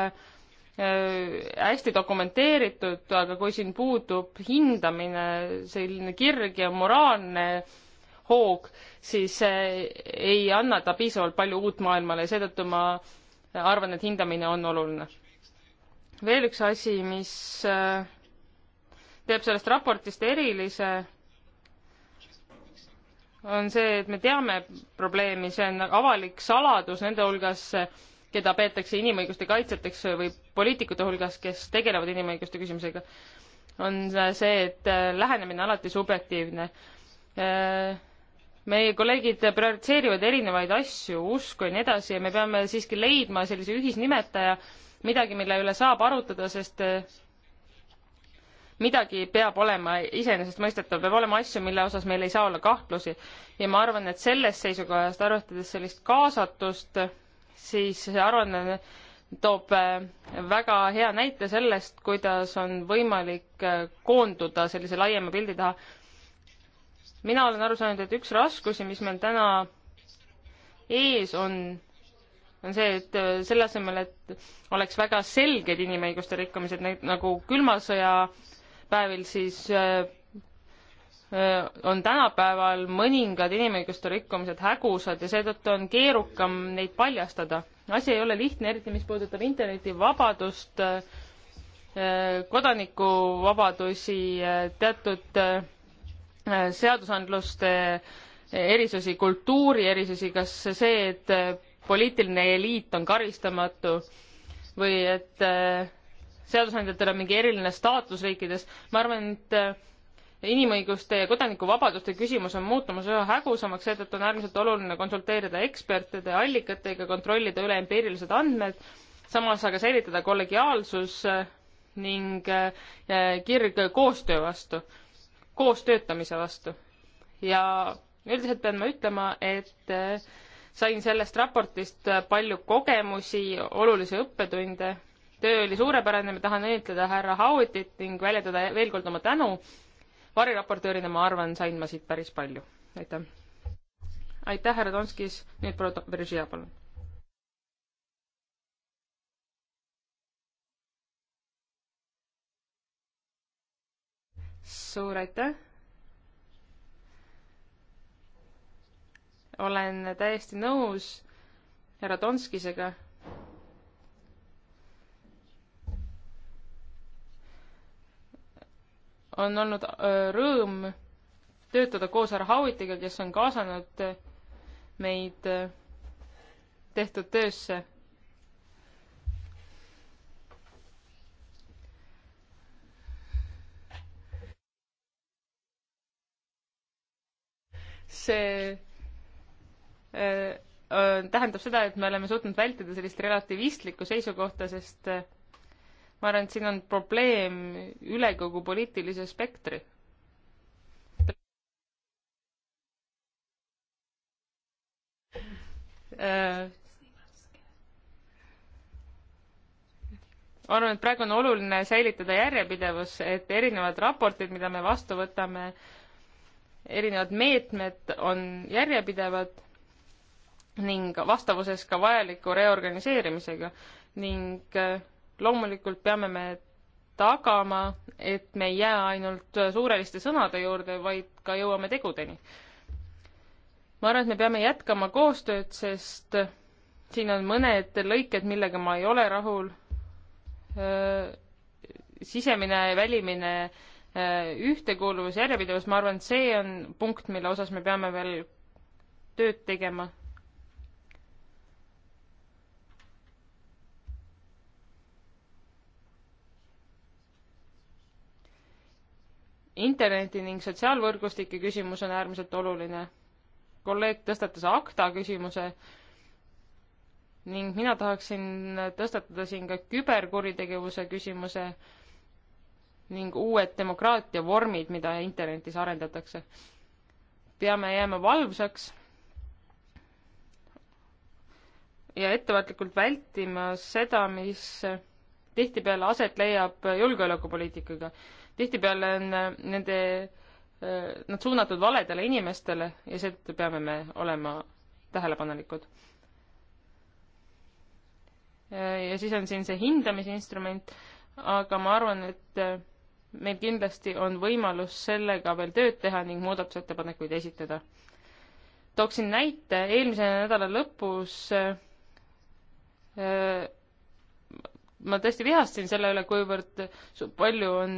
E: hästi dokumenteeritud, aga kui siin puudub hindamine, selline kirg ja moraalne hoog, siis ei anna ta piisavalt palju uut maailmale ja seetõttu ma arvan, et hindamine on oluline. veel üks asi, mis teeb sellest raportist erilise, on see, et me teame probleemi, see on avalik saladus nende hulgas, keda peetakse inimõiguste kaitsjateks või poliitikute hulgas, kes tegelevad inimõiguste küsimusega, on see, et äh, lähenemine alati subjektiivne. Äh, meie kolleegid prioritiseerivad erinevaid asju, usku ja nii edasi ja me peame siiski leidma sellise ühisnimetaja, midagi, mille üle saab arutada, sest äh, midagi peab olema iseenesestmõistetav, peab olema asju, mille osas meil ei saa olla kahtlusi. ja ma arvan, et sellest seisukohast, arvestades sellist kaasatust, siis aruanne toob äh, väga hea näite sellest, kuidas on võimalik äh, koonduda sellise laiema pildi taha. mina olen aru saanud, et üks raskusi, mis meil täna ees on, on see, et äh, selle asemel, et oleks väga selged inimõiguste rikkumised, nagu külma sõja esmaspäevil siis äh, äh, on tänapäeval mõningad inimõiguste rikkumised hägusad ja seetõttu on keerukam neid paljastada. asi ei ole lihtne, eriti mis puudutab internetivabadust, äh, kodanikuvabadusi, teatud seadusandluste erisusi, kultuuri erisusi, kas see, et poliitiline eliit on karistamatu või et seadusandjatel on mingi eriline staatus riikides, ma arvan, et äh, inimõiguste ja kodanikuvabaduste küsimus on muutumas üha hägusamaks, seetõttu on äärmiselt oluline konsulteerida ekspertide allikatega, kontrollida üle empiirilised andmed, samas aga säilitada kollegiaalsus äh, ning äh, kirg koostöö vastu, koos töötamise vastu. ja üldiselt pean ma ütlema, et sain sellest raportist palju kogemusi, olulisi õppetunde töö oli suurepärane, ma tahan õnnitleda härra Howitit ning väljendada veel kord oma tänu. variraportöörina, ma arvan, sain ma siit päris palju. aitäh. aitäh, härra Donskis, nüüd proua Veržia, palun. suur aitäh olen täiesti nõus härra Donskisega on olnud rõõm töötada koos härra Howitiga, kes on kaasanud meid tehtud töösse. see äh, äh, tähendab seda, et me oleme suutnud vältida sellist relativistlikku seisukohta, sest äh, ma arvan, et siin on probleem üle kogu poliitilise spektri. Äh, ma arvan, et praegu on oluline säilitada järjepidevus, et erinevad raportid, mida me vastu võtame, erinevad meetmed on järjepidevad ning vastavuses ka vajaliku reorganiseerimisega ning äh, loomulikult peame me tagama, et me ei jää ainult suureliste sõnade juurde, vaid ka jõuame tegudeni. ma arvan, et me peame jätkama koostööd, sest siin on mõned lõiked, millega ma ei ole rahul. sisemine ja välimine ühtekuuluvus, järjepidevus, ma arvan, see on punkt, mille osas me peame veel tööd tegema interneti ning sotsiaalvõrgustike küsimus on äärmiselt oluline. kolleeg tõstatas ACTA küsimuse ning mina tahaksin tõstatada siin ka küberkuritegevuse küsimuse ning uued demokraatia vormid, mida internetis arendatakse. peame jääma valvsaks ja ettevaatlikult vältima seda, mis tihtipeale aset leiab julgeolekupoliitikaga tihtipeale on äh, nende, äh, nad suunatud valedele inimestele ja seetõttu peame me olema tähelepanelikud. Äh, ja siis on siin see hindamisinstrument, aga ma arvan, et meil kindlasti on võimalus sellega veel tööd teha ning muudatusettepanekuid esitada. tooksin näite, eelmise nädala lõpus ma tõesti vihastasin selle üle, kuivõrd palju on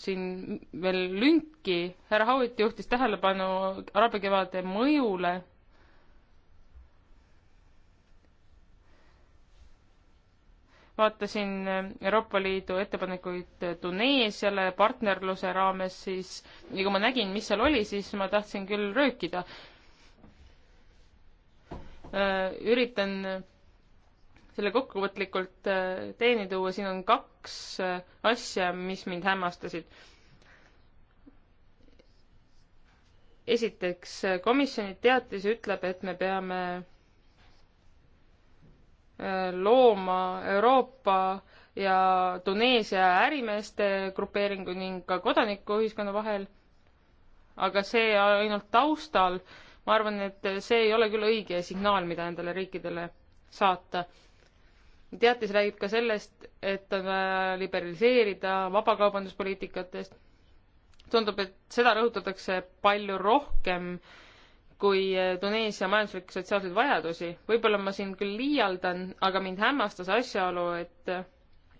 E: siin veel lünki, härra Howitt juhtis tähelepanu araabia kevade mõjule. vaatasin Euroopa Liidu ettepanekuid Tuneesiale partnerluse raames, siis ja kui ma nägin, mis seal oli, siis ma tahtsin küll röökida. üritan selle kokkuvõtlikult äh, teeni tuua, siin on kaks äh, asja, mis mind hämmastasid. esiteks, äh, komisjoni teatis ütleb, et me peame looma Euroopa ja Tuneesia ärimeeste grupeeringu ning ka kodanikuühiskonna vahel. aga see ainult taustal, ma arvan, et see ei ole küll õige signaal, mida endale riikidele saata teatis räägib ka sellest, et on vaja liberaliseerida vabakaubanduspoliitikatest. tundub, et seda rõhutatakse palju rohkem kui Tuneesia majanduslikke sotsiaalseid vajadusi. võib-olla ma siin küll liialdan, aga mind hämmastas asjaolu, et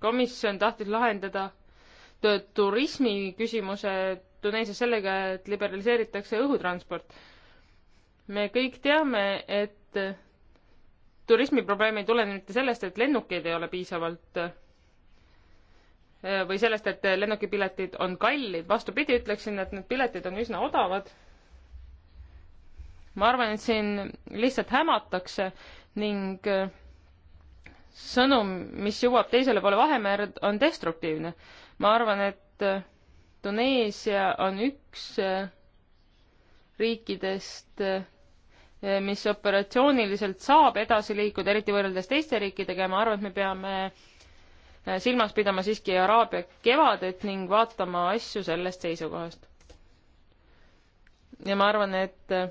E: komisjon tahtis lahendada turismi küsimuse Tuneesias sellega, et liberaliseeritakse õhutransport. me kõik teame, et turismiprobleem ei tulene mitte sellest, et lennukeid ei ole piisavalt äh, või sellest, et lennukipiletid on kallid, vastupidi, ütleksin, et need piletid on üsna odavad. ma arvan, et siin lihtsalt hämatakse ning äh, sõnum, mis jõuab teisele poole Vahemerd, on destruktiivne. ma arvan, et äh, Tuneesia on üks riikidest, Eh, mis operatsiooniliselt saab edasi liikuda, eriti võrreldes teiste riikidega ja ma arvan, et me peame eh, silmas pidama siiski Araabia kevadet ning vaatama asju sellest seisukohast. ja ma arvan, et eh,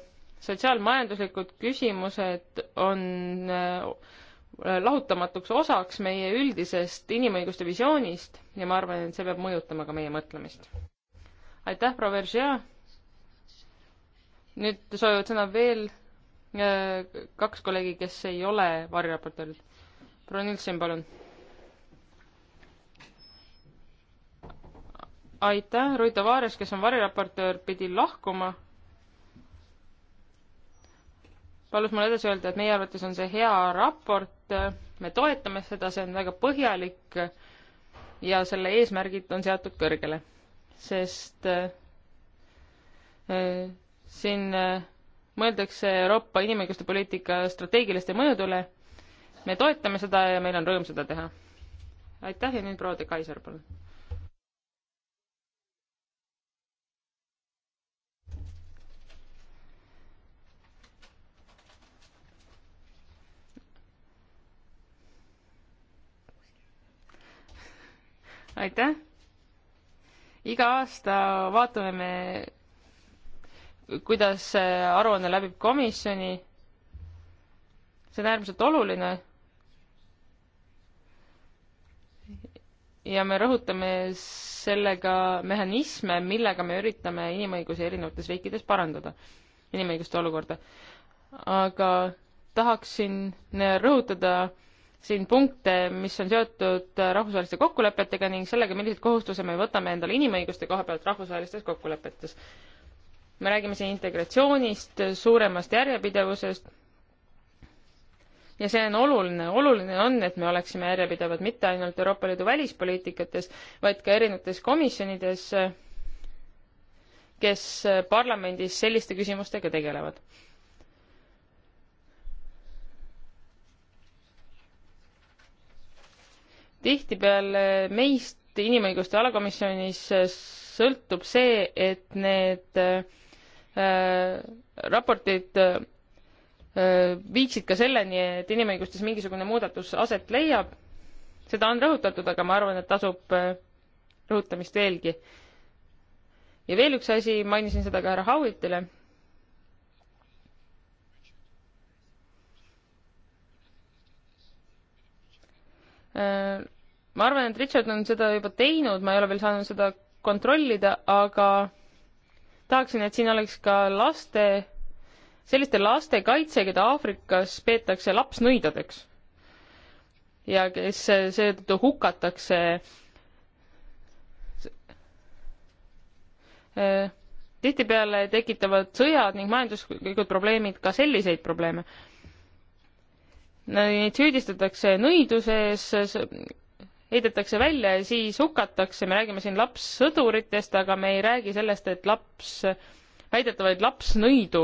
E: sotsiaalmajanduslikud küsimused on lahutamatuks osaks meie üldisest inimõiguste visioonist ja ma arvan, et see peab mõjutama ka meie mõtlemist. aitäh, proua Veržea! nüüd soovivad sõna veel kaks kolleegi, kes ei ole variraportöörid. proua Nilsen, palun. aitäh, Rui Tavares, kes on variraportöör, pidi lahkuma. palus mul edasi öelda, et meie arvates on see hea raport, me toetame seda, see on väga põhjalik ja selle eesmärgid on seatud kõrgele, sest äh, äh siin äh, mõeldakse Euroopa inimõiguste poliitika strateegiliste mõjudele. me toetame seda ja meil on rõõm seda teha. aitäh ja nüüd proua de Kaiser, palun. aitäh. iga aasta vaatame me kuidas see aruanne läbib komisjoni. see on äärmiselt oluline. ja me rõhutame sellega mehhanisme, millega me üritame inimõigusi erinevates riikides parandada, inimõiguste olukorda. aga tahaksin rõhutada siin punkte, mis on seotud rahvusvaheliste kokkulepetega ning sellega, millised kohustuse me võtame endale inimõiguste koha pealt rahvusvahelistes kokkulepetes me räägime siin integratsioonist, suuremast järjepidevusest. ja see on oluline, oluline on, et me oleksime järjepidevad mitte ainult Euroopa Liidu välispoliitikates, vaid ka erinevates komisjonides, kes parlamendis selliste küsimustega tegelevad. tihtipeale meist inimõiguste alakomisjonis sõltub see, et need Äh, raportid äh, viiksid ka selleni, et inimõigustes mingisugune muudatus aset leiab. seda on rõhutatud, aga ma arvan, et tasub äh, rõhutamist veelgi. ja veel üks asi, mainisin seda ka härra Howitile. ma arvan, et Richard on seda juba teinud, ma ei ole veel saanud seda kontrollida, aga tahaksin, et siin oleks ka laste, selliste laste kaitse, keda Aafrikas peetakse lapsnõidadeks ja kes eh, seetõttu hukatakse eh, tihtipeale tekitavad sõjad ning majanduslikud probleemid ka selliseid probleeme. Neid süüdistatakse nõiduse ees, heidetakse välja ja siis hukatakse, me räägime siin lapssõduritest, aga me ei räägi sellest, et laps, väidetavaid lapsnõidu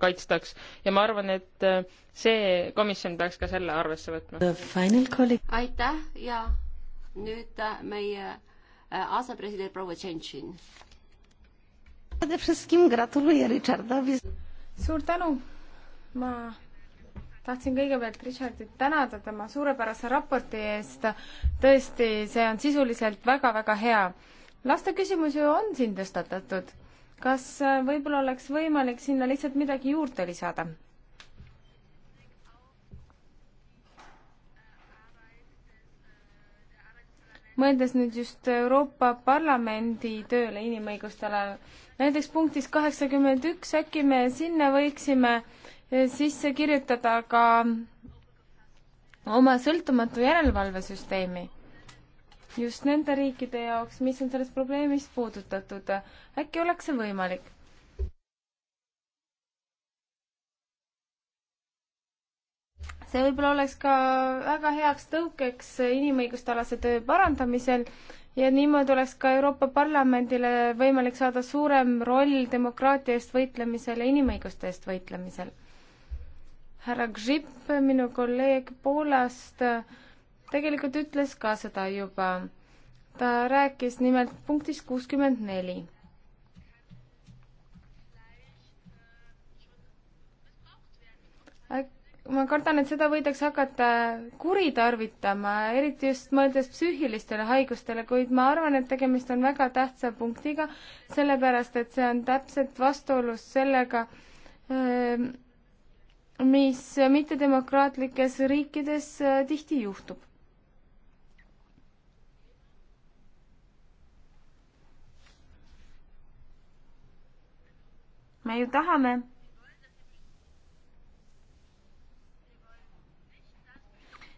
E: kaitstaks ja ma arvan, et äh, see komisjon peaks ka selle arvesse võtma.
B: aitäh ja nüüd äh, meie äh, asepresident proua Tšentšin.
C: suur tänu, ma tahtsin kõigepealt Richardit tänada tema suurepärase raporti eest. tõesti, see on sisuliselt väga-väga hea. laste küsimus ju on siin tõstatatud. kas äh, võib-olla oleks võimalik sinna lihtsalt midagi juurde lisada? mõeldes nüüd just Euroopa Parlamendi tööle inimõigustele, näiteks punktis kaheksakümmend üks äkki me sinna võiksime äh, Eh, sisse kirjutada ka oma sõltumatu järelevalvesüsteemi just nende riikide jaoks, mis on sellest probleemist puudutatud. äkki oleks see võimalik? see võib-olla oleks ka väga heaks tõukeks inimõiguste alase töö parandamisel ja niimoodi oleks ka Euroopa Parlamendile võimalik saada suurem roll demokraatia eest võitlemisel ja inimõiguste eest võitlemisel härra Grip, minu kolleeg Poolast, tegelikult ütles ka seda juba. ta rääkis nimelt punktist kuuskümmend neli. ma kardan, et seda võidakse hakata kuritarvitama, eriti just mõeldes psüühilistele haigustele, kuid ma arvan, et tegemist on väga tähtsa punktiga, sellepärast et see on täpselt vastuolus sellega, mis mittedemokraatlikes riikides äh, tihti juhtub. me ju tahame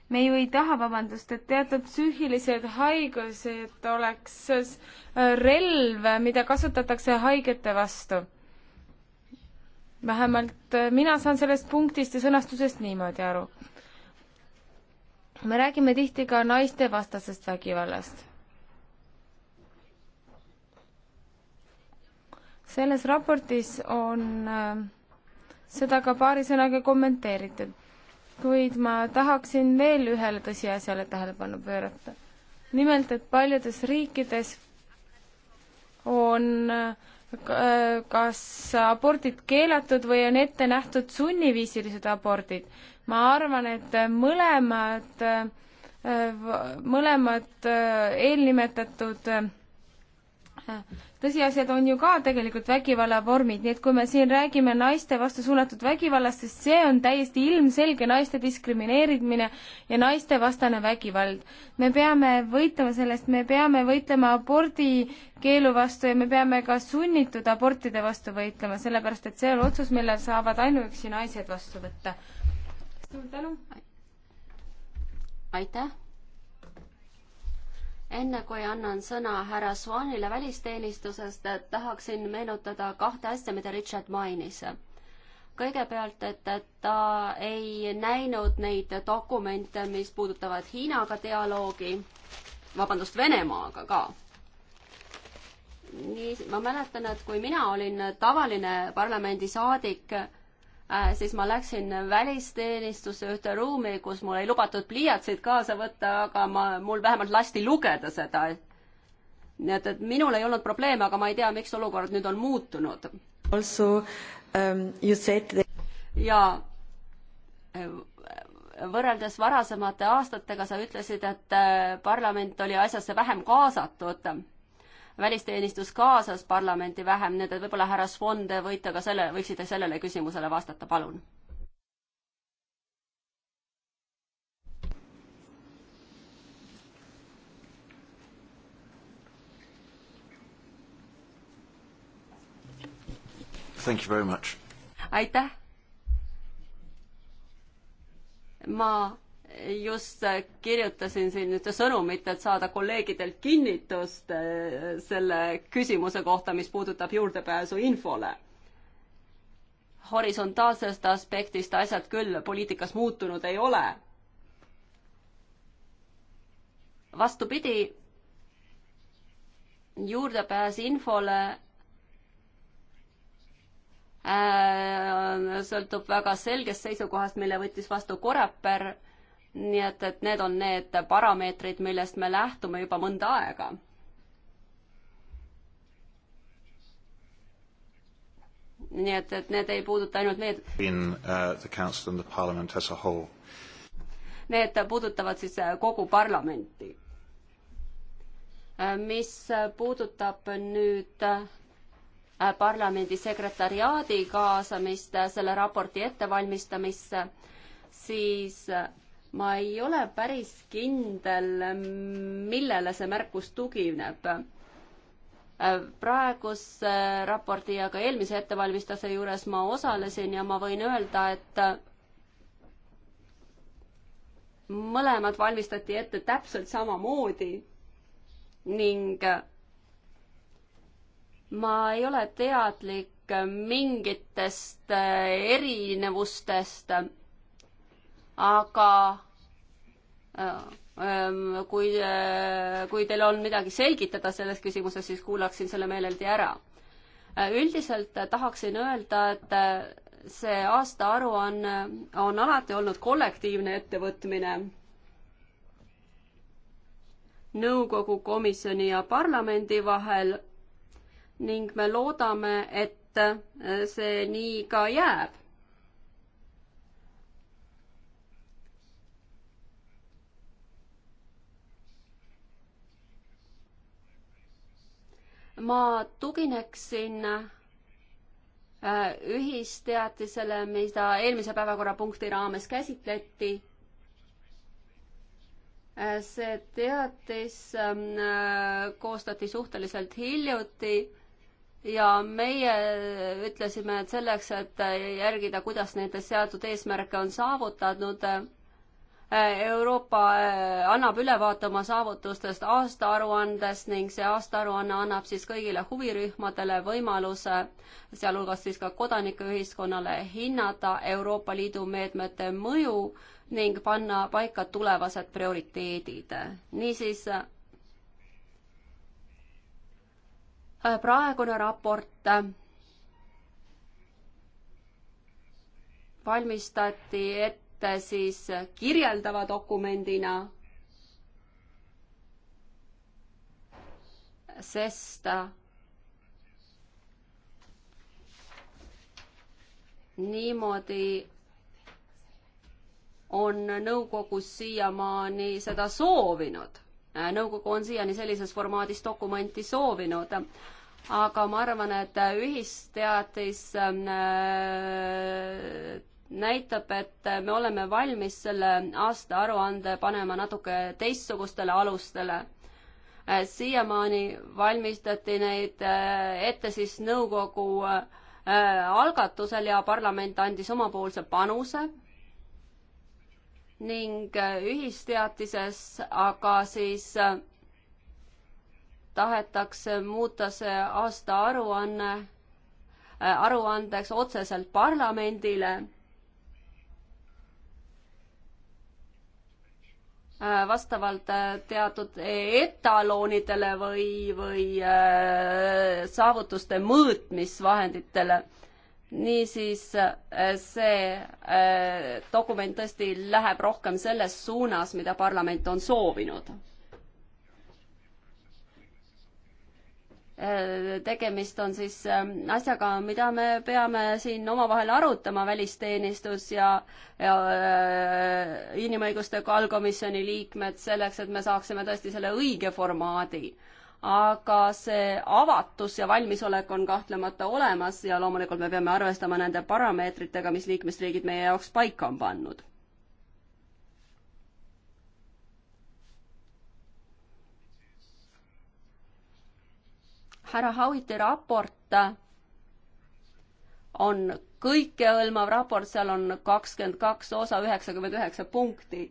C: me ju ei taha, vabandust, et teatud psüühilised haigused oleks äh, relv, mida kasutatakse haigete vastu vähemalt äh, mina saan sellest punktist ja sõnastusest niimoodi aru. me räägime tihti ka naistevastasest vägivallast. selles raportis on äh, seda ka paari sõnaga kommenteeritud, kuid ma tahaksin veel ühele tõsiasjale tähelepanu pöörata. nimelt, et paljudes riikides on äh, kas abordid keelatud või on ette nähtud sunniviisilised abordid. ma arvan, et mõlemad, mõlemad eelnimetatud tõsiasjad on ju ka tegelikult vägivalla vormid, nii et kui me siin räägime naiste vastu suunatud vägivallast, siis see on täiesti ilmselge naiste diskrimineerimine ja naistevastane vägivald. me peame võitlema sellest, me peame võitlema abordi keelu vastu ja me peame ka sunnitud abortide vastu võitlema, sellepärast et see on otsus, mille saavad ainuüksi naised vastu võtta. suur tänu!
B: aitäh! enne kui annan sõna härra Swanile välisteenistusest, tahaksin meenutada kahte asja, mida Richard mainis. kõigepealt, et, et ta ei näinud neid dokumente, mis puudutavad Hiinaga dialoogi, vabandust, Venemaaga ka nii, ma mäletan, et kui mina olin tavaline parlamendisaadik, Äh, siis ma läksin välisteenistusse ühte ruumi, kus mul ei lubatud pliiatsid kaasa võtta, aga ma, mul vähemalt lasti lugeda seda. nii et, et minul ei olnud probleeme, aga ma ei tea, miks olukord nüüd on muutunud.
A: Also um, you said that
B: ja äh, võrreldes varasemate aastatega sa ütlesid, et äh, parlament oli asjasse vähem kaasatud välisteenistus kaasas parlamenti vähem, nii et võib-olla härra Svon, te võite ka selle, võiksite sellele küsimusele vastata, palun. aitäh. ma just äh, kirjutasin siin ühte sõnumit, et saada kolleegidelt kinnitust äh, selle küsimuse kohta, mis puudutab juurdepääsu infole. horisontaalsest aspektist asjad küll poliitikas muutunud ei ole. vastupidi, juurdepääs infole äh, sõltub väga selgest seisukohast, mille võttis vastu Koreper nii et, et need on need parameetrid, millest me lähtume juba mõnda aega. nii et, et need ei puuduta ainult need.
D: In uh, the council and the parliament as a whole.
B: Need puudutavad siis uh, kogu parlamenti. Uh, mis puudutab nüüd uh, parlamendi sekretariaadi kaasamist selle raporti ettevalmistamisse, siis ma ei ole päris kindel, millele see märkus tugineb. praeguse raporti ja ka eelmise ettevalmistuse juures ma osalesin ja ma võin öelda, et mõlemad valmistati ette täpselt samamoodi ning ma ei ole teadlik mingitest erinevustest aga äh, ähm, kui, äh, kui teil on midagi selgitada selles küsimuses, siis kuulaksin selle meeleldi ära. Äh, üldiselt tahaksin öelda, et see aastaaruanne on, on alati olnud kollektiivne ettevõtmine nõukogu, komisjoni ja parlamendi vahel ning me loodame, et see nii ka jääb ma tugineksin äh, ühisteatisele, mida eelmise päevakorrapunkti raames käsitleti. Äh, see teatis ähm, äh, koostati suhteliselt hiljuti ja meie ütlesime, et selleks, et järgida, kuidas nende seatud eesmärke on saavutatud, Euroopa äh, annab ülevaate oma saavutustest aastaaruandes ning see aastaaruanne annab siis kõigile huvirühmadele võimaluse, sealhulgas siis ka kodanikuühiskonnale, hinnata Euroopa Liidu meetmete mõju ning panna paika tulevased prioriteedid. niisiis, äh, praegune raport äh, valmistati ette ette äh, siis äh, kirjeldava dokumendina, sest äh, niimoodi on nõukogus siiamaani seda soovinud. nõukogu on siiani sellises formaadis dokumenti soovinud, aga ma arvan, et ühisteatis näitab, et me oleme valmis selle aastaaruande panema natuke teistsugustele alustele. Äh, siiamaani valmistati neid äh, ette siis nõukogu äh, algatusel ja parlament andis omapoolse panuse ning ühisteatises aga siis tahetakse muuta see aastaaruanne aruandeks otseselt parlamendile Äh, vastavalt äh, teatud etaloonidele või, või äh, saavutuste mõõtmisvahenditele. niisiis see dokument tõesti läheb rohkem selles suunas, mida parlament on soovinud Äh, tegemist on siis ähm, asjaga, mida me peame siin omavahel arutama, välisteenistus ja, ja äh, inimõiguste allkomisjoni liikmed, selleks et me saaksime tõesti selle õige formaadi. aga see avatus ja valmisolek on kahtlemata olemas ja loomulikult me peame arvestama nende parameetritega, mis liikmesriigid meie jaoks paika on pannud härra Hauiti raport on kõikehõlmav raport, seal on kakskümmend kaks osa, üheksakümmend üheksa punkti.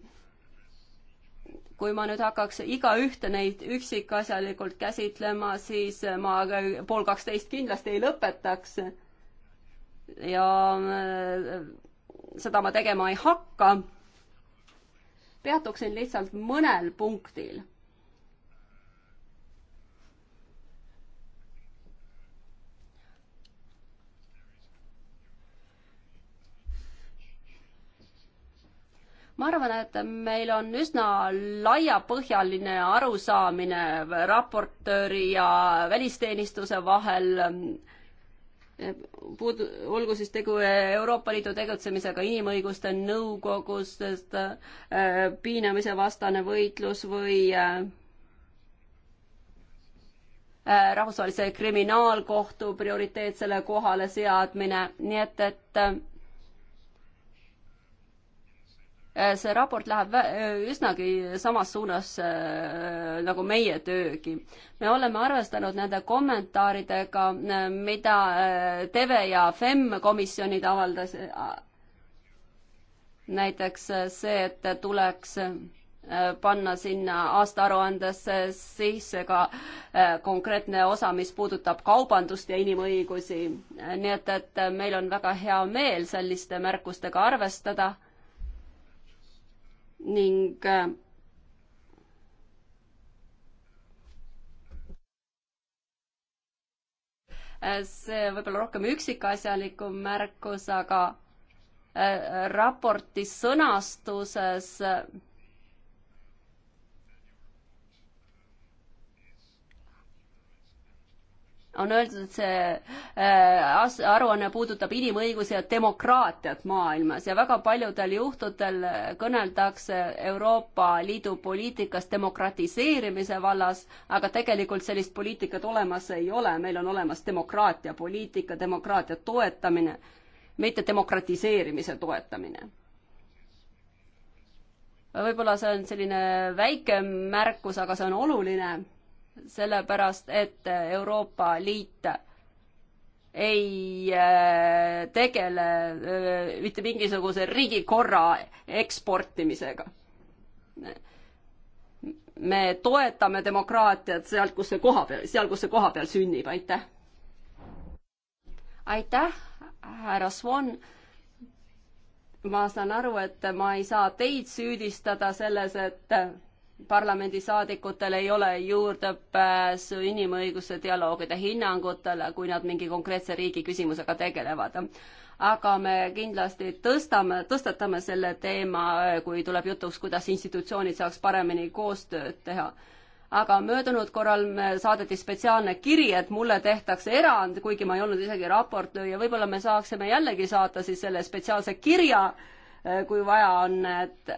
B: kui ma nüüd hakkaks igaühte neid üksikasjalikult käsitlema, siis ma pool kaksteist kindlasti ei lõpetaks. ja äh, seda ma tegema ei hakka. peatuksin lihtsalt mõnel punktil ma arvan, et meil on üsna laiapõhjaline arusaamine raportööri ja välisteenistuse vahel, puudu, olgu siis tegu Euroopa Liidu tegutsemisega inimõiguste nõukogus, sest äh, piinamise vastane võitlus või äh, äh, rahvusvahelise kriminaalkohtu prioriteetsele kohale seadmine, nii et, et see raport läheb äh, üsnagi samas suunas äh, nagu meie töögi. me oleme arvestanud nende kommentaaridega, äh, mida TV ja FEM komisjonid avaldas, näiteks see, et tuleks panna sinna aastaaruandesse sisse ka konkreetne osa, mis puudutab kaubandust ja inimõigusi. nii et, et meil on väga hea meel selliste märkustega arvestada ning äh, see võib-olla rohkem üksikasjalikum märkus, aga äh, raporti sõnastuses on öeldud, et see äh, aruanne puudutab inimõigusi ja demokraatiat maailmas ja väga paljudel juhtudel kõneldakse Euroopa Liidu poliitikast demokratiseerimise vallas, aga tegelikult sellist poliitikat olemas ei ole, meil on olemas demokraatiapoliitika, demokraatia toetamine, mitte demokratiseerimise toetamine võib-olla see on selline väike märkus, aga see on oluline sellepärast et Euroopa Liit ei äh, tegele äh, mitte mingisuguse riigikorra eksportimisega. me toetame demokraatiat sealt, kus see koha peal, seal, kus see koha peal sünnib, aitäh. aitäh, härra Swan ma saan aru, et ma ei saa teid süüdistada selles, et parlamendisaadikutel ei ole juurdepääsu inimõiguse dialoogide hinnangutele, kui nad mingi konkreetse riigi küsimusega tegelevad. aga me kindlasti tõstame, tõstatame selle teema, kui tuleb jutuks, kuidas institutsioonid saaks paremini koostööd teha. aga möödunud korral saadeti spetsiaalne kiri, et mulle tehtakse erand, kuigi ma ei olnud isegi raportöö ja võib-olla me saaksime jällegi saata siis selle spetsiaalse kirja, kui vaja on, et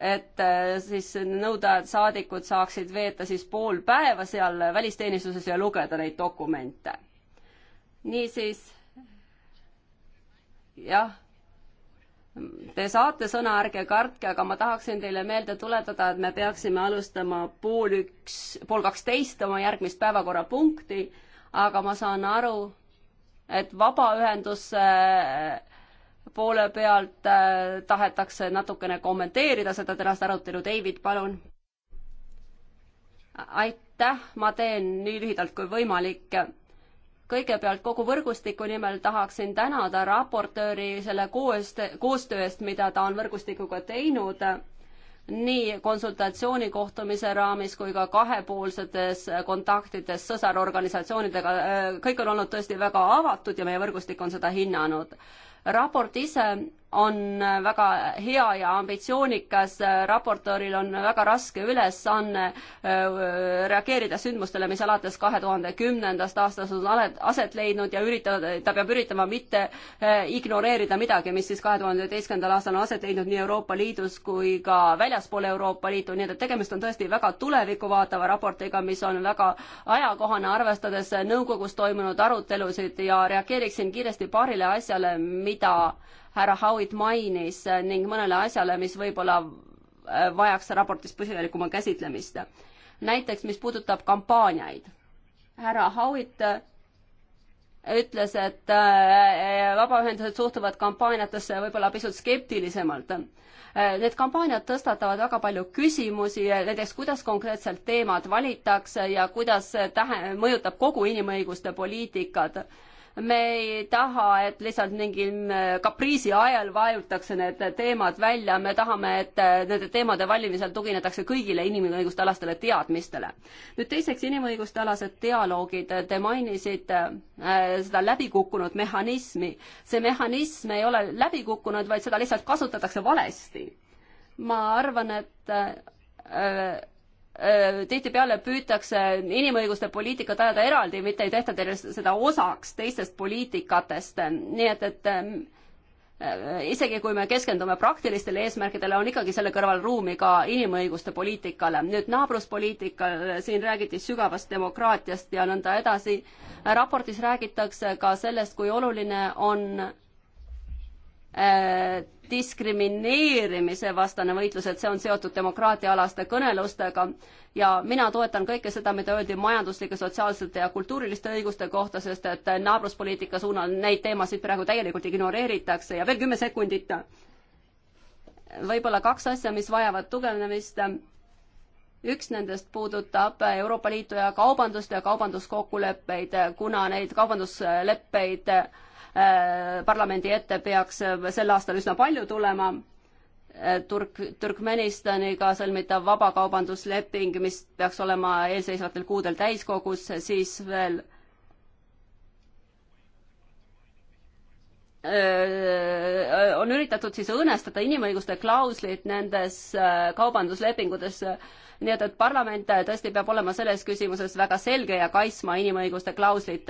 B: et äh, siis nõuda, et saadikud saaksid veeta siis pool päeva seal välisteenistuses ja lugeda neid dokumente. niisiis, jah, te saate sõna, ärge kartke, aga ma tahaksin teile meelde tuletada, et me peaksime alustama pool üks, pool kaksteist oma järgmist päevakorrapunkti, aga ma saan aru, et vabaühendus äh, poole pealt äh, tahetakse natukene kommenteerida seda tänast arutelu. David, palun. aitäh, ma teen nii lühidalt kui võimalik. kõigepealt kogu võrgustiku nimel tahaksin tänada raportööri selle koostöö, koostöö eest, mida ta on võrgustikuga teinud nii konsultatsioonikohtumise raamis kui ka kahepoolsetes kontaktides sõsarorganisatsioonidega. kõik on olnud tõesti väga avatud ja meie võrgustik on seda hinnanud raport ise on väga hea ja ambitsioonikas, raportööril on väga raske ülesanne äh, reageerida sündmustele, mis alates kahe tuhande kümnendast aastast on aset leidnud ja üritada, ta peab üritama mitte äh, ignoreerida midagi, mis siis kahe tuhande üheteistkümnendal aastal on aset leidnud nii Euroopa Liidus kui ka väljaspool Euroopa Liitu, nii et tegemist on tõesti väga tulevikku vaatava raportiga, mis on väga ajakohane, arvestades nõukogus toimunud arutelusid ja reageeriksin kiiresti paarile asjale, mida härra Howitt mainis äh, ning mõnele asjale, mis võib-olla äh, vajaks raportis põhjalikuma käsitlemist. näiteks, mis puudutab kampaaniaid. härra Howitt äh, ütles, et vabaühendused suhtuvad kampaaniatesse võib-olla pisut skeptilisemalt. Need kampaaniad tõstatavad väga palju küsimusi, näiteks kuidas konkreetselt teemad valitakse ja kuidas tähe-, mõjutab kogu inimõiguste poliitikat me ei taha, et lihtsalt mingil mm, kapriisi ajal vajutakse need teemad välja, me tahame, et äh, nende teemade valimisel tuginetakse kõigile inimõiguste alastele teadmistele. nüüd teiseks, inimõiguste alased dialoogid, te mainisite äh, seda läbikukkunud mehhanismi. see mehhanism ei ole läbi kukkunud, vaid seda lihtsalt kasutatakse valesti. ma arvan, et äh, tihtipeale püütakse inimõiguste poliitikat ajada eraldi, mitte ei tehta teile seda osaks teistest poliitikatest, nii et, et ähm, äh, isegi kui me keskendume praktilistele eesmärkidele, on ikkagi selle kõrval ruumi ka inimõiguste poliitikale. nüüd naabruspoliitikal, siin räägiti sügavast demokraatiast ja nõnda edasi. raportis räägitakse ka sellest, kui oluline on Äh, diskrimineerimise vastane võitlus, et see on seotud demokraatiaalaste kõnelustega ja mina toetan kõike seda, mida öeldi majanduslike, sotsiaalsete ja kultuuriliste õiguste kohta, sest et naabruspoliitika suunal neid teemasid praegu täielikult ignoreeritakse ja veel kümme sekundit. võib-olla kaks asja, mis vajavad tugevnemist. üks nendest puudutab Euroopa Liitu ja kaubandust ja kaubanduskokkuleppeid, kuna neid kaubandusleppeid Äh, parlamendi ette peaks äh, sel aastal üsna palju tulema. Äh, Turk, Türkmenistaniga sõlmitav vabakaubandusleping, mis peaks olema eelseisvatel kuudel täiskogus, siis veel äh, on üritatud siis õõnestada inimõiguste klauslit nendes kaubanduslepingutes, nii et, et parlament tõesti peab olema selles küsimuses väga selge ja kaitsma inimõiguste klauslit,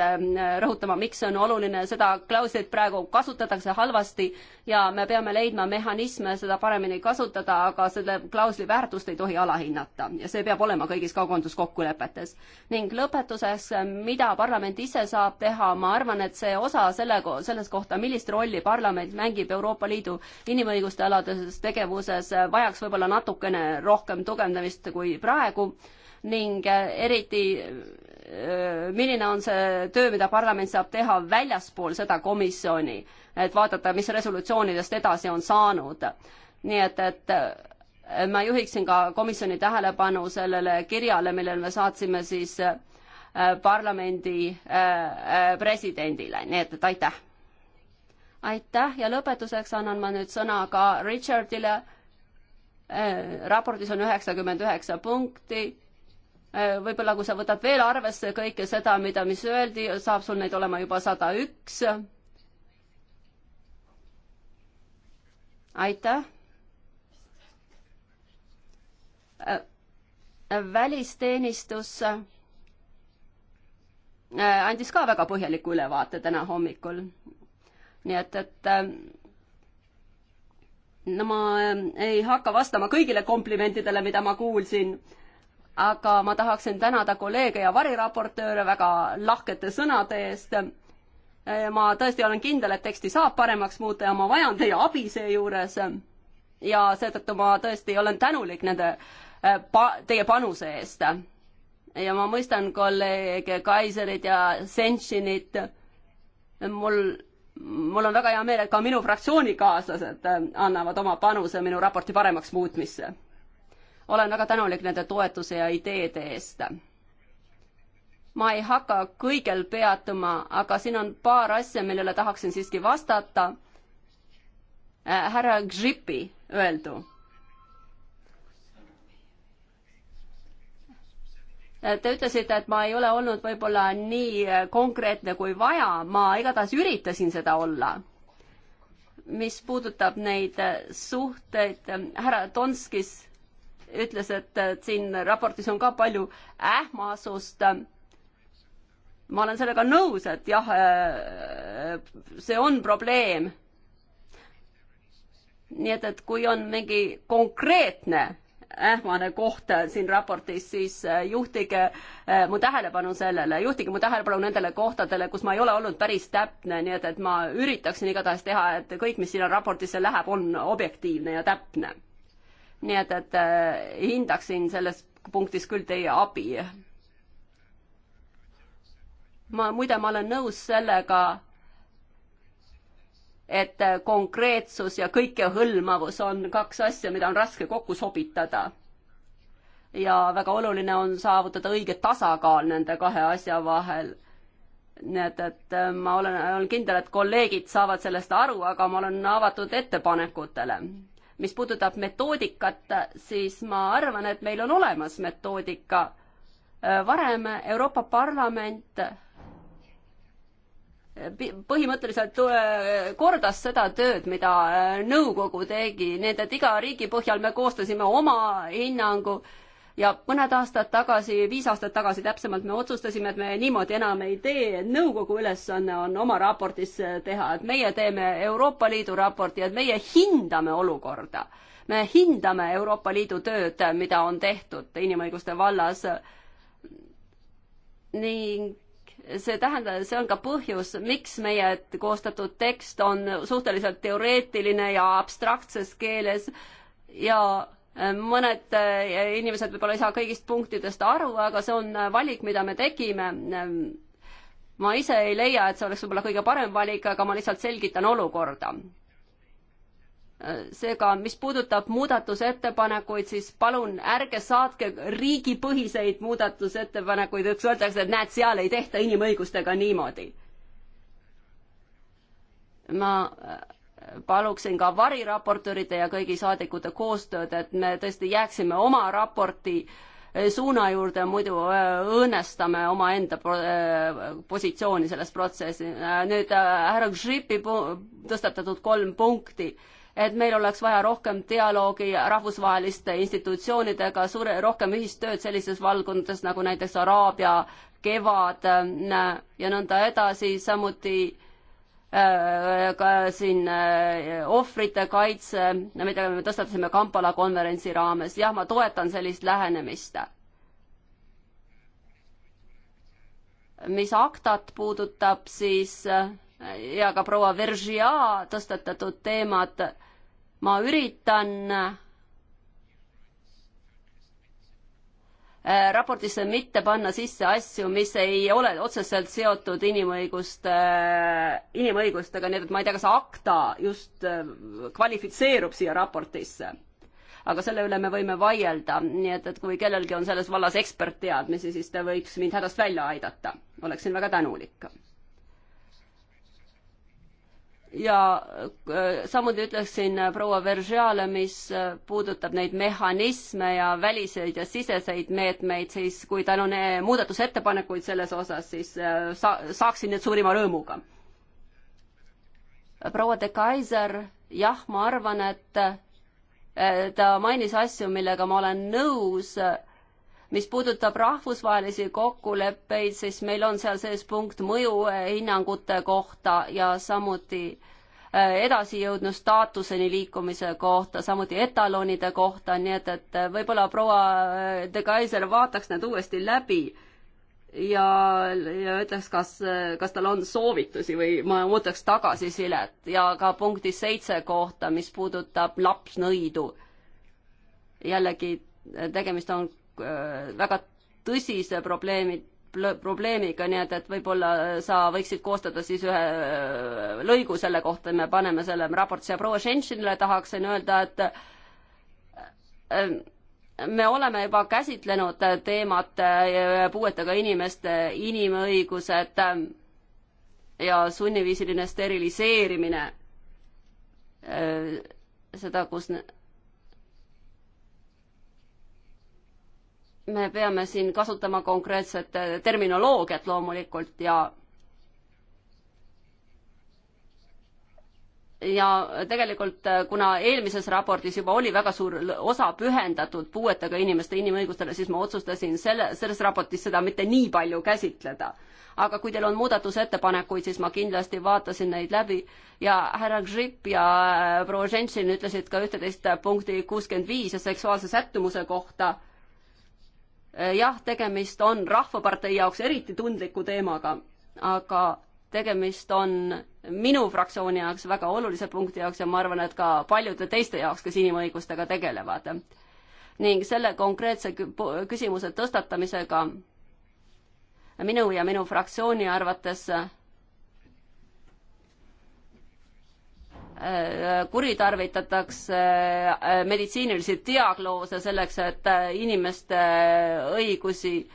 B: rõhutama, miks see on oluline, seda klauslit praegu kasutatakse halvasti ja me peame leidma mehhanisme seda paremini kasutada, aga selle klausli väärtust ei tohi alahinnata ja see peab olema kõigis kaubanduskokkulepetes. ning lõpetuseks, mida parlament ise saab teha, ma arvan, et see osa selle, selles kohta, millise millist rolli parlament mängib Euroopa Liidu inimõiguste alases tegevuses, vajaks võib-olla natukene rohkem tugevdamist kui praegu ning äh, eriti äh, milline on see töö, mida parlament saab teha väljaspool seda komisjoni, et vaadata, mis resolutsioonidest edasi on saanud. nii et, et äh, ma juhiksin ka komisjoni tähelepanu sellele kirjale, millele me saatsime siis parlamendi presidendile, nii et, et aitäh aitäh ja lõpetuseks annan ma nüüd sõna ka Richardile äh,. raportis on üheksakümmend üheksa punkti äh,. võib-olla kui sa võtad veel arvesse kõike seda, mida, mis öeldi, saab sul neid olema juba sada üks. aitäh äh,. välisteenistus äh, andis ka väga põhjaliku ülevaate täna hommikul nii et, et äh, no ma äh, ei hakka vastama kõigile komplimentidele, mida ma kuulsin, aga ma tahaksin tänada kolleege ja variraportööre väga lahkete sõnade eest. Äh, ma tõesti olen kindel, et teksti saab paremaks muuta ja ma vajan teie abi seejuures. ja seetõttu ma tõesti olen tänulik nende pa,, teie panuse eest. ja ma mõistan kolleege Kaiserit ja Sentšinit. mul mul on väga hea meel, et ka minu fraktsioonikaaslased äh, annavad oma panuse minu raporti paremaks muutmisse. olen väga tänulik nende toetuse ja ideede eest. ma ei hakka kõigel peatuma, aga siin on paar asja, millele tahaksin siiski vastata. Äh, härra Gripi öeldu Te ütlesite, et ma ei ole olnud võib-olla nii äh, konkreetne kui vaja, ma igatahes üritasin seda olla. mis puudutab neid äh, suhteid, äh, härra Donskis ütles, et siin raportis on ka palju ähmasust. ma olen sellega nõus, et jah, see on probleem. nii et, et kui on mingi konkreetne ähmane koht siin raportis, siis äh, juhtige äh, mu tähelepanu sellele, juhtige mu tähelepanu nendele kohtadele, kus ma ei ole olnud päris täpne, nii et, et ma üritaksin igatahes teha, et kõik, mis sinna raportisse läheb, on objektiivne ja täpne. nii et, et äh, hindaksin selles punktis küll teie abi. ma, muide, ma olen nõus sellega, et konkreetsus ja kõikehõlmavus on kaks asja, mida on raske kokku sobitada. ja väga oluline on saavutada õige tasakaal nende kahe asja vahel. nii et, et äh, ma olen, olen kindel, et kolleegid saavad sellest aru, aga ma olen avatud ettepanekutele. mis puudutab metoodikat, siis ma arvan, et meil on olemas metoodika. Äh, varem Euroopa Parlament põhimõtteliselt kordas seda tööd, mida äh, nõukogu tegi, nii et, et iga riigi põhjal me koostasime oma hinnangu ja mõned aastad tagasi, viis aastat tagasi täpsemalt, me otsustasime, et me niimoodi enam ei tee, et nõukogu ülesanne on oma raportis äh, teha, et meie teeme Euroopa Liidu raporti, et meie hindame olukorda. me hindame Euroopa Liidu tööd, mida on tehtud inimõiguste vallas ning see tähendab, see on ka põhjus, miks meie koostatud tekst on suhteliselt teoreetiline ja abstraktses keeles ja e, mõned e, inimesed võib-olla ei saa kõigist punktidest aru, aga see on valik, mida me tegime. E, ma ise ei leia, et see oleks võib-olla kõige parem valik, aga ma lihtsalt selgitan olukorda seega, mis puudutab muudatusettepanekuid, siis palun ärge saatke riigipõhiseid muudatusettepanekuid, üks öeldakse, et näed, seal ei tehta inimõigustega niimoodi. ma äh, paluksin ka variraportööride ja kõigi saadikute koostööd, et me tõesti jääksime oma raporti äh, suuna juurde, muidu äh, õõnestame omaenda positsiooni selles protsessis. nüüd härra Gripi tõstatatud kolm punkti et meil oleks vaja rohkem dialoogi rahvusvaheliste institutsioonidega, suure, rohkem ühistööd sellises valdkondades nagu näiteks Araabia kevad äh, ja nõnda edasi, samuti äh, ka siin äh, ohvrite kaitse, mida me tõstatasime Kampala konverentsi raames, jah, ma toetan sellist lähenemist. mis aktat puudutab, siis ja ka proua Veržia tõstatatud teemad. ma üritan äh, raportisse mitte panna sisse asju, mis ei ole otseselt seotud inimõiguste, inimõigustega, nii et ma ei tea, kas ACTA just äh, kvalifitseerub siia raportisse aga selle üle me võime vaielda, nii et, et kui kellelgi on selles vallas ekspertteadmisi, siis ta võiks mind hädast välja aidata. oleksin väga tänulik ja äh, samuti ütleksin äh, proua Vergeale, mis äh, puudutab neid mehhanisme ja väliseid ja siseseid meetmeid, siis kui tal on muudatusettepanekuid selles osas, siis sa-, saaksin need suurima rõõmuga. proua de Kaiser, jah, ma arvan, et ta mainis asju, millega ma olen nõus mis puudutab rahvusvahelisi kokkuleppeid, siis meil on seal sees punkt mõjuhinnangute eh, kohta ja samuti eh, edasijõudnud staatuseni liikumise kohta, samuti etalonide kohta, nii et, et eh, võib-olla proua de Kaiser vaataks need uuesti läbi ja, ja ütleks, kas, kas tal on soovitusi või ma ootaks tagasisidet ja ka punkti seitse kohta, mis puudutab lapsnõidu. jällegi tegemist on Äh, väga tõsise probleemi, probleemiga, nii et, et võib-olla sa võiksid koostada siis ühe äh, lõigu selle kohta ja me paneme selle raportisse. proua Šenšinile tahaksin öelda, et äh, me oleme juba käsitlenud teemat puuetega inimeste inimõigused ja sunniviisiline steriliseerimine. seda, kus me peame siin kasutama konkreetset terminoloogiat loomulikult ja ja tegelikult, kuna eelmises raportis juba oli väga suur osa pühendatud puuetega inimeste inimõigustele, siis ma otsustasin selle, selles raportis seda mitte nii palju käsitleda. aga kui teil on muudatusettepanekuid, siis ma kindlasti vaatasin neid läbi ja härra Grip ja äh, proua Ženšin ütlesid ka üht-teist punkti kuuskümmend viis ja seksuaalse sättumuse kohta Äh, jah, tegemist on Rahvapartei jaoks eriti tundliku teemaga, aga tegemist on minu fraktsiooni jaoks väga olulise punkti jaoks ja ma arvan, et ka paljude teiste jaoks, kes inimõigustega tegelevad. ning selle konkreetse küsimuse tõstatamisega minu ja minu fraktsiooni arvates kuritarvitatakse äh, meditsiinilisi diagnoose selleks, et äh, inimeste äh, õigusi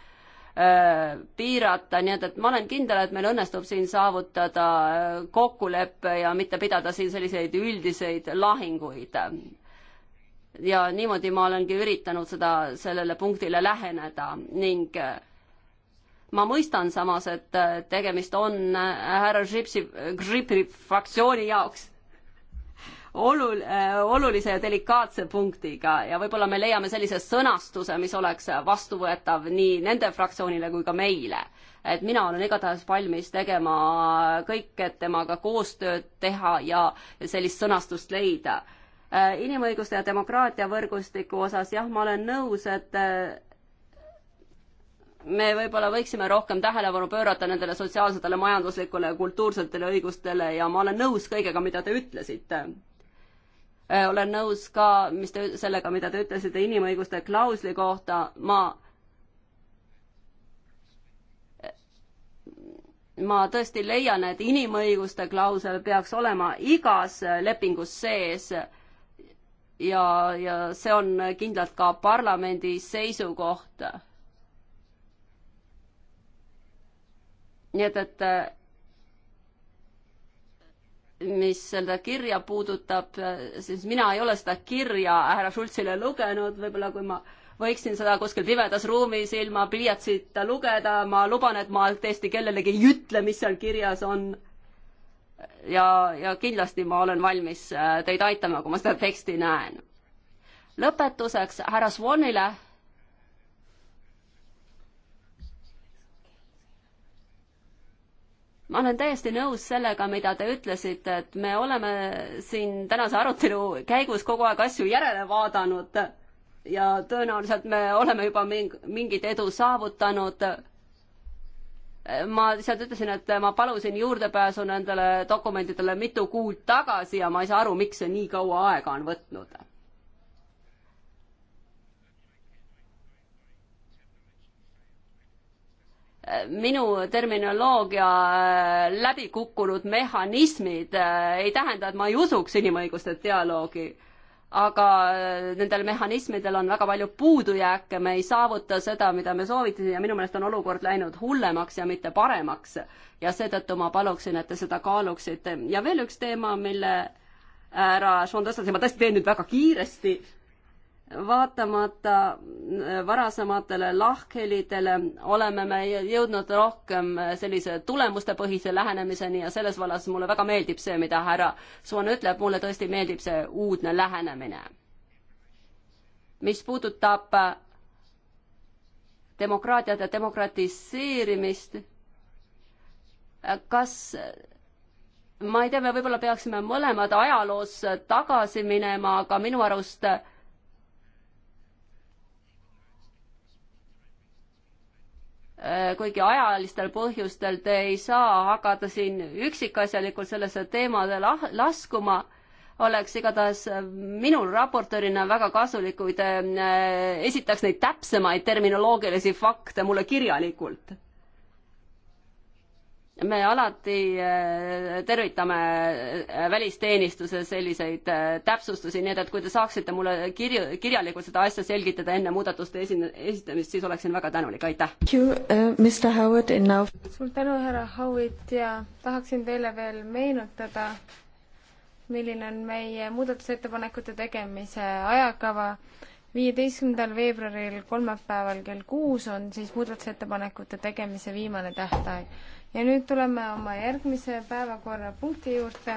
B: piirata, nii et, et ma olen kindel, et meil õnnestub siin saavutada kokkulepe ja mitte pidada siin selliseid üldiseid lahinguid. ja niimoodi ma olengi üritanud seda, sellele punktile läheneda ning ma mõistan samas, et tegemist on härra Gripsi, Gripi fraktsiooni jaoks olul-, äh, olulise ja delikaatse punktiga ja võib-olla me leiame sellise sõnastuse, mis oleks vastuvõetav nii nende fraktsioonile kui ka meile. et mina olen igatahes valmis tegema kõik, et temaga koostööd teha ja sellist sõnastust leida. Äh, inimõiguste ja demokraatia võrgustiku osas jah, ma olen nõus, et äh, me võib-olla võiksime rohkem tähelepanu pöörata nendele sotsiaalsetele, majanduslikule, kultuursetele õigustele ja ma olen nõus kõigega, mida te ütlesite Äh, olen nõus ka, mis te, sellega, mida te ütlesite inimõiguste klausli kohta, ma ma tõesti leian, et inimõiguste klausel peaks olema igas lepingus sees ja, ja see on kindlalt ka parlamendi seisukoht. nii et, et mis seda kirja puudutab, siis mina ei ole seda kirja härra Schultzile lugenud, võib-olla kui ma võiksin seda kuskil pimedas ruumis ilma pliiatsita lugeda, ma luban, et ma tõesti kellelegi ei ütle, mis seal kirjas on. ja, ja kindlasti ma olen valmis äh, teid aitama, kui ma seda teksti näen. lõpetuseks härra Swanile ma olen täiesti nõus sellega, mida te ütlesite, et me oleme siin tänase arutelu käigus kogu aeg asju järele vaadanud ja tõenäoliselt me oleme juba ming-, mingit edu saavutanud. ma lihtsalt ütlesin, et ma palusin juurdepääsu nendele dokumentidele mitu kuud tagasi ja ma ei saa aru, miks see nii kaua aega on võtnud. minu terminoloogia äh, läbi kukkunud mehhanismid äh, ei tähenda, et ma ei usuks inimõiguste dialoogi, aga äh, nendel mehhanismidel on väga palju puudujääke, me ei saavuta seda, mida me soovitasime ja minu meelest on olukord läinud hullemaks ja mitte paremaks. ja seetõttu ma paluksin, et te seda kaaluksite. ja veel üks teema, mille härra Šon tõstatas ja ma tõesti teen nüüd väga kiiresti vaatamata äh, varasematele lahkhelidele oleme me jõudnud rohkem äh, sellise tulemustepõhise lähenemiseni ja selles vallas mulle väga meeldib see, mida härra Soon ütleb, mulle tõesti meeldib see uudne lähenemine. mis puudutab äh, demokraatiat ja demokratiseerimist, kas ma ei tea, me võib-olla peaksime mõlemad ajaloos tagasi minema, aga minu arust äh, Äh, kuigi ajalistel põhjustel te ei saa hakata siin üksikasjalikult sellesse teemade lah-, laskuma, oleks igatahes äh, minul raportöörina väga kasulik, kui te äh, esitaks neid täpsemaid terminoloogilisi fakte mulle kirjalikult me alati äh, tervitame äh, välisteenistuse selliseid äh, täpsustusi, nii et, et kui te saaksite mulle kirju, kirjalikult seda asja selgitada enne muudatuste esin-, esitamist, siis oleksin väga tänulik, aitäh!
A: Uh,
C: suur tänu, härra Howitt ja tahaksin teile veel meenutada, milline on meie muudatusettepanekute tegemise ajakava. viieteistkümnendal veebruaril kolmapäeval kell kuus on siis muudatusettepanekute tegemise viimane tähtaeg ja nüüd tuleme oma järgmise päevakorrapunkti juurde,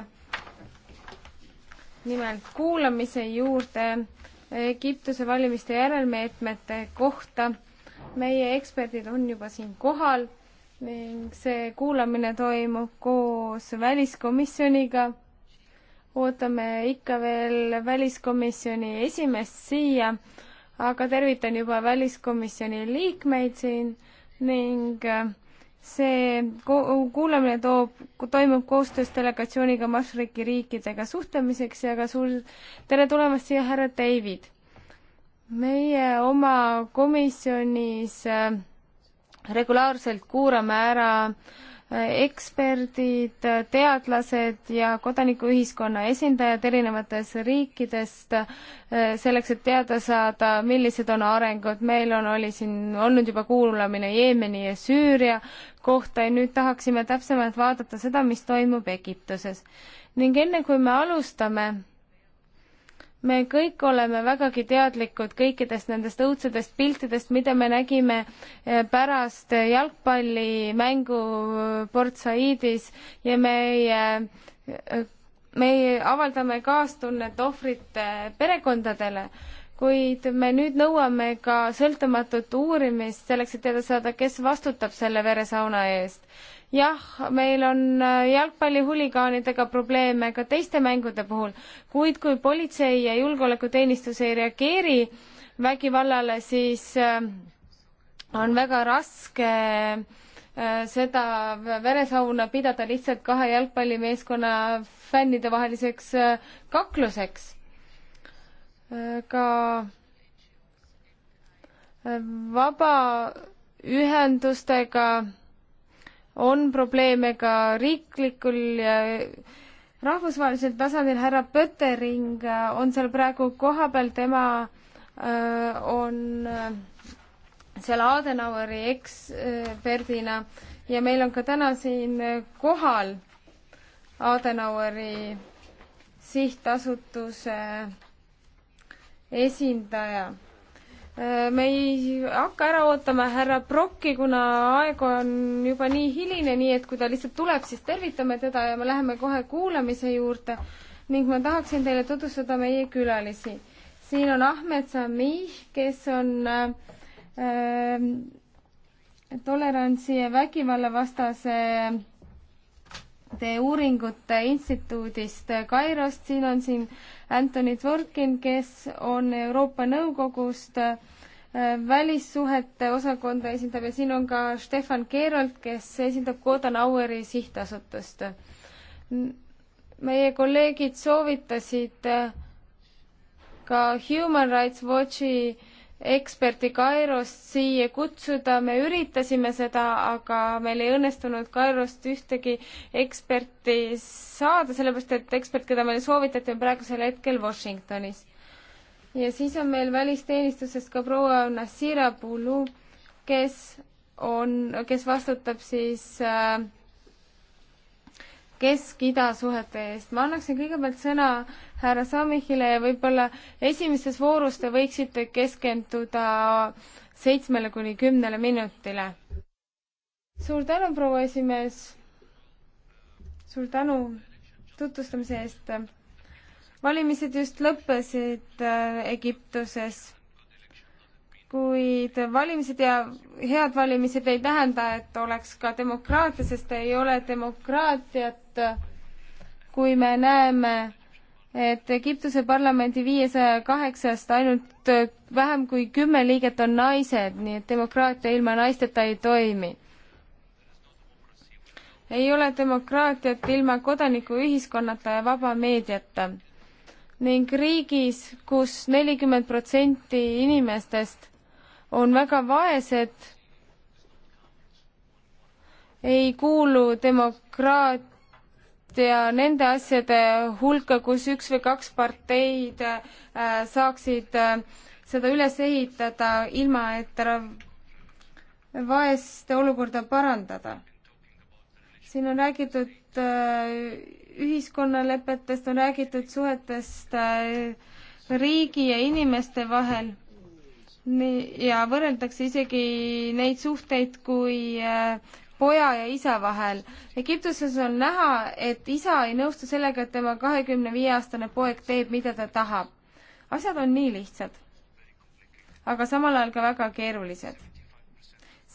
C: nimelt kuulamise juurde Egiptuse valimiste järelmeetmete kohta. meie eksperdid on juba siin kohal ning see kuulamine toimub koos väliskomisjoniga. ootame ikka veel väliskomisjoni esimeest siia, aga tervitan juba väliskomisjoni liikmeid siin ning äh, see kuulamine toob, toimub koostöös delegatsiooniga Mašriki riikidega suhtlemiseks ja ka suur tere tulemast siia, härra David. meie oma komisjonis äh, regulaarselt kuulame ära äh, eksperdid, teadlased ja kodanikuühiskonna esindajad erinevatest riikidest, eh, selleks, et teada saada, millised on arengud, meil on, oli siin olnud juba kuulamine Jeemeni ja Süüria kohta ja nüüd tahaksime täpsemalt vaadata seda, mis toimub Egiptuses. ning enne, kui me alustame me kõik oleme vägagi teadlikud kõikidest nendest õudsetest piltidest, mida me nägime eh, pärast jalgpallimängu eh, Port Saidis ja meie, eh, meie avaldame kaastunnet ohvrite perekondadele kuid me nüüd nõuame ka sõltumatut uurimist selleks, et teada saada, kes vastutab selle veresauna eest. jah, meil on äh, jalgpallihuligaanidega probleeme ka teiste mängude puhul, kuid kui politsei ja julgeolekuteenistus ei reageeri vägivallale, siis äh, on väga raske äh, seda veresauna pidada lihtsalt kahe jalgpallimeeskonna fännide vaheliseks kakluseks ka vabaühendustega on probleeme ka riiklikul ja rahvusvahelisel tasandil, härra Pöttering on seal praegu kohapeal, tema äh, on äh, seal Adenaueri eksperdina ja meil on ka täna siin kohal Adenaueri sihtasutuse äh, esindaja. Äh, me ei hakka ära ootama härra Brocki, kuna aeg on juba nii hiline, nii et kui ta lihtsalt tuleb, siis tervitame teda ja me läheme kohe kuulamise juurde ning ma tahaksin teile tutvustada meie külalisi. siin on Ahmed Samih, kes on äh, äh tolerantsi ja vägivallavastase äh, Te uuringute instituudist Kairost, siin on siin Anthony Dworkin, kes on Euroopa Nõukogust äh, välissuhete osakonda esindab ja siin on ka Stefan Keerolt, kes esindab Kodanaueri sihtasutust. meie kolleegid soovitasid äh, ka Human Rights Watchi eksperti Kairost siia kutsuda, me üritasime seda, aga meil ei õnnestunud Kairost ühtegi eksperti saada, sellepärast et ekspert, keda meile soovitati, on praegusel hetkel Washingtonis. ja siis on meil välisteenistusest ka proua Nassira Bulu, kes on, kes vastutab siis äh, Kesk-Ida suhete eest. ma annaksin kõigepealt sõna härra Samihile ja võib-olla esimeses voorus te võiksite keskenduda seitsmele kuni kümnele minutile. suur tänu, proua esimees. suur tänu tutvustamise eest. valimised just lõppesid äh, Egiptuses kuid valimised ja head valimised ei tähenda, et oleks ka demokraatia, sest ei ole demokraatiat olukord, kui me näeme, et Egiptuse parlamendi viiesaja kaheksast ainult vähem kui kümme liiget on naised, nii et demokraatia ilma naisteta ei toimi. ei ole demokraatiat ilma kodanikuühiskonnata ja vaba meediata ning riigis kus, kus nelikümmend protsenti inimestest on väga vaesed, ei kuulu demokraat-, ja nende asjade hulka, kus üks või kaks parteid äh, saaksid äh, seda üles ehitada, ilma et vaeste olukorda parandada. siin on räägitud äh, ühiskonnalepetest, on räägitud suhetest riigi ja inimeste vahel. nii, ja võrreldakse isegi neid suhteid kui poja ja isa vahel. Egiptuses on näha, et isa ei nõustu sellega, et tema kahekümne viie aastane poeg teeb, mida ta tahab. asjad on nii lihtsad, aga samal ajal ka väga keerulised.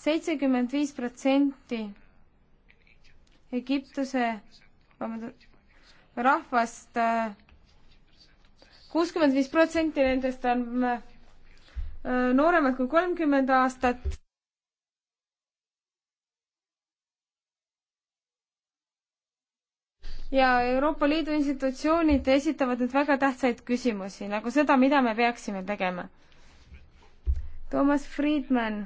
C: seitsekümmend viis protsenti Egiptuse, vabandust, rahvast, äh, kuuskümmend viis protsenti nendest on äh, nooremad kui kolmkümmend aastat ja Euroopa Liidu institutsioonid esitavad nüüd väga tähtsaid küsimusi, nagu seda, mida me peaksime tegema. Toomas Friedman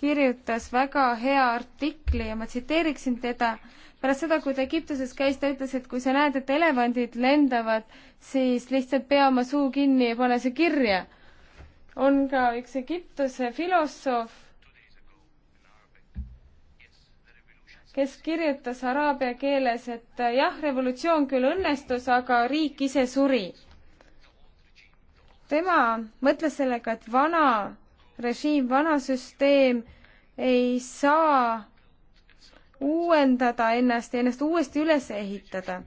C: kirjutas väga hea artikli ja ma tsiteeriksin teda. pärast seda, kui ta Egiptuses käis, ta ütles, et kui sa näed, et elevandid lendavad, siis lihtsalt pea oma suu kinni ja pane see kirja. on ka üks Egiptuse filosoof kes kirjutas araabia keeles, et äh, jah, revolutsioon küll õnnestus, aga riik ise suri. tema mõtles sellega, et vana režiim, vana süsteem ei saa uuendada ennast ja ennast uuesti üles ehitada.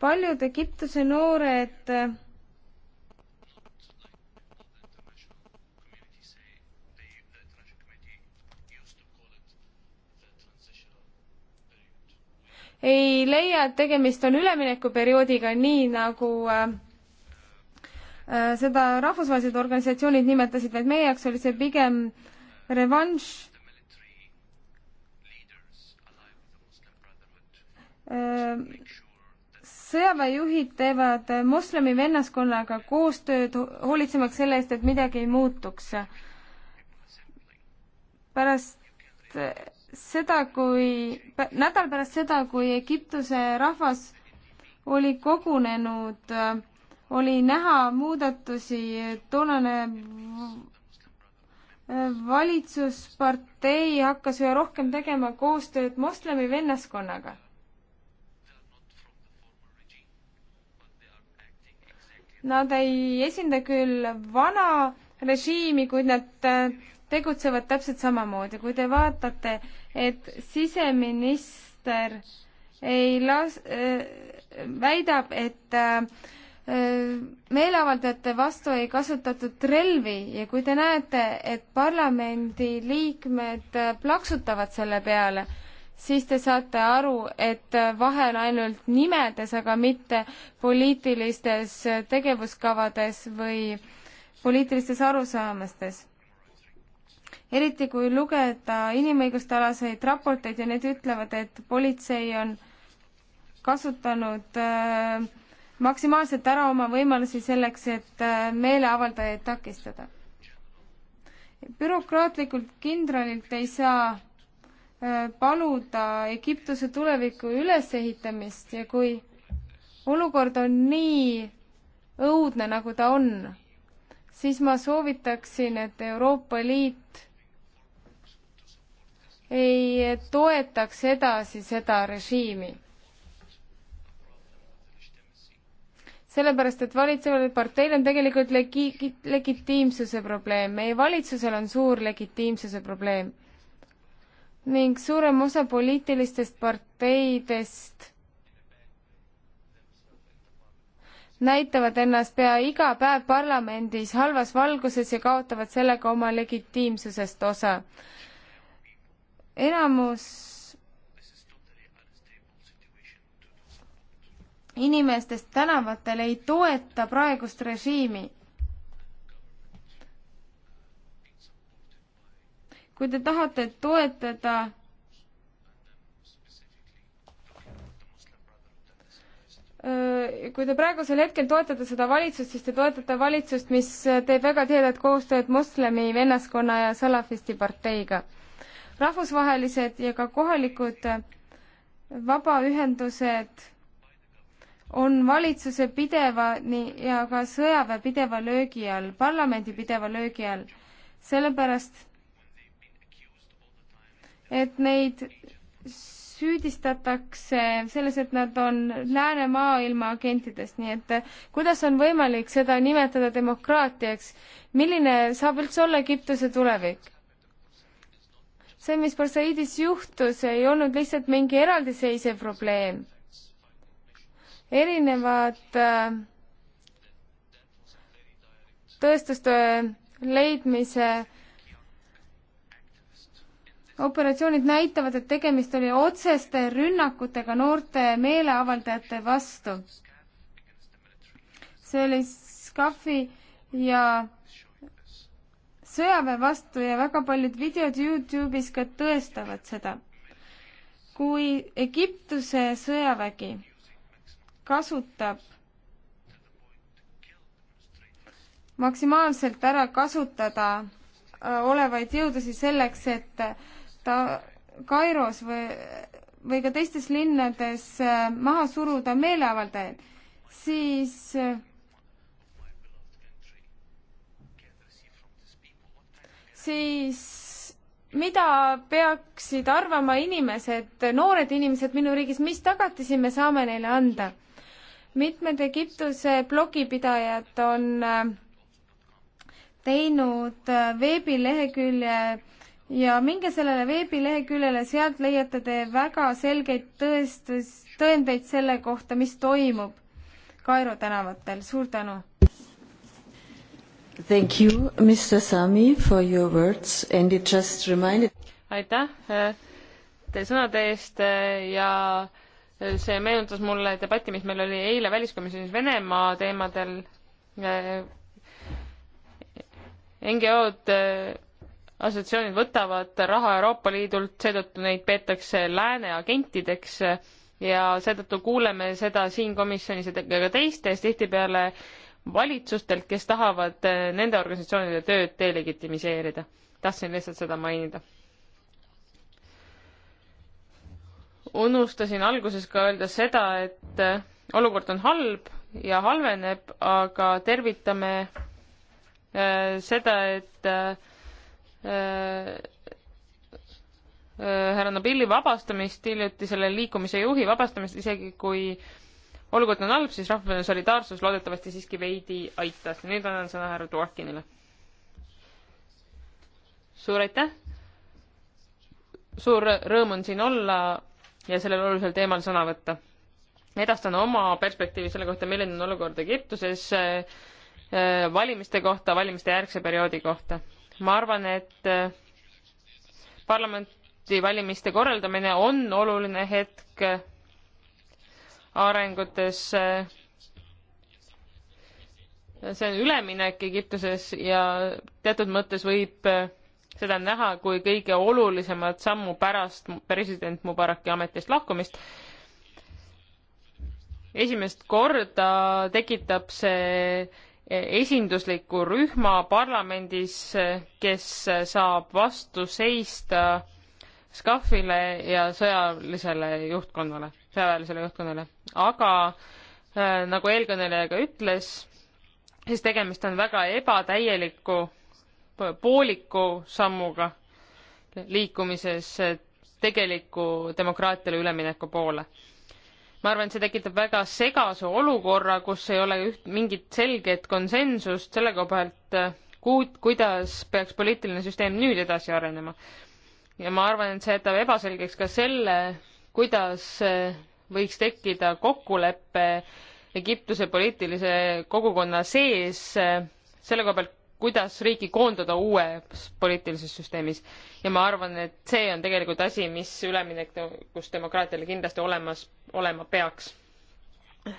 C: paljud Egiptuse noored äh, ei leia, et tegemist on üleminekuperioodiga, nii nagu äh, äh, seda rahvusvahelised organisatsioonid nimetasid, vaid meie jaoks oli see pigem revanš äh, sõjaväejuhid teevad moslemi vennaskonnaga koostööd, hoolitsemaks selle eest, et midagi ei muutuks. pärast seda, kui, nädal pärast seda, kui Egiptuse rahvas oli kogunenud, oli näha muudatusi, toonane valitsuspartei hakkas üha rohkem tegema koostööd moslemi vennaskonnaga Nad ei esinda küll vana režiimi, kuid nad tegutsevad täpselt samamoodi. kui te vaatate et siseminister ei las- äh,, väidab, et äh, äh, meeleavaldajate vastu ei kasutatud relvi ja kui te näete, et parlamendi liikmed äh, plaksutavad selle peale, siis te saate aru, et äh, vahe on ainult nimedes, aga mitte poliitilistes tegevuskavades või poliitilistes arusaamistes eriti kui lugeda inimõiguste alaseid raporteid ja need ütlevad, et politsei on kasutanud äh, maksimaalselt ära oma võimalusi selleks, et äh, meeleavaldajaid takistada. bürokraatlikult kindralilt ei saa äh, paluda Egiptuse tuleviku ülesehitamist ja kui olukord on nii õudne, nagu ta on, siis ma soovitaksin, et Euroopa Liit ei toetaks edasi seda režiimi. sellepärast, et valitseval parteil on tegelikult legi-, legitiimsuse probleem, meie valitsusel on suur legitiimsuse probleem. ning suurem osa poliitilistest parteidest näitavad ennast pea iga päev parlamendis halvas valguses ja kaotavad sellega oma legitiimsusest osa enamus inimestest tänavatel ei toeta praegust režiimi kui te tahate toetada kui te praegusel hetkel toetate seda valitsust, siis te toetate valitsust, mis teeb väga tihedat koostööd moslemi vennaskonna ja salafisti parteiga rahvusvahelised ja ka kohalikud vabaühendused on valitsuse pideva nii, ja ka sõjaväe pideva löögi all, parlamendi pideva löögi all. sellepärast, et neid süüdistatakse selles, et nad on läänemaailma agentidest, nii et eh, kuidas on võimalik seda nimetada demokraatiaks? milline saab üldse olla Egiptuse tulevik? see, mis Barsaidis juhtus, ei olnud lihtsalt mingi eraldiseisev probleem. erinevad äh, tõestuste leidmise operatsioonid näitavad, et tegemist oli otseste rünnakutega noorte meeleavaldajate vastu. see oli SCAF-i ja sõjaväe vastu ja väga paljud videod Youtube'is ka tõestavad seda. kui Egiptuse sõjavägi kasutab maksimaalselt ära kasutada äh, olevaid jõudusi selleks, et äh, ta Kairos või, või ka teistes linnades äh, maha suruda meeleavaldajaid, siis siis mida peaksid arvama inimesed, noored inimesed minu riigis, mis tagatisi me saame neile anda? mitmed Egiptuse blogipidajad on äh, teinud äh, veebilehekülje ja minge sellele veebileheküljele, sealt leiate te väga selgeid tõestus, tõendeid selle kohta, mis toimub Kairo tänavatel.
E: suur tänu!
A: Thank you, Mr Sami, for your words and it just reminded
E: aitäh äh, teie sõnade eest äh, ja äh, see meenutas mulle debatti, mis meil oli eile väliskomisjonis Venemaa teemadel. NGO-d, assotsiatsioonid võtavad raha Euroopa Liidult, seetõttu neid peetakse lääne agentideks ja seetõttu kuuleme seda siin komisjonis ja ka teistes tihtipeale äh, valitsustelt, kes tahavad eh, nende organisatsioonide tööd delegitimiseerida. tahtsin lihtsalt seda mainida. unustasin alguses ka öelda seda, et eh, olukord on halb ja halveneb, aga tervitame eh, seda, et härra Nobili vabastamist hiljuti, selle liikumise juhi vabastamist, isegi kui olukord on halb, siis rahvaline solidaarsus loodetavasti siiski veidi aitas. nüüd annan sõna härra Dworkinile. suur aitäh! suur rõõm on siin olla ja sellel olulisel teemal sõna võtta. edastan oma perspektiivi selle kohta, milline on olukord Egiptuses eh, valimiste kohta, valimiste järgse perioodi kohta. ma arvan, et eh, parlamentivalimiste korraldamine on oluline hetk arengutesse. see on üleminek Egiptuses ja teatud mõttes võib seda näha kui kõige olulisemat sammu pärast president Mubaraki ametist lahkumist. esimest korda tekitab see esindusliku rühma parlamendis, kes saab vastu seista SCAF-ile ja sõjalisele juhtkonnale sõjaväelisele juhtkonnale, aga äh, nagu eelkõneleja ka ütles, siis tegemist on väga ebatäieliku, pooliku sammuga liikumises tegeliku demokraatiale ülemineku poole. ma arvan, et see tekitab väga segase olukorra, kus ei ole üht, mingit selget konsensust selle koha pealt, äh, kuud, kuidas peaks poliitiline süsteem nüüd edasi arenema. ja ma arvan, et see jätab ebaselgeks ka selle, kuidas eh, võiks tekkida kokkulepe Egiptuse poliitilise kogukonna sees eh, selle koha pealt, kuidas riiki koondada uues poliitilises süsteemis. ja ma arvan, et see on tegelikult asi, mis üleminekus demokraatiale kindlasti olemas, olema peaks.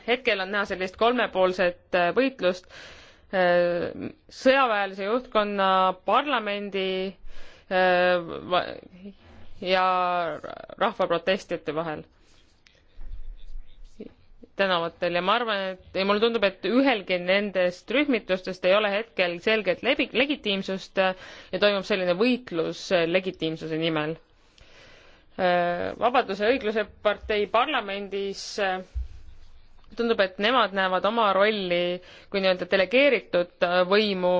E: hetkel on näha sellist kolmepoolset eh, võitlust sõjaväelise juhtkonna, parlamendi ja rahvaprotestijate vahel tänavatel ja ma arvan, et ja mulle tundub, et ühelgi nendest rühmitustest ei ole hetkel selget lebi-, legitiimsust ja toimub selline võitlus legitiimsuse nimel. Vabaduse ja õigluse partei parlamendis tundub, et nemad näevad oma rolli kui nii-öelda delegeeritud võimu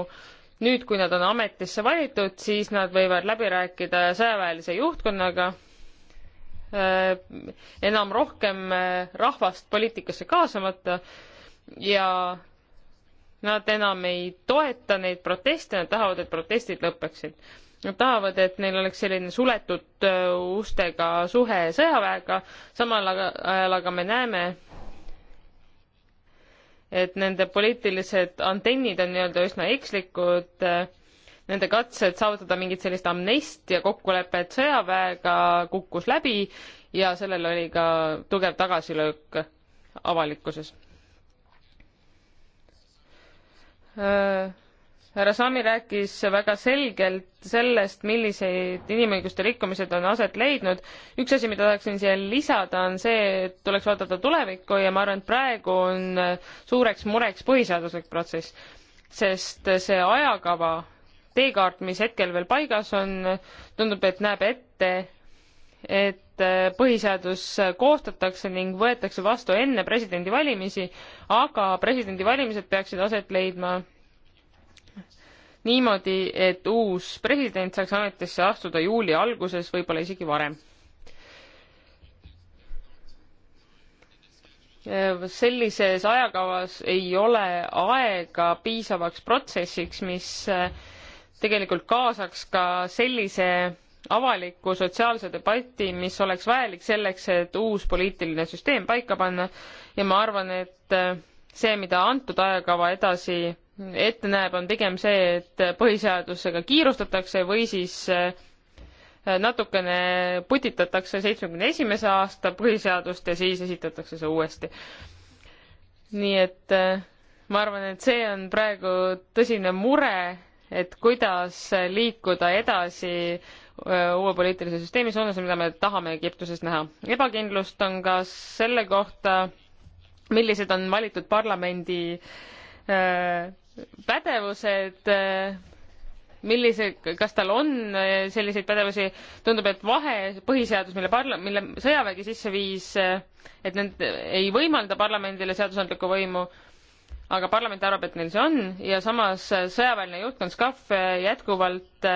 E: nüüd, kui nad on ametisse valitud, siis nad võivad läbi rääkida sõjaväelise juhtkonnaga, äh, enam rohkem äh, rahvast poliitikasse kaasamata ja nad enam ei toeta neid proteste, nad tahavad, et protestid lõpeksid. Nad tahavad, et neil oleks selline suletud äh, ustega suhe sõjaväega, samal ajal aga me näeme, et nende poliitilised antennid on nii-öelda üsna ekslikud, nende katsed saavutada mingit sellist amnestia kokkulepet sõjaväega kukkus läbi ja sellel oli ka tugev tagasilöök avalikkuses härra Sami rääkis väga selgelt sellest, millised inimõiguste rikkumised on aset leidnud. üks asi, mida tahaksin siia lisada, on see, et tuleks vaadata tulevikku ja ma arvan, et praegu on suureks mureks põhiseaduslik protsess, sest see ajakava, teekaart, mis hetkel veel paigas on, tundub, et näeb ette, et põhiseadus koostatakse ning võetakse vastu enne presidendivalimisi, aga presidendivalimised peaksid aset leidma niimoodi, et uus president saaks ametisse astuda juuli alguses, võib-olla isegi varem. sellises ajakavas ei ole aega piisavaks protsessiks, mis eh, tegelikult kaasaks ka sellise avaliku sotsiaalse debati, mis oleks vajalik selleks, et uus poliitiline süsteem paika panna ja ma arvan, et eh, see, mida antud ajakava edasi ette näeb, on pigem see, et põhiseadusega kiirustatakse või siis äh, natukene putitatakse seitsmekümne esimese aasta põhiseadust ja siis esitatakse see uuesti. nii et äh, ma arvan, et see on praegu tõsine mure, et kuidas liikuda edasi äh, uue poliitilise süsteemi suunas, mida me tahame Egiptuses näha. ebakindlust on ka selle kohta, millised on valitud parlamendi äh, pädevused, millise, kas tal on äh, selliseid pädevusi, tundub, et vahe põhiseadus, mille parla-, mille sõjavägi sisse viis, äh, et need ei võimalda parlamendile seadusandlikku võimu, aga parlament arvab, et neil see on ja samas äh, sõjaväeline juhtkond SCAF jätkuvalt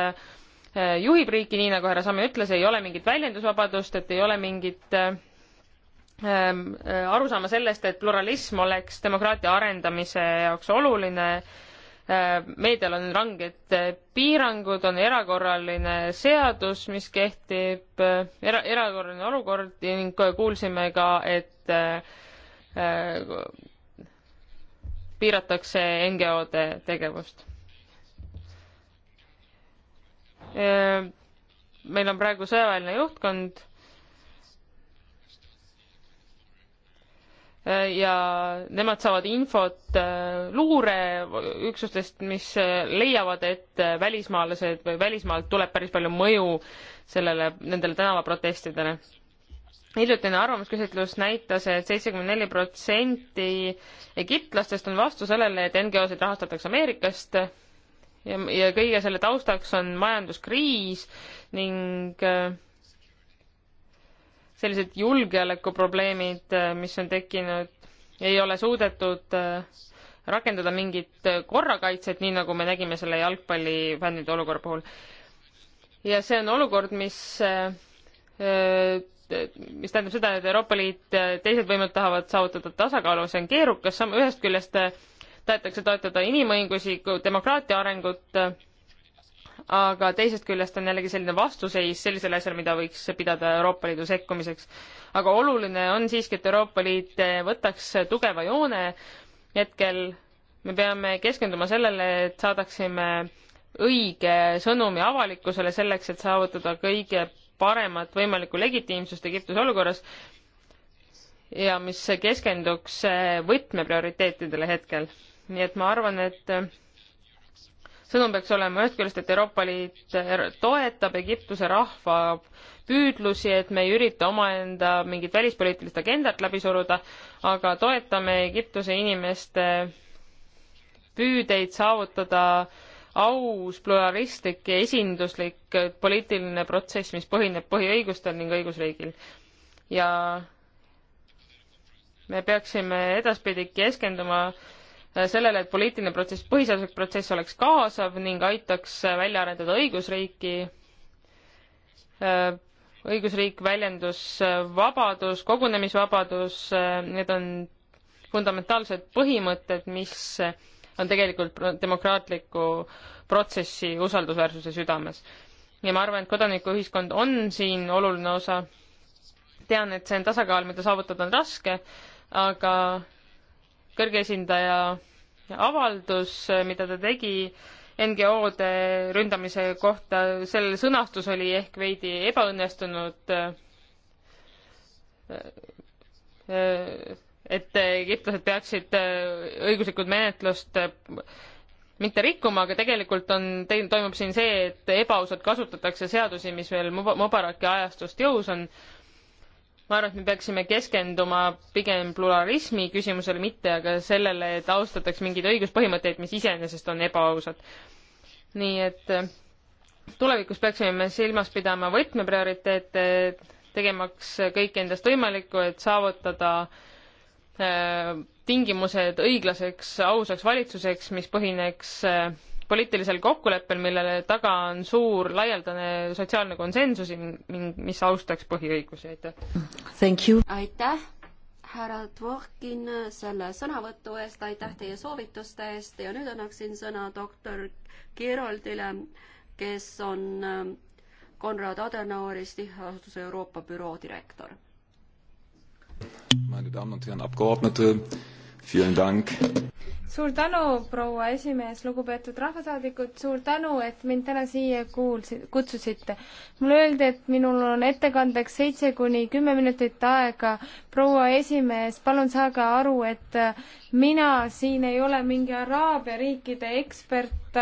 E: juhib riiki, nii nagu härra Sami ütles, ei ole mingit väljendusvabadust, et ei ole mingit äh, Ehm, eh, aru saama sellest, et pluralism oleks demokraatia arendamise jaoks oluline, ehm, meedial on ranged eh, piirangud, on erakorraline seadus, mis kehtib, eh, era-, erakorraline olukord ning kuulsime ka, et äh, piiratakse NGO-de tegevust. Ehm, meil on praegu sõjaväeline juhtkond ja nemad saavad infot äh, luureüksustest, mis äh, leiavad, et äh, välismaalased või välismaalt tuleb päris palju mõju sellele, nendele tänavaprotestidele. hiljutine arvamusküsitlus näitas et, et seitsekümmend neli protsenti egiptlastest on vastu sellele, et NGO-sid rahastatakse Ameerikast ja, ja kõige selle taustaks on majanduskriis ning äh, sellised julgeolekuprobleemid, äh, mis on tekkinud, ei ole suudetud äh, rakendada mingit korrakaitset, nii nagu me nägime selle jalgpallifännide olukorra puhul. ja see on olukord, mis, äh, mis tähendab seda, et Euroopa Liit, teised võimud tahavad saavutada tasakaalu, see on keerukas, ühest küljest tahetakse toetada inimõigusi, demokraatia arengut aga teisest küljest on jällegi selline vastuseis sellisele asjale, mida võiks pidada Euroopa Liidu sekkumiseks. aga oluline on siiski, et Euroopa Liit võtaks tugeva joone hetkel, me peame keskenduma sellele, et saadaksime õige sõnumi avalikkusele selleks, et saavutada kõige paremat võimalikku legitiimsust Egiptuse olukorras ja mis keskenduks võtmeprioriteetidele hetkel. nii et ma arvan, et sõnum peaks olema ühest küljest, et Euroopa Liit er-, toetab Egiptuse rahva püüdlusi, et me ei ürita omaenda mingit välispoliitilist agendat läbi suruda, aga toetame Egiptuse inimeste püüdeid saavutada aus, pluralistlik ja esinduslik poliitiline protsess, mis põhineb põhiõigustel ning õigusriigil. ja me peaksime edaspidi keskenduma sellele, et poliitiline protsess, põhiseaduslik protsess oleks kaasav ning aitaks välja arendada õigusriiki. õigusriik, väljendusvabadus, kogunemisvabadus, need on fundamentaalsed põhimõtted, mis on tegelikult demokraatliku protsessi usaldusväärsuse südames. ja ma arvan, et kodanikuühiskond on siin oluline osa. tean, et see on tasakaal, mida saavutada on raske, aga kõrge esindaja avaldus, mida ta tegi NGO-de ründamise kohta, selle sõnastus oli ehk veidi ebaõnnestunud. et egiptlased peaksid õiguslikult menetlust mitte rikkuma, aga tegelikult on, toimub siin see, et ebaausalt kasutatakse seadusi, mis veel Mubaraki ajastust jõus on ma arvan, et me peaksime keskenduma pigem pluralismi küsimusele, mitte aga sellele, et austataks mingeid õiguspõhimõtteid, mis iseenesest on ebaausad. nii et eh, tulevikus peaksime me silmas pidama võtmeprioriteete, tegemaks kõik endast võimalikku, et saavutada äh, tingimused õiglaseks, ausaks valitsuseks, mis põhineks äh, poliitilisel kokkuleppel, millele taga on suur laialdane sotsiaalne konsensus ning mis austaks põhiõigusi, aitäh! aitäh,
B: härra Dvorkin, selle sõnavõtu eest, aitäh teie soovituste eest ja nüüd annaksin sõna doktor Geroldile, kes on ähm, Konrad Adenauri Sihtasutuse Euroopa büroo direktor.
D: Meine Damen und Herren Abgeordnete,
C: suur tänu, proua esimees, lugupeetud rahvasaadikud, suur tänu, et mind täna siia kuulsi-, kutsusite. mulle öeldi, et minul on ettekandeks seitse kuni kümme minutit aega. proua esimees, palun saage aru, et mina siin ei ole mingi Araabia riikide ekspert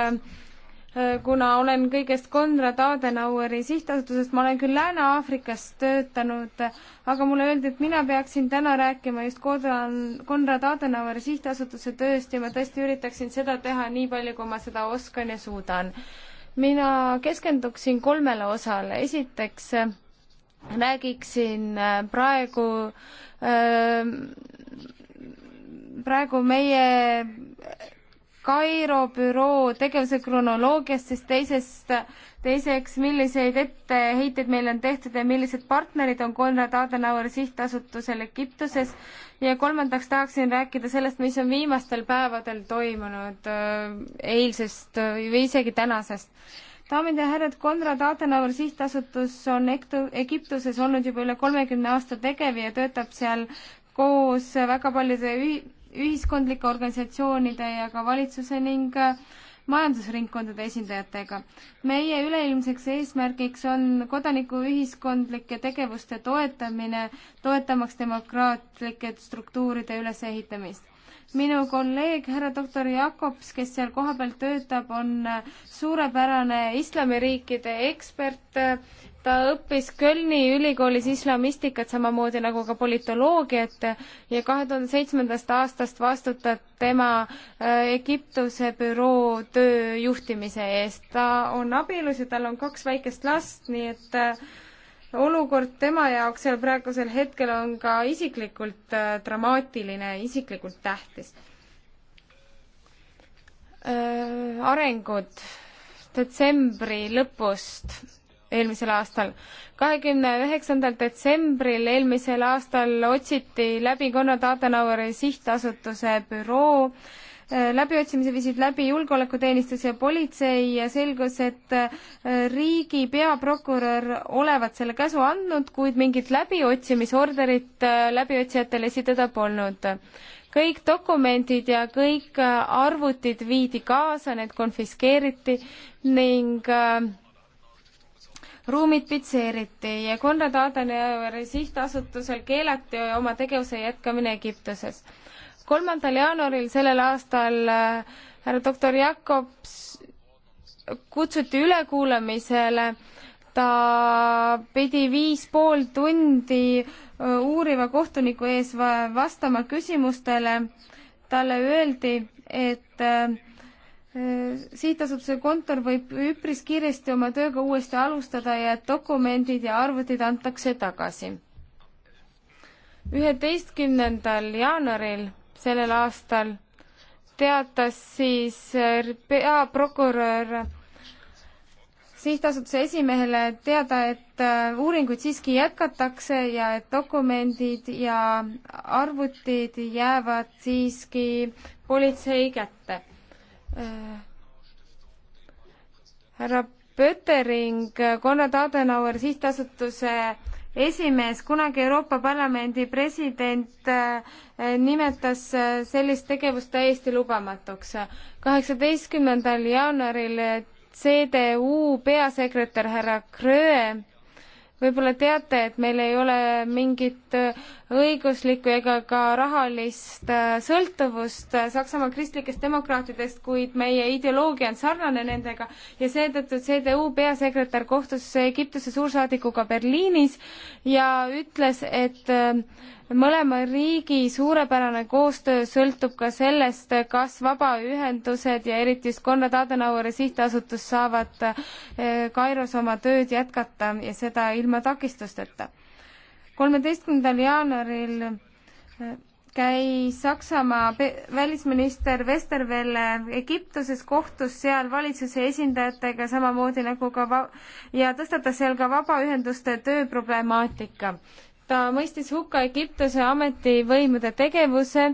C: Äh, kuna olen kõigest Konrad Adenaueri sihtasutusest, ma olen küll Lääne-Aafrikas töötanud, aga mulle öeldi, et mina peaksin täna rääkima just Konrad Adenaueri sihtasutuse tööst ja ma tõesti üritaksin seda teha nii palju, kui ma seda oskan ja suudan. mina keskenduksin kolmele osale, esiteks äh, räägiksin äh, praegu praegu meie Kairo büroo tegevuse kronoloogiast, siis teisest, teiseks, milliseid etteheiteid meil on tehtud ja millised partnerid on Konrad Adenauer sihtasutusel Egiptuses ja kolmandaks tahaksin rääkida sellest, mis on viimastel päevadel toimunud äh, eilsest äh, või isegi tänasest. daamid ja härrad, Konrad Adenauer sihtasutus on Ektu-, Egiptuses olnud juba üle kolmekümne aasta tegev ja töötab seal koos väga paljude ühi-, ühiskondlike organisatsioonide ja ka valitsuse ning äh, majandusringkondade esindajatega. meie üleilmseks eesmärgiks on kodanikuühiskondlike tegevuste toetamine, toetamaks demokraatlike struktuuride ülesehitamist minu kolleeg härra doktor Jakobs, kes seal kohapeal töötab, on suurepärane islamiriikide ekspert ta õppis Kölni ülikoolis islamistikat samamoodi nagu ka politoloogiat ja kahe tuhande seitsmendast aastast vastutab tema äh, Egiptuse büroo töö juhtimise eest. ta on abielus ja tal on kaks väikest last, nii et äh, olukord tema jaoks seal praegusel hetkel on ka isiklikult äh, dramaatiline, isiklikult tähtis. arengud detsembri lõpust eelmisel aastal. kahekümne üheksandal detsembril eelmisel aastal otsiti läbi Konrad Adenaueri sihtasutuse büroo, läbiotsimise viisid läbi julgeolekuteenistus ja politsei ja selgus, et äh, riigi peaprokurör olevat selle käsu andnud, kuid mingit läbiotsimisorderit äh, läbiotsijatele esitada polnud kõik dokumendid ja kõik äh, arvutid viidi kaasa, need konfiskeeriti ning äh, ruumid pitseeriti ja Konrad Adenaueri sihtasutusel keelati oma tegevuse jätkamine Egiptuses. kolmandal jaanuaril sellel aastal äh, härra doktor Jakobs kutsuti ülekuulamisele ta pidi viis pool tundi äh, uuriva kohtuniku ees vastama küsimustele. talle öeldi, et äh, sihtasutuse kontor võib üpris kiiresti oma tööga uuesti alustada ja dokumendid ja arvutid antakse tagasi. üheteistkümnendal jaanuaril sellel aastal teatas siis äh, peaprokurör sihtasutuse esimehele teada, et äh, uuringuid siiski jätkatakse ja et dokumendid ja arvutid jäävad siiski politsei kätte Äh, härra Pöttering, Konrad Adenauer sihtasutuse esimees, kunagi Euroopa Parlamendi president äh, nimetas äh, sellist tegevust täiesti lubamatuks. kaheksateistkümnendal jaanuaril CDU peasekretär härra Kröö võib-olla teate, et meil ei ole mingit äh, õiguslikku ega ka rahalist äh, sõltuvust äh, Saksamaa kristlikest demokraatidest, kuid meie ideoloogia on sarnane nendega ja seetõttu CDU peasekretär kohtus Egiptuse suursaadikuga Berliinis ja ütles, et mõlema riigi suurepärane koostöö sõltub ka sellest, kas vabaühendused ja eriti just Konrad Adenaueri sihtasutus saavad eh, Kairos oma tööd jätkata ja seda ilma takistusteta. kolmeteistkümnendal jaanuaril eh, käis Saksamaa välisminister Vesterwelle Egiptuses, kohtus seal valitsuse esindajatega samamoodi nagu ka va- ja tõstatas seal ka vabaühenduste töö problemaatika ta mõistis hukka Egiptuse ametivõimude tegevuse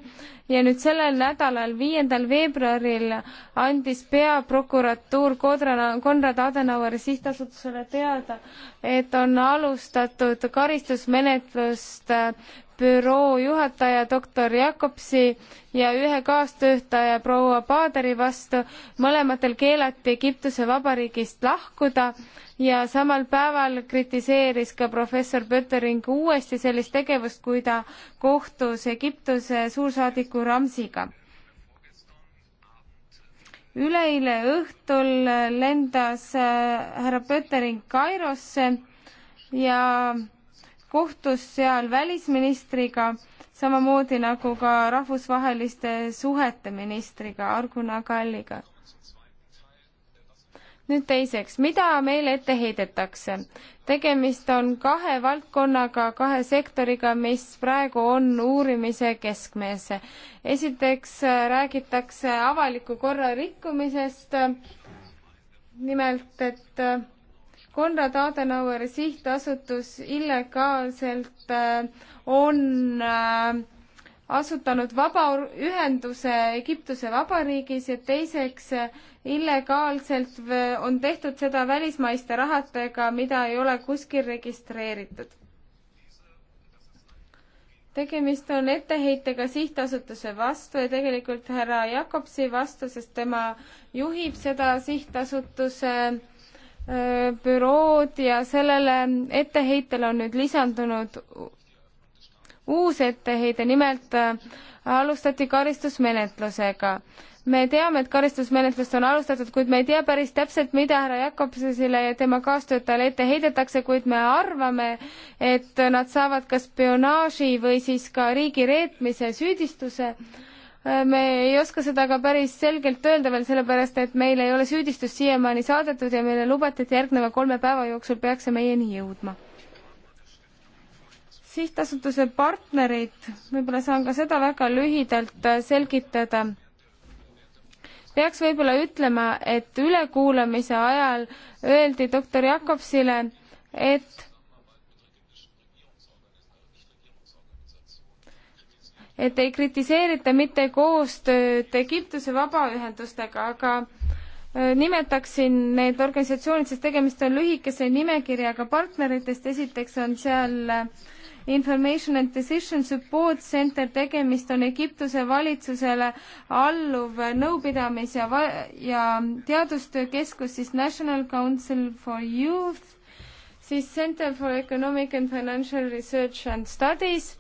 C: ja nüüd sellel nädalal, viiendal veebruaril andis peaprokuratuur Konrad Adenaueri sihtasutusele teada, et on alustatud karistusmenetlust äh, büroo juhataja doktor Jakobsi ja ühe kaastöötaja proua Paderi vastu. mõlematel keelati Egiptuse Vabariigist lahkuda ja samal päeval kritiseeris ka professor Pöttering uuesti sellist tegevust, kui ta kohtus Egiptuse suursaadiku voliniku nagu Ramsiga. üleeile õhtul lendas äh, härra Pöttering Kairosse ja kohtus seal välisministriga, samamoodi nagu ka rahvusvaheliste suhete ministriga Arguna Kalliga nüüd teiseks, mida meile ette heidetakse? tegemist on kahe valdkonnaga, kahe sektoriga, mis praegu on uurimise keskmes. esiteks äh, räägitakse avaliku korra rikkumisest, nimelt et äh, Konrad Adenaueri sihtasutus illegaalselt äh, on äh, asutanud vabaühenduse Egiptuse Vabariigis ja teiseks illegaalselt on tehtud seda välismaiste rahadega, mida ei ole kuskil registreeritud. tegemist on etteheitega sihtasutuse vastu ja tegelikult härra Jakobsi vastu, sest tema juhib seda sihtasutuse äh, bürood ja sellele etteheitel on nüüd lisandunud uus etteheide, nimelt äh, alustati karistusmenetlusega. me teame, et karistusmenetlust on alustatud, kuid me ei tea päris täpselt, mida härra Jakobsonile ja tema kaastöötajale ette heidetakse, kuid me arvame, et nad saavad ka spionaaži või siis ka riigireetmise süüdistuse äh, me ei oska seda ka päris selgelt öelda veel, sellepärast et meile ei ole süüdistust siiamaani saadetud ja meile lubati, et järgneva kolme päeva jooksul peaks see meieni jõudma sihtasutuse partnerid, võib-olla saan ka seda väga lühidalt äh, selgitada, peaks võib-olla ütlema, et ülekuulamise ajal öeldi doktor Jakobsile, et et ei kritiseerita mitte koostööd Egiptuse vabaühendustega, aga äh, nimetaksin need organisatsioonid, sest tegemist on lühikese nimekirjaga partneritest, esiteks on seal äh, Information and Decision Support Center, tegemist on Egiptuse valitsusele alluv nõupidamis- ja, ja teadustöökeskus, siis National Council for Youth, siis Center for Economic and Financial Research and Studies,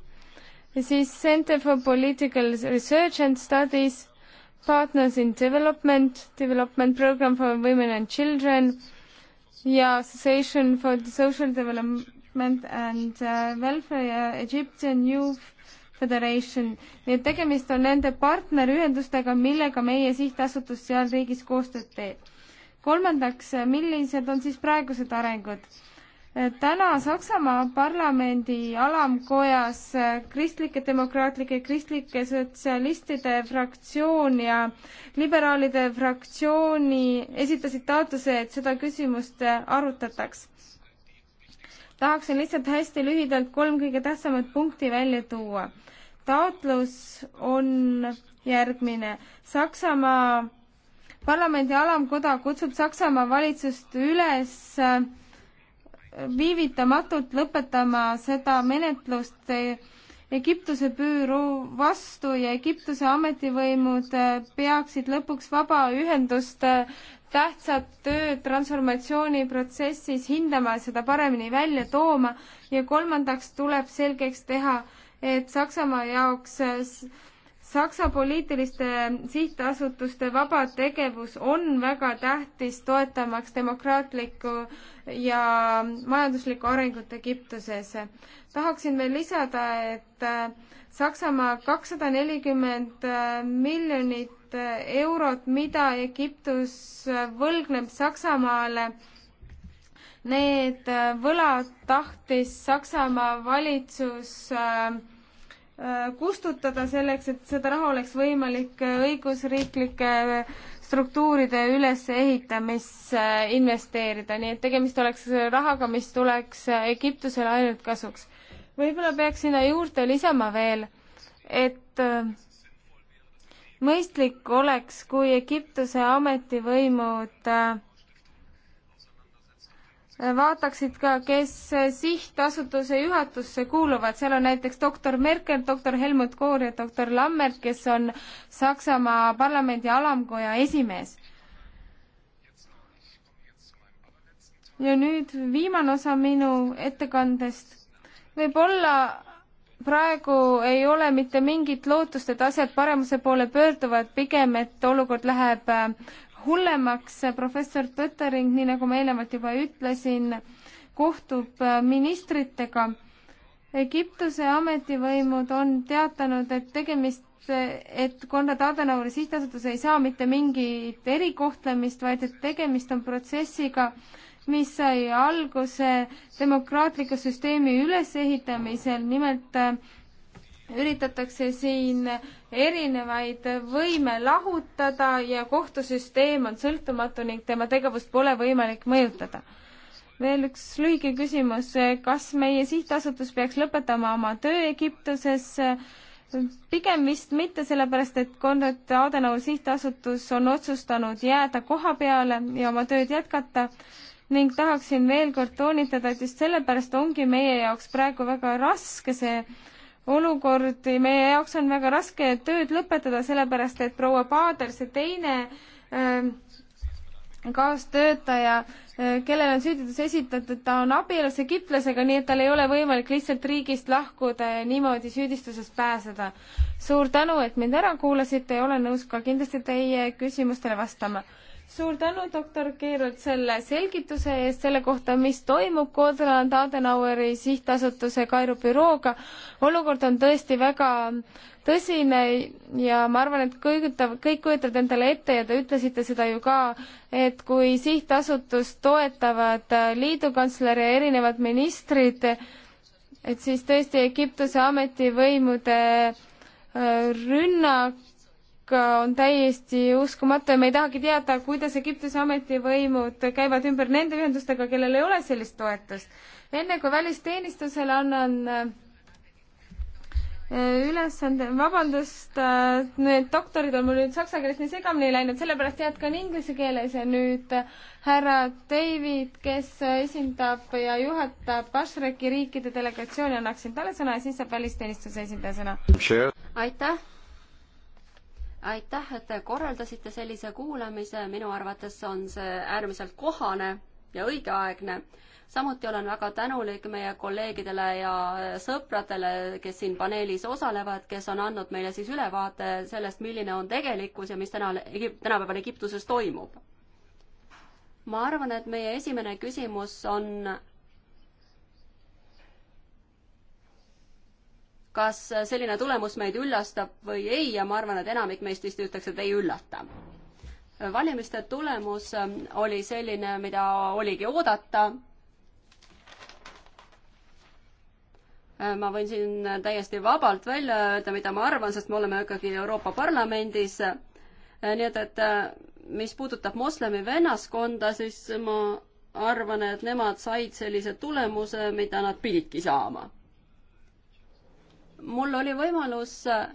C: siis Center for Political Research and Studies, Partners in Development, Development Program for Women and Children ja Association for the Social Development Development and uh, Welfare Egyptian Youth Federation. nii et tegemist on nende partnerühendustega, millega meie sihtasutus seal riigis koostööd teeb. kolmandaks, millised on siis praegused arengud? täna Saksamaa parlamendi alamkojas äh, kristlike demokraatlike, kristlike sotsialistide fraktsioon ja liberaalide fraktsiooni esitasid taotluse, et seda küsimust äh, arutataks tahaksin lihtsalt hästi lühidalt kolm kõige tähtsamat punkti välja tuua. taotlus on järgmine. Saksamaa parlamendi alamkoda kutsub Saksamaa valitsust üles äh, viivitamatult lõpetama seda menetlust äh, Egiptuse büroo vastu ja Egiptuse ametivõimud äh, peaksid lõpuks vabaühenduste tähtsat tööd transformatsiooniprotsessis hindama, seda paremini välja tooma ja kolmandaks tuleb selgeks teha, et Saksamaa jaoks Saksa poliitiliste sihtasutuste vaba tegevus on väga tähtis, toetamaks demokraatlikku ja majanduslikku arengut Egiptuses. tahaksin veel lisada, et Saksamaa kakssada nelikümmend miljonit miljardit eurot, mida Egiptus võlgneb Saksamaale. Need võlad tahtis Saksamaa valitsus äh, äh, kustutada selleks, et seda raha oleks võimalik õigusriiklike struktuuride ülesehitamisse investeerida, nii et tegemist oleks rahaga, mis tuleks Egiptusele ainult kasuks. võib-olla peaks sinna juurde lisama veel, et äh, mõistlik oleks, kui Egiptuse ametivõimud äh, vaataksid ka, kes sihtasutuse juhatusse kuuluvad, seal on näiteks doktor Merkel, doktor Helmut Kohl ja doktor Lammert, kes on Saksamaa parlamendi alamkoja esimees. ja nüüd viimane osa minu ettekandest. võib-olla praegu ei ole mitte mingit lootust, et asjad paremuse poole pöörduvad, pigem et olukord läheb äh, hullemaks. professor Pöttering, nii nagu ma eelnevalt juba ütlesin, kohtub äh, ministritega. Egiptuse ametivõimud on teatanud, et tegemist, et Konrad Adenauri sihtasutus ei saa mitte mingit erikohtlemist, vaid et tegemist on protsessiga, mis sai alguse demokraatliku süsteemi ülesehitamisel, nimelt äh, üritatakse siin erinevaid võime lahutada ja kohtusüsteem on sõltumatu ning tema tegevust pole võimalik mõjutada. veel üks lühike küsimus, kas meie sihtasutus peaks lõpetama oma töö Egiptuses? pigem vist mitte, sellepärast et Konrad Adenauer sihtasutus on otsustanud jääda koha peale ja oma tööd jätkata ning tahaksin veel kord toonitada, et just sellepärast ongi meie jaoks praegu väga raske see olukord, meie jaoks on väga raske tööd lõpetada, sellepärast et proua Paader, see teine ähm, äh, kaastöötaja, kellel on süüditus esitatud, ta on abielus egiptlasega, nii et tal ei ole võimalik lihtsalt riigist lahkuda ja niimoodi süüdistusest pääseda. suur tänu, et mind ära kuulasite ja olen nõus ka kindlasti teie küsimustele vastama suur tänu, doktor Keerult, selle selgituse eest selle kohta, mis toimub Kodrand Adenaueri sihtasutuse Kairu bürooga. olukord on tõesti väga tõsine ja ma arvan, et kõigutab, kõik kujutavad endale ette ja te ütlesite seda ju ka, et kui sihtasutust toetavad liidukantsler ja erinevad ministrid, et siis tõesti Egiptuse ametivõimude äh, rünnak on täiesti uskumatu ja me ei tahagi teada, kuidas Egiptuse ametivõimud käivad ümber nende ühendustega, kellel ei ole sellist toetust. enne kui välisteenistusele annan äh, ülesande, vabandust, äh, need doktorid on mul nüüd saksa keeles nii segamini läinud, sellepärast jätkan inglise keeles ja nüüd äh, härra David, kes esindab ja juhatab Ashreki riikide delegatsiooni, annaksin talle sõna ja siis saab välisteenistuse esindaja
A: sõna.
C: aitäh aitäh, et te korraldasite
B: sellise kuulamise, minu arvates on see äärmiselt kohane ja õigeaegne. samuti olen väga tänulik meie kolleegidele ja sõpradele, kes siin paneelis osalevad, kes on andnud meile siis ülevaate sellest, milline on tegelikkus ja mis täna, tänapäeval Egiptuses toimub. ma arvan, et meie esimene küsimus on kas selline tulemus meid üllastab või ei ja ma arvan, et enamik meist vist ütleks, et ei üllata. valimiste tulemus ähm, oli selline, mida oligi oodata. Äh, ma võin siin täiesti vabalt välja öelda, mida ma arvan, sest me oleme ikkagi Euroopa Parlamendis. Äh, nii et, et äh, mis puudutab moslemi vennaskonda, siis ma arvan, et nemad said sellise tulemuse, mida nad pididki saama mul oli võimalus äh,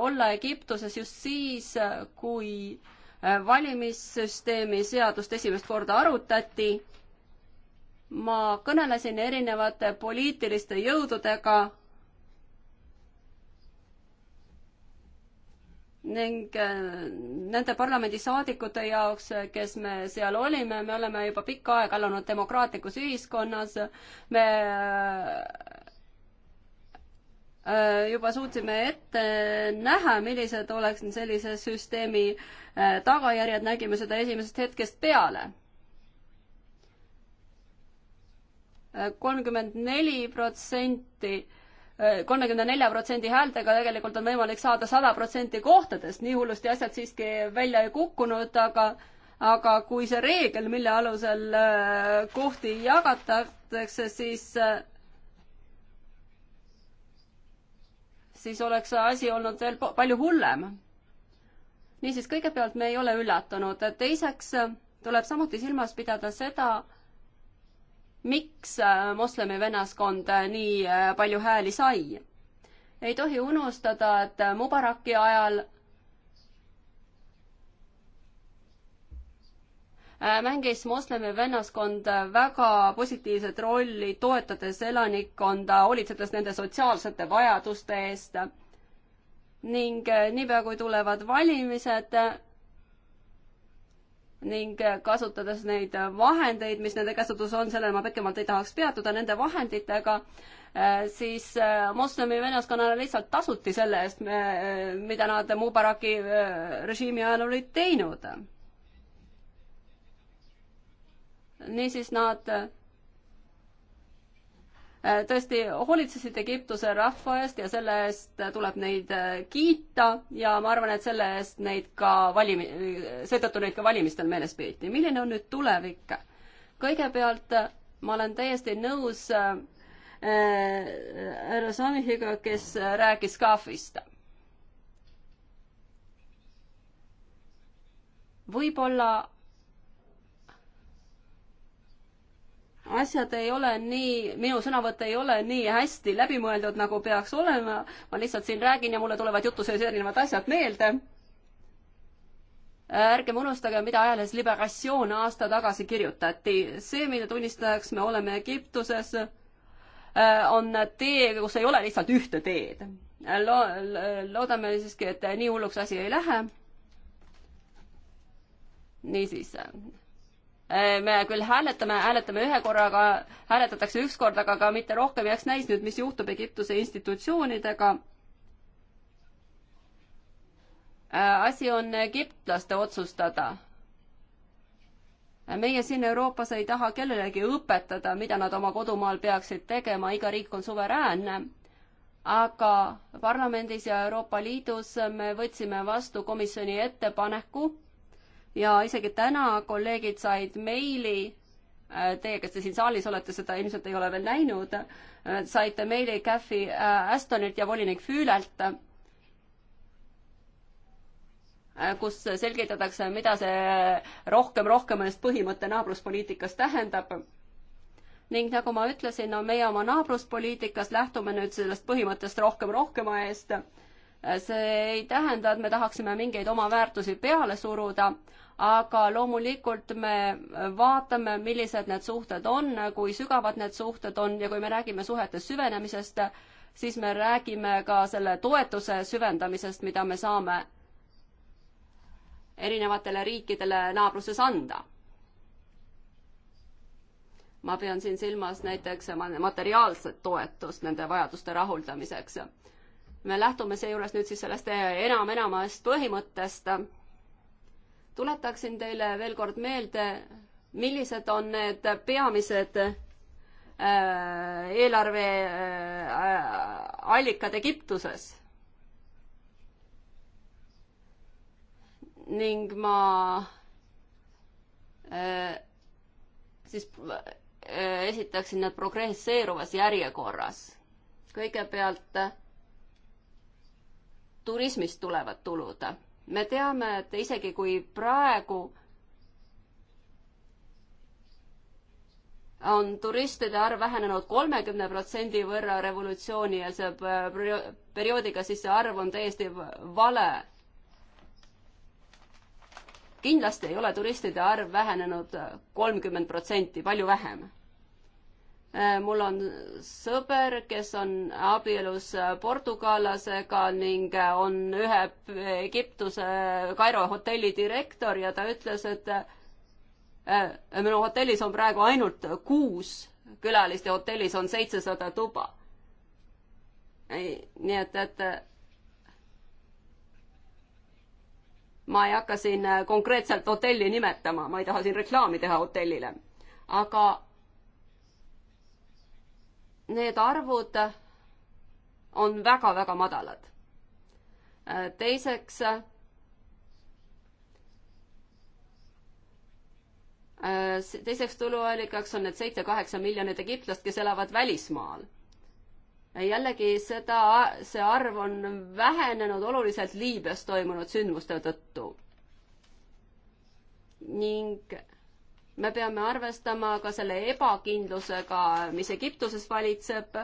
B: olla Egiptuses just siis, kui äh, valimissüsteemi seadust esimest korda arutati. ma kõnelesin erinevate poliitiliste jõududega ning äh, nende parlamendisaadikute jaoks, kes me seal olime, me oleme juba pikka aega elanud demokraatlikus ühiskonnas, me Äh, juba suutsime ette näha, millised oleks sellise süsteemi äh, tagajärjed, nägime seda esimesest hetkest peale. Äh, kolmkümmend neli protsenti, kolmekümne nelja protsendi häältega tegelikult on võimalik saada sada protsenti kohtadest, nii hullusti asjad siiski välja ei kukkunud, aga aga kui see reegel, mille alusel kohti jagatakse, siis äh, siis oleks asi olnud veel palju hullem. niisiis, kõigepealt me ei ole üllatunud, teiseks tuleb samuti silmas pidada seda, miks äh, moslemi vennaskond äh, nii äh, palju hääli sai. ei tohi unustada, et Mubaraki ajal Äh, mängis moslemi vennaskond äh, väga positiivset rolli, toetades elanikkonda, hoolitsedes nende sotsiaalsete vajaduste eest. ning äh, niipea, kui tulevad valimised ning kasutades neid vahendeid, mis nende käsutus on, sellele ma pikemalt ei tahaks peatuda, nende vahenditega, siis moslemi vennaskonnale lihtsalt tasuti selle eest, mida nad Mubaraki režiimi ajal olid teinud niisiis nad äh, tõesti hoolitsesid Egiptuse rahva eest ja selle eest tuleb neid äh, kiita ja ma arvan, et selle eest neid ka valimi-, seetõttu neid ka valimistel meeles peeti. milline on nüüd tulevik? kõigepealt äh, ma olen täiesti nõus härra äh, Samihiga, kes rääkis kahvist. võib-olla asjad ei ole nii, minu sõnavõtt ei ole nii hästi läbimõeldud, nagu peaks olema. ma lihtsalt siin räägin ja mulle tulevad jutu sees erinevad asjad meelde. ärgem unustage, mida ajalehes Liberatsioon aasta tagasi kirjutati. see, mille tunnistajaks me oleme Egiptuses, on tee, kus ei ole lihtsalt ühte teed. Lo-, loodame siiski, et nii hulluks asi ei lähe. niisiis Äh, me küll hääletame, hääletame ühe korraga, hääletatakse üks kord, aga ka mitte rohkem, eks näis nüüd, mis juhtub Egiptuse institutsioonidega. Äh, asi on egiptlaste otsustada. Äh, meie siin Euroopas ei taha kellelegi õpetada, mida nad oma kodumaal peaksid tegema, iga riik on suveräänne aga parlamendis ja Euroopa Liidus me võtsime vastu komisjoni ettepaneku ja isegi täna kolleegid said meili, äh, teie, kes te siin saalis olete, seda ilmselt ei ole veel näinud, äh, saite meili Cathy äh, Astonilt ja volinik Füülelt, kus selgitatakse, mida see rohkem rohkem eest põhimõte naabruspoliitikas tähendab ning nagu ma ütlesin, no meie oma naabruspoliitikas lähtume nüüd sellest põhimõttest rohkem rohkema eest. see ei tähenda, et me tahaksime mingeid oma väärtusi peale suruda, aga loomulikult me vaatame, millised need suhted on, kui sügavad need suhted on ja kui me räägime suhete süvenemisest, siis me räägime ka selle toetuse süvendamisest, mida me saame erinevatele riikidele naabruses anda. ma pean siin silmas näiteks materiaalset toetust nende vajaduste rahuldamiseks. me lähtume seejuures nüüd siis sellest enam enamast põhimõttest tuletaksin teile veel kord meelde, millised on need peamised äh, eelarveallikad äh, Egiptuses ning ma äh, siis äh, esitaksin need progresseeruvas järjekorras. kõigepealt äh, turismist tulevad tulud me teame, et isegi kui praegu on turistide arv vähenenud kolmekümne protsendi võrra revolutsioonieelse perioodiga, siis see arv on täiesti vale. kindlasti ei ole turistide arv vähenenud kolmkümmend protsenti, palju vähem Äh, mul on sõber, kes on abielus portugallasega ning äh, on ühe Egiptuse Kairo hotelli direktor ja ta ütles, et äh, minu hotellis on praegu ainult kuus külalist ja hotellis on seitsesada tuba. nii et, et ma ei hakka siin konkreetselt hotelli nimetama, ma ei taha siin reklaami teha hotellile, aga need arvud on väga-väga madalad. teiseks, teiseks tuluallikaks on need seitse-kaheksa miljonit egiptlast, kes elavad välismaal. jällegi seda, see arv on vähenenud oluliselt Liibüas toimunud sündmuste tõttu. ning me peame arvestama ka selle ebakindlusega, mis Egiptuses valitseb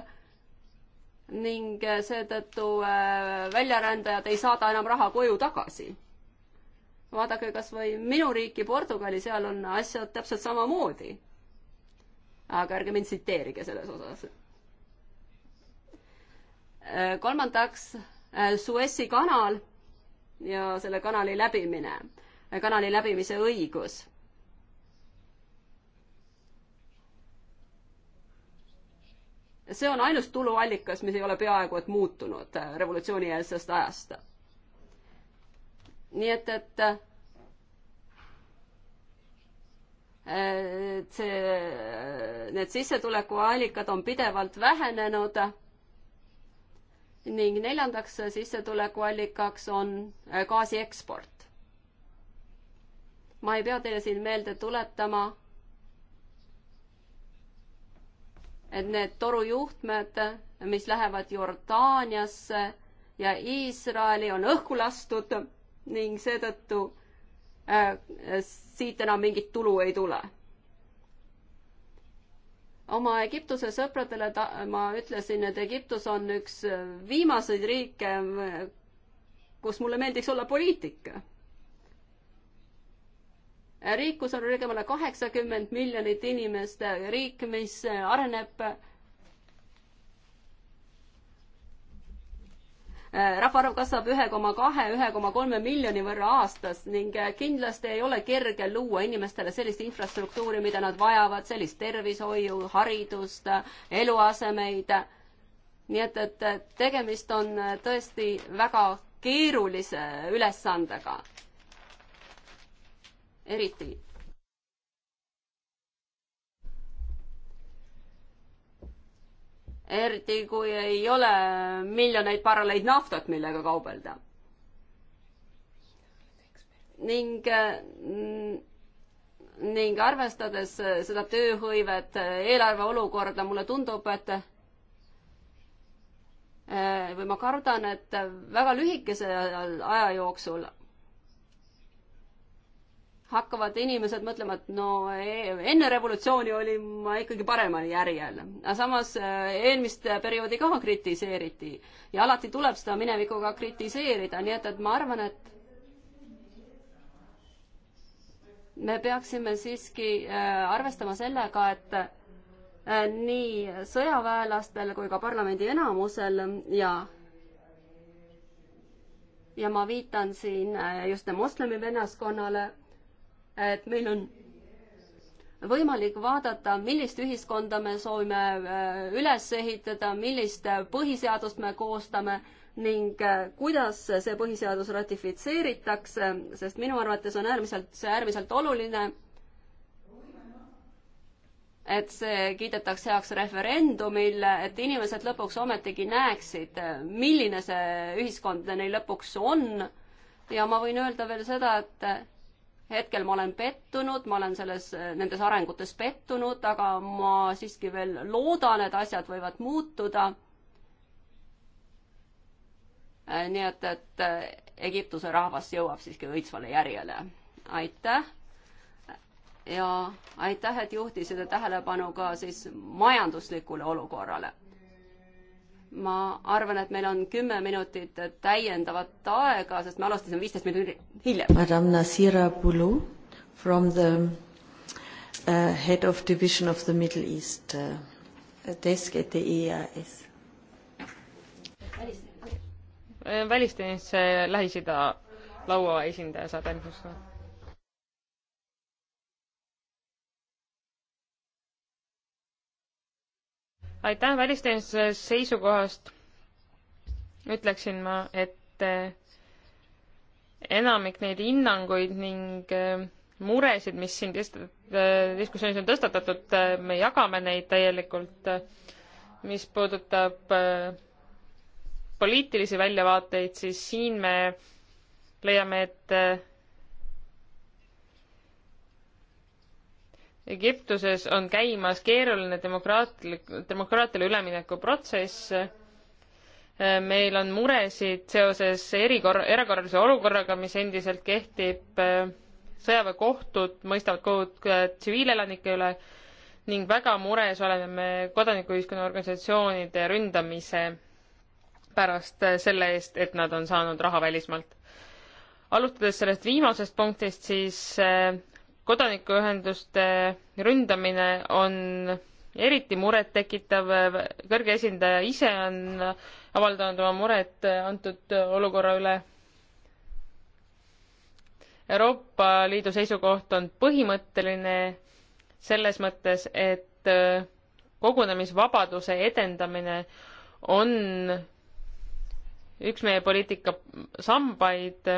B: ning seetõttu äh, väljarändajad ei saada enam raha koju tagasi. vaadake kas või minu riiki Portugali, seal on asjad täpselt samamoodi. aga ärge mind tsiteerige selles osas. Äh, kolmandaks, äh, Suessi kanal ja selle kanali läbimine, kanali läbimise õigus see on ainus tuluallikas, mis ei ole peaaegu et muutunud äh, revolutsioonieelsest ajast. nii et, et äh, et see, need sissetulekuallikad on pidevalt vähenenud ning neljandaks sissetulekuallikaks on äh, gaasi eksport. ma ei pea teile siin meelde tuletama et need torujuhtmed, mis lähevad Jordaaniasse ja Iisraeli, on õhku lastud ning seetõttu äh, siit enam mingit tulu ei tule. oma Egiptuse sõpradele ta, ma ütlesin, et Egiptus on üks viimaseid riike, kus mulle meeldiks olla poliitik riik, kus on ligemale kaheksakümmend miljonit inimest, riik, mis areneb rahvaarv kasvab ühe koma kahe, ühe koma kolme miljoni võrra aastas ning kindlasti ei ole kerge luua inimestele sellist infrastruktuuri, mida nad vajavad, sellist tervishoiu, haridust, eluasemeid. nii et, et tegemist on tõesti väga keerulise ülesandega eriti. eriti kui ei ole miljoneid barreleid naftat, millega kaubelda. ning ning arvestades seda tööhõivet, eelarve olukorda, mulle tundub, et või ma kardan, et väga lühikese aja jooksul hakkavad inimesed mõtlema, et no e-, enne revolutsiooni olin ma ikkagi paremal järjel. aga samas e, eelmist perioodi ka kritiseeriti ja alati tuleb seda minevikuga kritiseerida, nii et, et ma arvan, et me peaksime siiski e, arvestama sellega, et nii sõjaväelastel kui ka parlamendi enamusel ja ja ma viitan siin just moslemi vennaskonnale et meil on võimalik vaadata, millist ühiskonda me soovime äh, üles ehitada, millist äh, põhiseadust me koostame ning äh, kuidas see põhiseadus ratifitseeritakse, sest minu arvates on äärmiselt, see äärmiselt oluline, et see kiidetakse heaks referendumil, et inimesed lõpuks ometigi näeksid, milline see ühiskond neil lõpuks on. ja ma võin öelda veel seda, et hetkel ma olen pettunud, ma olen selles, nendes arengutes pettunud, aga ma siiski veel loodan, et asjad võivad muutuda. Äh, nii et, et äh, Egiptuse rahvas jõuab siiski õitsvale järjele. aitäh ja aitäh, et juhtisite tähelepanu ka siis majanduslikule olukorrale ma arvan, et meil on kümme minutit täiendavat aega, sest me alustasime viisteist minutit
A: hiljem. Madame Nasira Bulu from the uh, head of division of the Middle East uh, desk at the EAS.
E: välisteenistuse Lähis-Ida laua esindaja saab ainult aitäh, välisteenistuse seisukohast ütleksin ma, et eh, enamik neid hinnanguid ning eh, muresid, mis siin eh, diskussioonis on tõstatatud, me jagame neid täielikult, mis puudutab poliitilisi väljavaateid, siis siin me leiame, et Egiptuses on käimas keeruline demokraatlik, demokraatiale ülemineku protsess. meil on muresid seoses erikor-, erakorralise olukorraga, mis endiselt kehtib. sõjaväekohtud mõistavad kohut tsiviilelanike üle ning väga mures oleme me kodanikuühiskonna organisatsioonide ründamise pärast selle eest, et nad on saanud raha välismaalt. alustades sellest viimasest punktist, siis kodanikuühenduste ründamine on eriti murettekitav, kõrge esindaja ise on avaldanud oma muret antud olukorra üle. Euroopa Liidu seisukoht on põhimõtteline selles mõttes, et kogunemisvabaduse edendamine on üks meie poliitika sambaid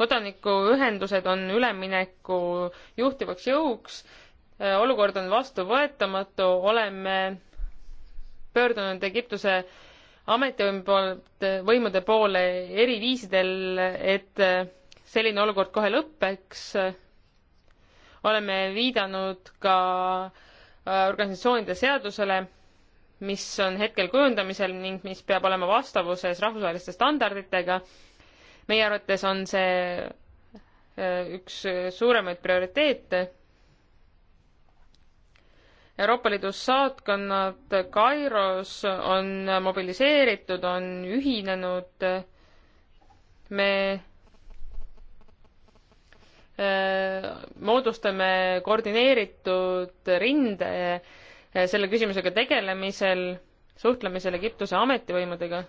E: kodanikuühendused on ülemineku juhtivaks jõuks, äh, olukord on vastuvõetamatu, oleme pöördunud Egiptuse ametivõimu poolt, äh, võimude poole eriviisidel, et äh, selline olukord kohe lõpeks. oleme viidanud ka organisatsioonide seadusele, mis on hetkel kujundamisel ning mis peab olema vastavuses rahvusvaheliste standarditega meie arvates on see äh, üks äh, suuremaid prioriteete. Euroopa Liidu saatkonnad Kairos on mobiliseeritud, on ühinenud. me äh, moodustame koordineeritud rinde selle küsimusega tegelemisel, suhtlemisel Egiptuse ametivõimudega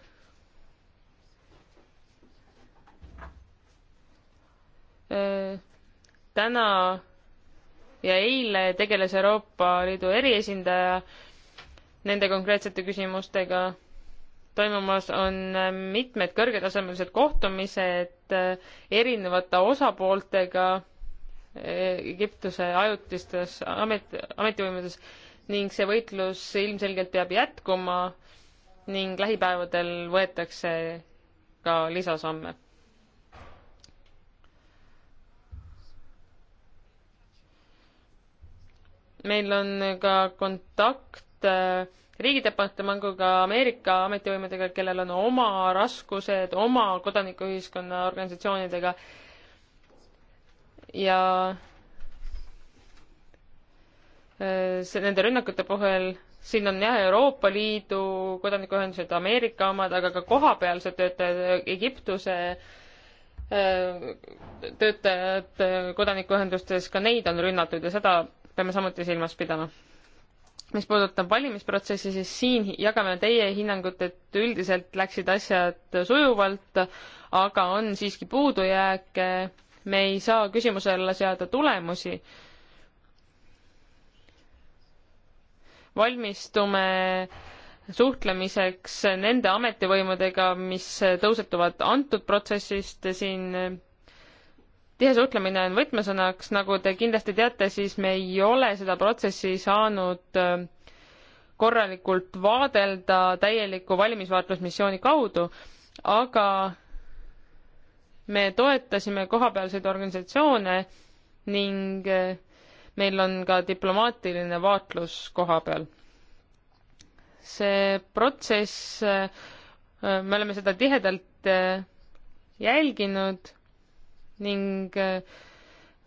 E: täna ja eile tegeles Euroopa Liidu eriesindaja nende konkreetsete küsimustega. toimumas on äh, mitmed kõrgetasemelised kohtumised äh, erinevate osapooltega äh, Egiptuse ajutistes amet, ametivõimudes ning see võitlus ilmselgelt peab jätkuma ning lähipäevadel võetakse ka lisasamme meil on ka kontakt äh, riigidepartamendiga, Ameerika ametivõimedega, kellel on oma raskused oma kodanikuühiskonna organisatsioonidega ja äh, see, nende rünnakute puhul siin on jah, Euroopa Liidu kodanikuühendused, Ameerika omad, aga ka kohapealsed töötajad, Egiptuse äh, töötajad kodanikuühendustes, ka neid on rünnatud ja seda peame samuti silmas pidama. mis puudutab valimisprotsessi, siis siin jagame teie hinnangut, et üldiselt läksid asjad sujuvalt, aga on siiski puudujääke, me ei saa küsimuse alla seada tulemusi valmistume suhtlemiseks nende ametivõimudega, mis tõusetuvad antud protsessist, siin tihe suhtlemine on võtmesõnaks, nagu te kindlasti teate, siis me ei ole seda protsessi saanud äh, korralikult vaadelda täieliku valimisvaatlusmissiooni kaudu, aga me toetasime kohapealseid organisatsioone ning äh, meil on ka diplomaatiline vaatlus koha peal. see protsess, äh, me oleme seda tihedalt jälginud ning äh,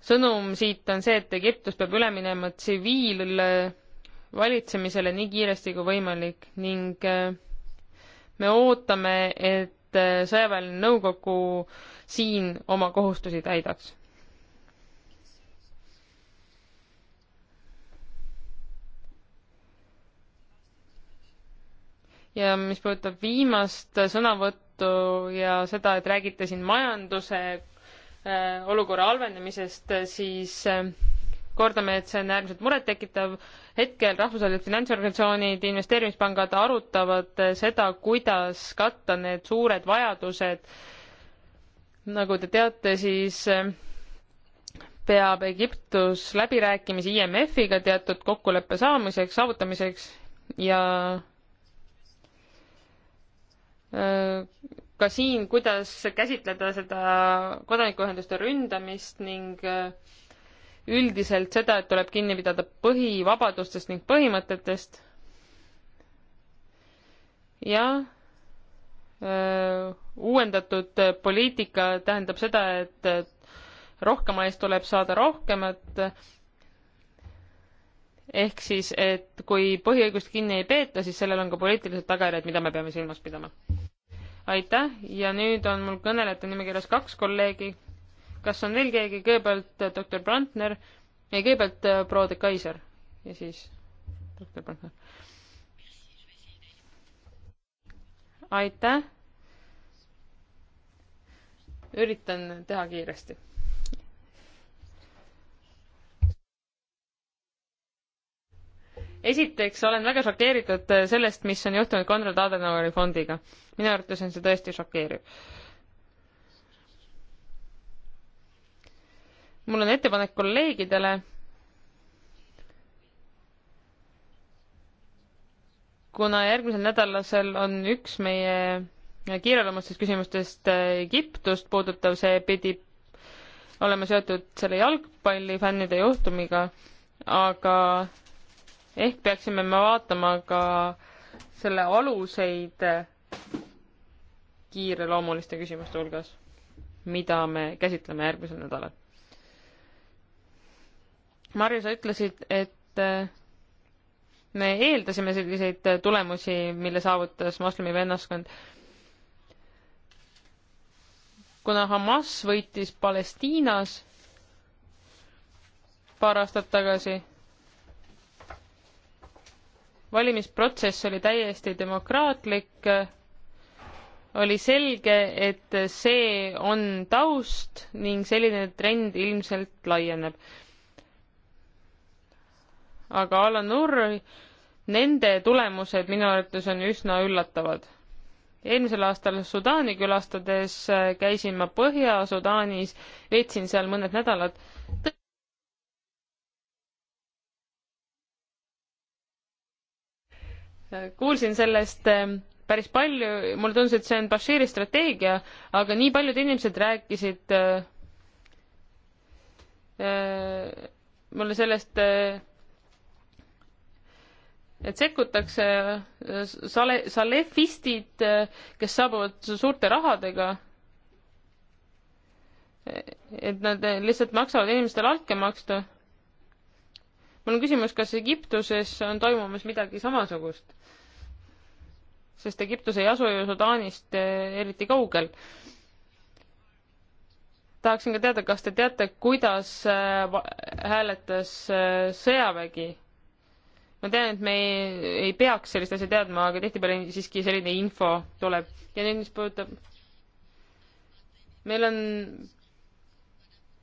E: sõnum siit on see, et Egiptus peab üle minema tsiviilvalitsemisele nii kiiresti kui võimalik ning äh, me ootame, et äh, sõjaväeline nõukogu siin oma kohustusi täidaks ja mis puudutab viimast sõnavõttu ja seda, et räägite siin majanduse Äh, olukorra halvenemisest, siis äh, kordame, et see on äärmiselt murettekitav. hetkel rahvusvahelised finantsorganisatsioonid, investeerimispangad arutavad äh, seda, kuidas katta need suured vajadused. nagu te teate, siis peab Egiptus läbirääkimisi IMF-iga teatud kokkuleppe saamiseks, saavutamiseks ja ka siin, kuidas käsitleda seda kodanikuühenduste ründamist ning äh, üldiselt seda, et tuleb kinni pidada põhivabadustest ning põhimõtetest. ja öö, äh, uuendatud poliitika tähendab seda, et rohkema eest tuleb saada rohkemat. ehk siis, et kui põhiõigust kinni ei peeta, siis sellel on ka poliitilised tagajärjed, mida me peame silmas pidama aitäh ja nüüd on mul kõnelejate nimekirjas kaks kolleegi. kas on veel keegi, kõigepealt äh, doktor Brandner, ei kõigepealt äh, proua de Kaiser ja siis doktor Brandner. aitäh. üritan teha kiiresti esiteks olen väga šokeeritud äh, sellest, mis on juhtunud Konrad Adenaueri fondiga. minu arvates on see tõesti šokeeriv. mul on ettepanek kolleegidele. kuna järgmisel nädalasel on üks meie kiireloomustest küsimustest äh, Egiptust puudutav, see pidi olema seotud selle jalgpallifännide juhtumiga, aga ehk peaksime me vaatama ka selle aluseid kiireloomuliste küsimuste hulgas, mida me käsitleme järgmisel nädalal. Marju, sa ütlesid, et äh, me eeldasime selliseid tulemusi, mille saavutas moslemi vennaskond. kuna Hamas võitis Palestiinas paar aastat tagasi valimisprotsess oli täiesti demokraatlik, oli selge, et see on taust ning selline trend ilmselt laieneb. aga Alan Urr, nende tulemused minu arvates on üsna üllatavad. eelmisel aastal Sudaani külastades käisin ma Põhja-Sudaanis, veetsin seal mõned nädalad. kuulsin sellest eh, päris palju, mulle tundus, et see on Bashiri strateegia, aga nii paljud inimesed rääkisid äh, mulle sellest äh,, et sekkutakse sale, salefistid, kes saabuvad suurte rahadega. et nad lihtsalt maksavad inimestele altkäemaksta. mul on küsimus, kas Egiptuses on toimumas midagi samasugust? sest Egiptus ei asu ju Sudaanist eh, eriti kaugel. tahaksin ka teada, kas te teate, kuidas eh, hääletas eh, sõjavägi? ma tean, et me ei, ei peaks sellist asja teadma, aga tihtipeale siiski selline info tuleb. ja nüüd, mis puudutab, meil on,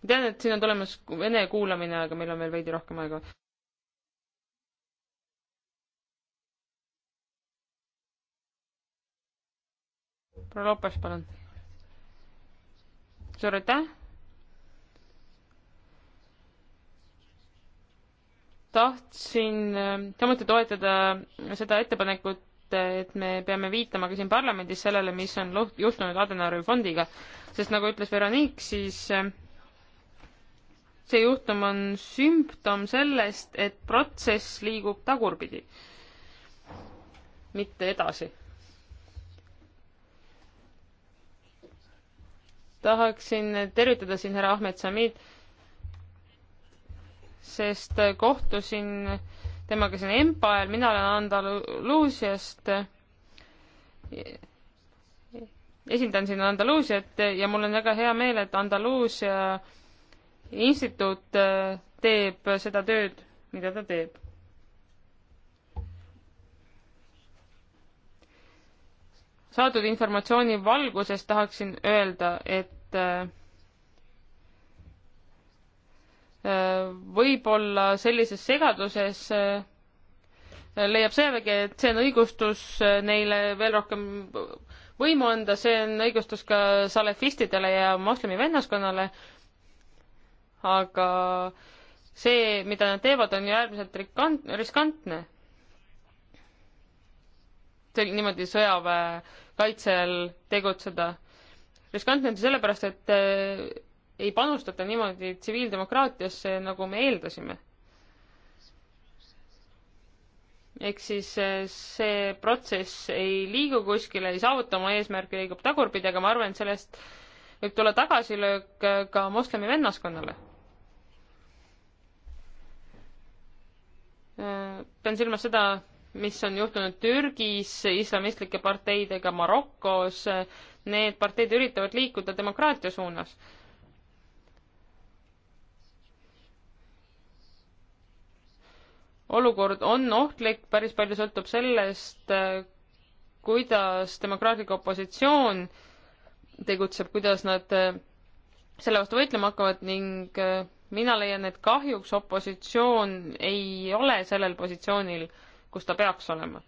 E: ma tean, et siin on tulemas Vene kuulamine, aga meil on veel veidi rohkem aega. proua Lopas, palun. suur aitäh. tahtsin ähm, samuti toetada seda ettepanekut, et me peame viitama ka siin parlamendis sellele, mis on juhtunud Adenaueri fondiga, sest nagu ütles Veronique, siis ähm, see juhtum on sümptom sellest, et protsess liigub tagurpidi, mitte edasi tahaksin tervitada siin härra Ahmed Samid, sest kohtusin temaga siin EMPA ajal, mina olen Andaluusiast, esindan siin Andaluusiat ja mul on väga hea meel, et Andaluusia instituut äh, teeb seda tööd, mida ta teeb. saadud informatsiooni valguses tahaksin öelda, et äh, äh, võib-olla sellises segaduses äh, leiab sõjavägi, et see on õigustus neile veel rohkem võimu anda, see on õigustus ka salefistidele ja moslemi vennaskonnale, aga see, mida nad teevad, on ju äärmiselt riskant-, riskantne. see niimoodi sõjaväe kaitse all tegutseda. riskantne on see sellepärast, et äh, ei panustata niimoodi tsiviildemokraatiasse, nagu me eeldasime. ehk siis äh, see protsess ei liigu kuskile, ei saavuta oma eesmärki, liigub tagurpidi, aga ma arvan, et sellest võib tulla tagasilöök äh, ka moslemi vennaskonnale pean silmas seda, mis on juhtunud Türgis islamistlike parteidega Marokos, need parteid üritavad liikuda demokraatia suunas. olukord on ohtlik, päris palju sõltub sellest, kuidas demokraatlik opositsioon tegutseb, kuidas nad selle vastu võitlema hakkavad ning mina leian, et kahjuks opositsioon ei ole sellel positsioonil kus ta peaks olema.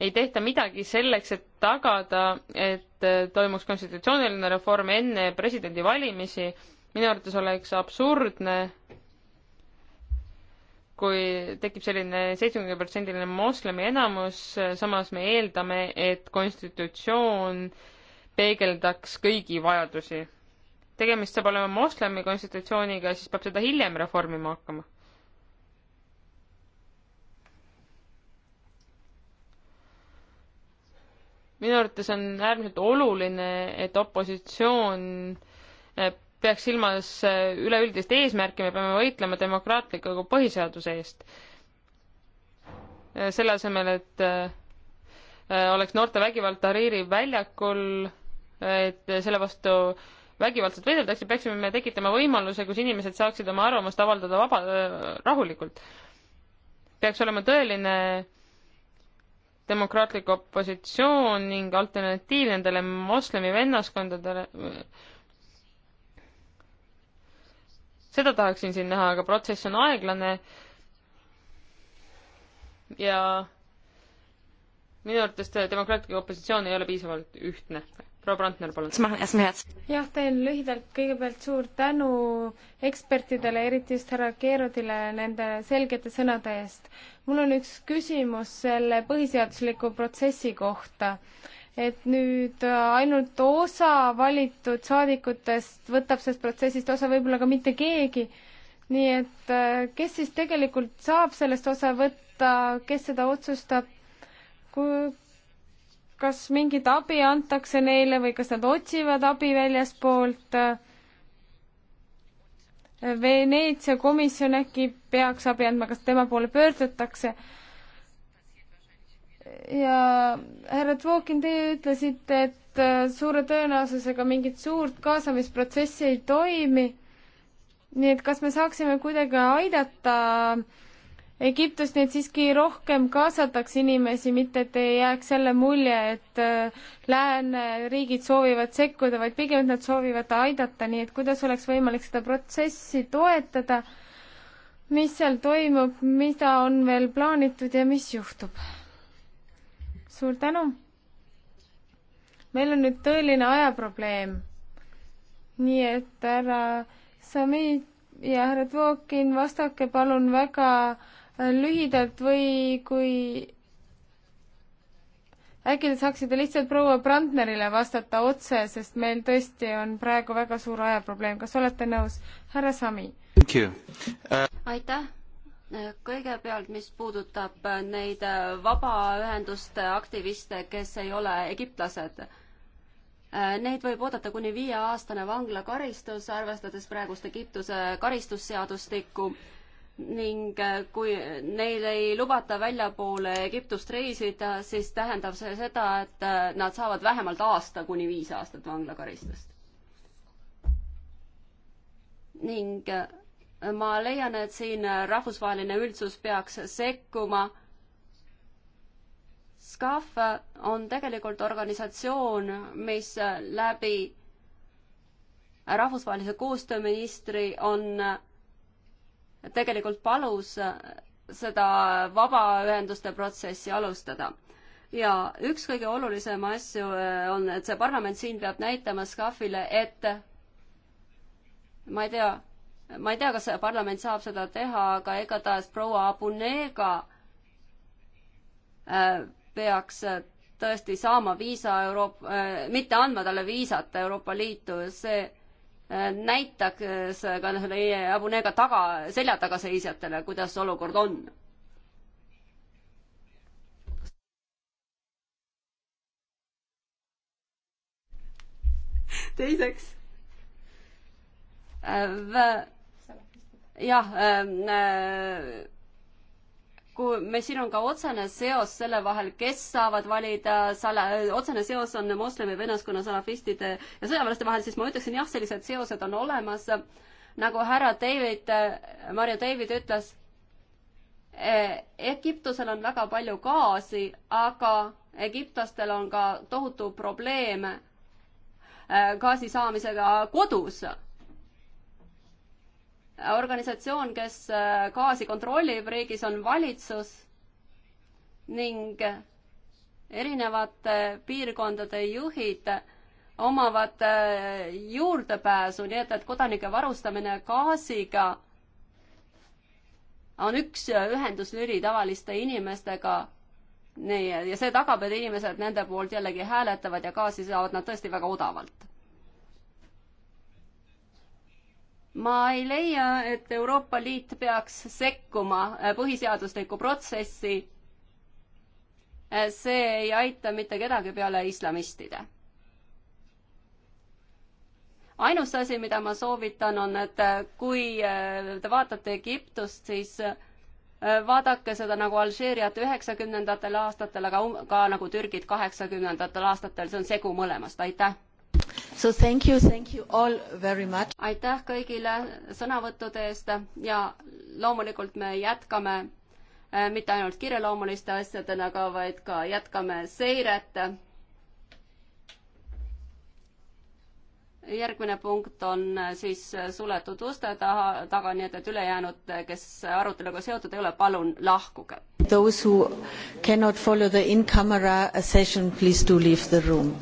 E: ei tehta midagi selleks, et tagada, et äh, toimuks konstitutsiooniline reform enne presidendivalimisi. minu arvates oleks absurdne, kui tekib selline seitsmekümneprotsendiline moslemi enamus, samas me eeldame, et konstitutsioon peegeldaks kõigi vajadusi tegemist saab olema moslemi konstitutsiooniga, siis peab seda hiljem reformima hakkama. minu arvates on äärmiselt oluline, et opositsioon eh, peaks silmas eh, üleüldist eesmärki, me peame võitlema demokraatliku põhiseaduse eest. Eh, selle asemel, et oleks noorte vägivald Hariri väljakul, et selle vastu vägivaldselt võideldakse, peaksime me tekitama võimaluse, kus inimesed saaksid oma arvamust avaldada vaba, rahulikult. peaks olema tõeline äh, demokraatlik opositsioon ning alternatiiv nendele moslemi vennaskondadele. seda tahaksin siin näha, aga protsess on aeglane. ja minu arvates demokraatlik opositsioon ei ole piisavalt ühtne proua Brandner, palun.
C: jah, teen lühidalt, kõigepealt suur tänu ekspertidele, eriti just härra Keerudile nende selgete sõnade eest. mul on üks küsimus selle põhiseadusliku protsessi kohta et nüüd ainult osa valitud saadikutest võtab sellest protsessist osa, võib-olla ka mitte keegi. nii et äh, kes siis tegelikult saab sellest osa võtta, kes seda otsustab? kui kas mingit abi antakse neile või kas nad otsivad abi väljaspoolt? Veneetsia komisjon äkki peaks abi andma, kas tema poole pöördutakse? ja härra Tvokin, teie ütlesite, et äh, suure tõenäosusega mingit suurt kaasamisprotsessi ei toimi. nii et kas me saaksime kuidagi aidata äh, Egiptus neid siiski rohkem kaasataks inimesi, mitte et ei jääks selle mulje, et äh, lääneriigid soovivad sekkuda, vaid pigem, et nad soovivad aidata, nii et kuidas oleks võimalik seda protsessi toetada, mis seal toimub, mida on veel plaanitud ja mis juhtub? suur tänu! meil on nüüd tõeline ajaprobleem. nii et härra Samit ja härra Dvokin, vastake palun väga äh, lühidalt või kui äkki te saaksite lihtsalt proua Brandnerile vastata otse, sest meil tõesti on praegu väga suur ajaprobleem. kas olete nõus? härra Sami.
A: Äh,
C: aitäh. kõigepealt,
B: mis puudutab neid vabaühenduste aktiviste, kes ei ole egiptlased äh, Neid võib oodata kuni viieaastane vanglakaristus, arvestades praegust Egiptuse karistusseadustikku ning äh, kui neil ei lubata väljapoole Egiptust reisida, siis tähendab see seda, et äh, nad saavad vähemalt aasta kuni viis aastat vanglakaristust. ning äh, ma leian, et siin rahvusvaheline üldsus peaks sekkuma. SCAF on tegelikult organisatsioon, mis läbi rahvusvahelise koostööministri on tegelikult palus äh, seda vabaühenduste protsessi alustada. ja üks kõige olulisem asju äh, on, et see parlament siin peab näitama SCAF-ile, et ma ei tea, ma ei tea, kas parlament saab seda teha, aga igatahes proua Abunega äh, peaks tõesti saama viisa Euroopa, mitte andma talle viisat Euroopa Liitu, see näitaks äh, ka selle Abunega taga, selja taga seisjatele, kuidas olukord on teiseks äh, jah ähm, äh, kui me, siin on ka otsene seos selle vahel, kes saavad valida sala, otsene seos on moslemi vennaskonna salafistide ja sõjaväelaste vahel, siis ma ütleksin jah, sellised seosed on olemas. nagu härra David, Marju David ütles, e, Egiptusel on väga palju gaasi, aga egiptlastel on ka tohutu probleem e, gaasi saamisega kodus organisatsioon, kes äh, gaasi kontrollib riigis, on valitsus ning erinevate piirkondade juhid omavad äh, juurdepääsu, nii et, et kodanike varustamine gaasiga on üks äh, ühenduslüli tavaliste inimestega. nii, ja see tagab, et inimesed nende poolt jällegi hääletavad ja gaasi saavad nad tõesti väga odavalt. ma ei leia, et Euroopa Liit peaks sekkuma äh, põhiseaduslikku protsessi. Äh, see ei aita mitte kedagi peale islamistide. ainus asi, mida ma soovitan, on, et äh, kui te vaatate Egiptust, siis vaadake seda nagu Alžeeriat üheksakümnendatel aastatel, aga um-, ka nagu Türgit kaheksakümnendatel aastatel, see on segu mõlemast, aitäh
A: So thank you, thank you all very much.
B: aitäh kõigile sõnavõttude eest ja loomulikult me jätkame äh, mitte ainult kiireloomuliste asjadega, vaid ka jätkame seiret. järgmine punkt on eh, siis eh, suletud uste taha, taga, nii et, et ülejäänud, kes aruteluga seotud ei ole, palun lahkuge.
A: Those who cannot follow the in camera session, please do leave the room.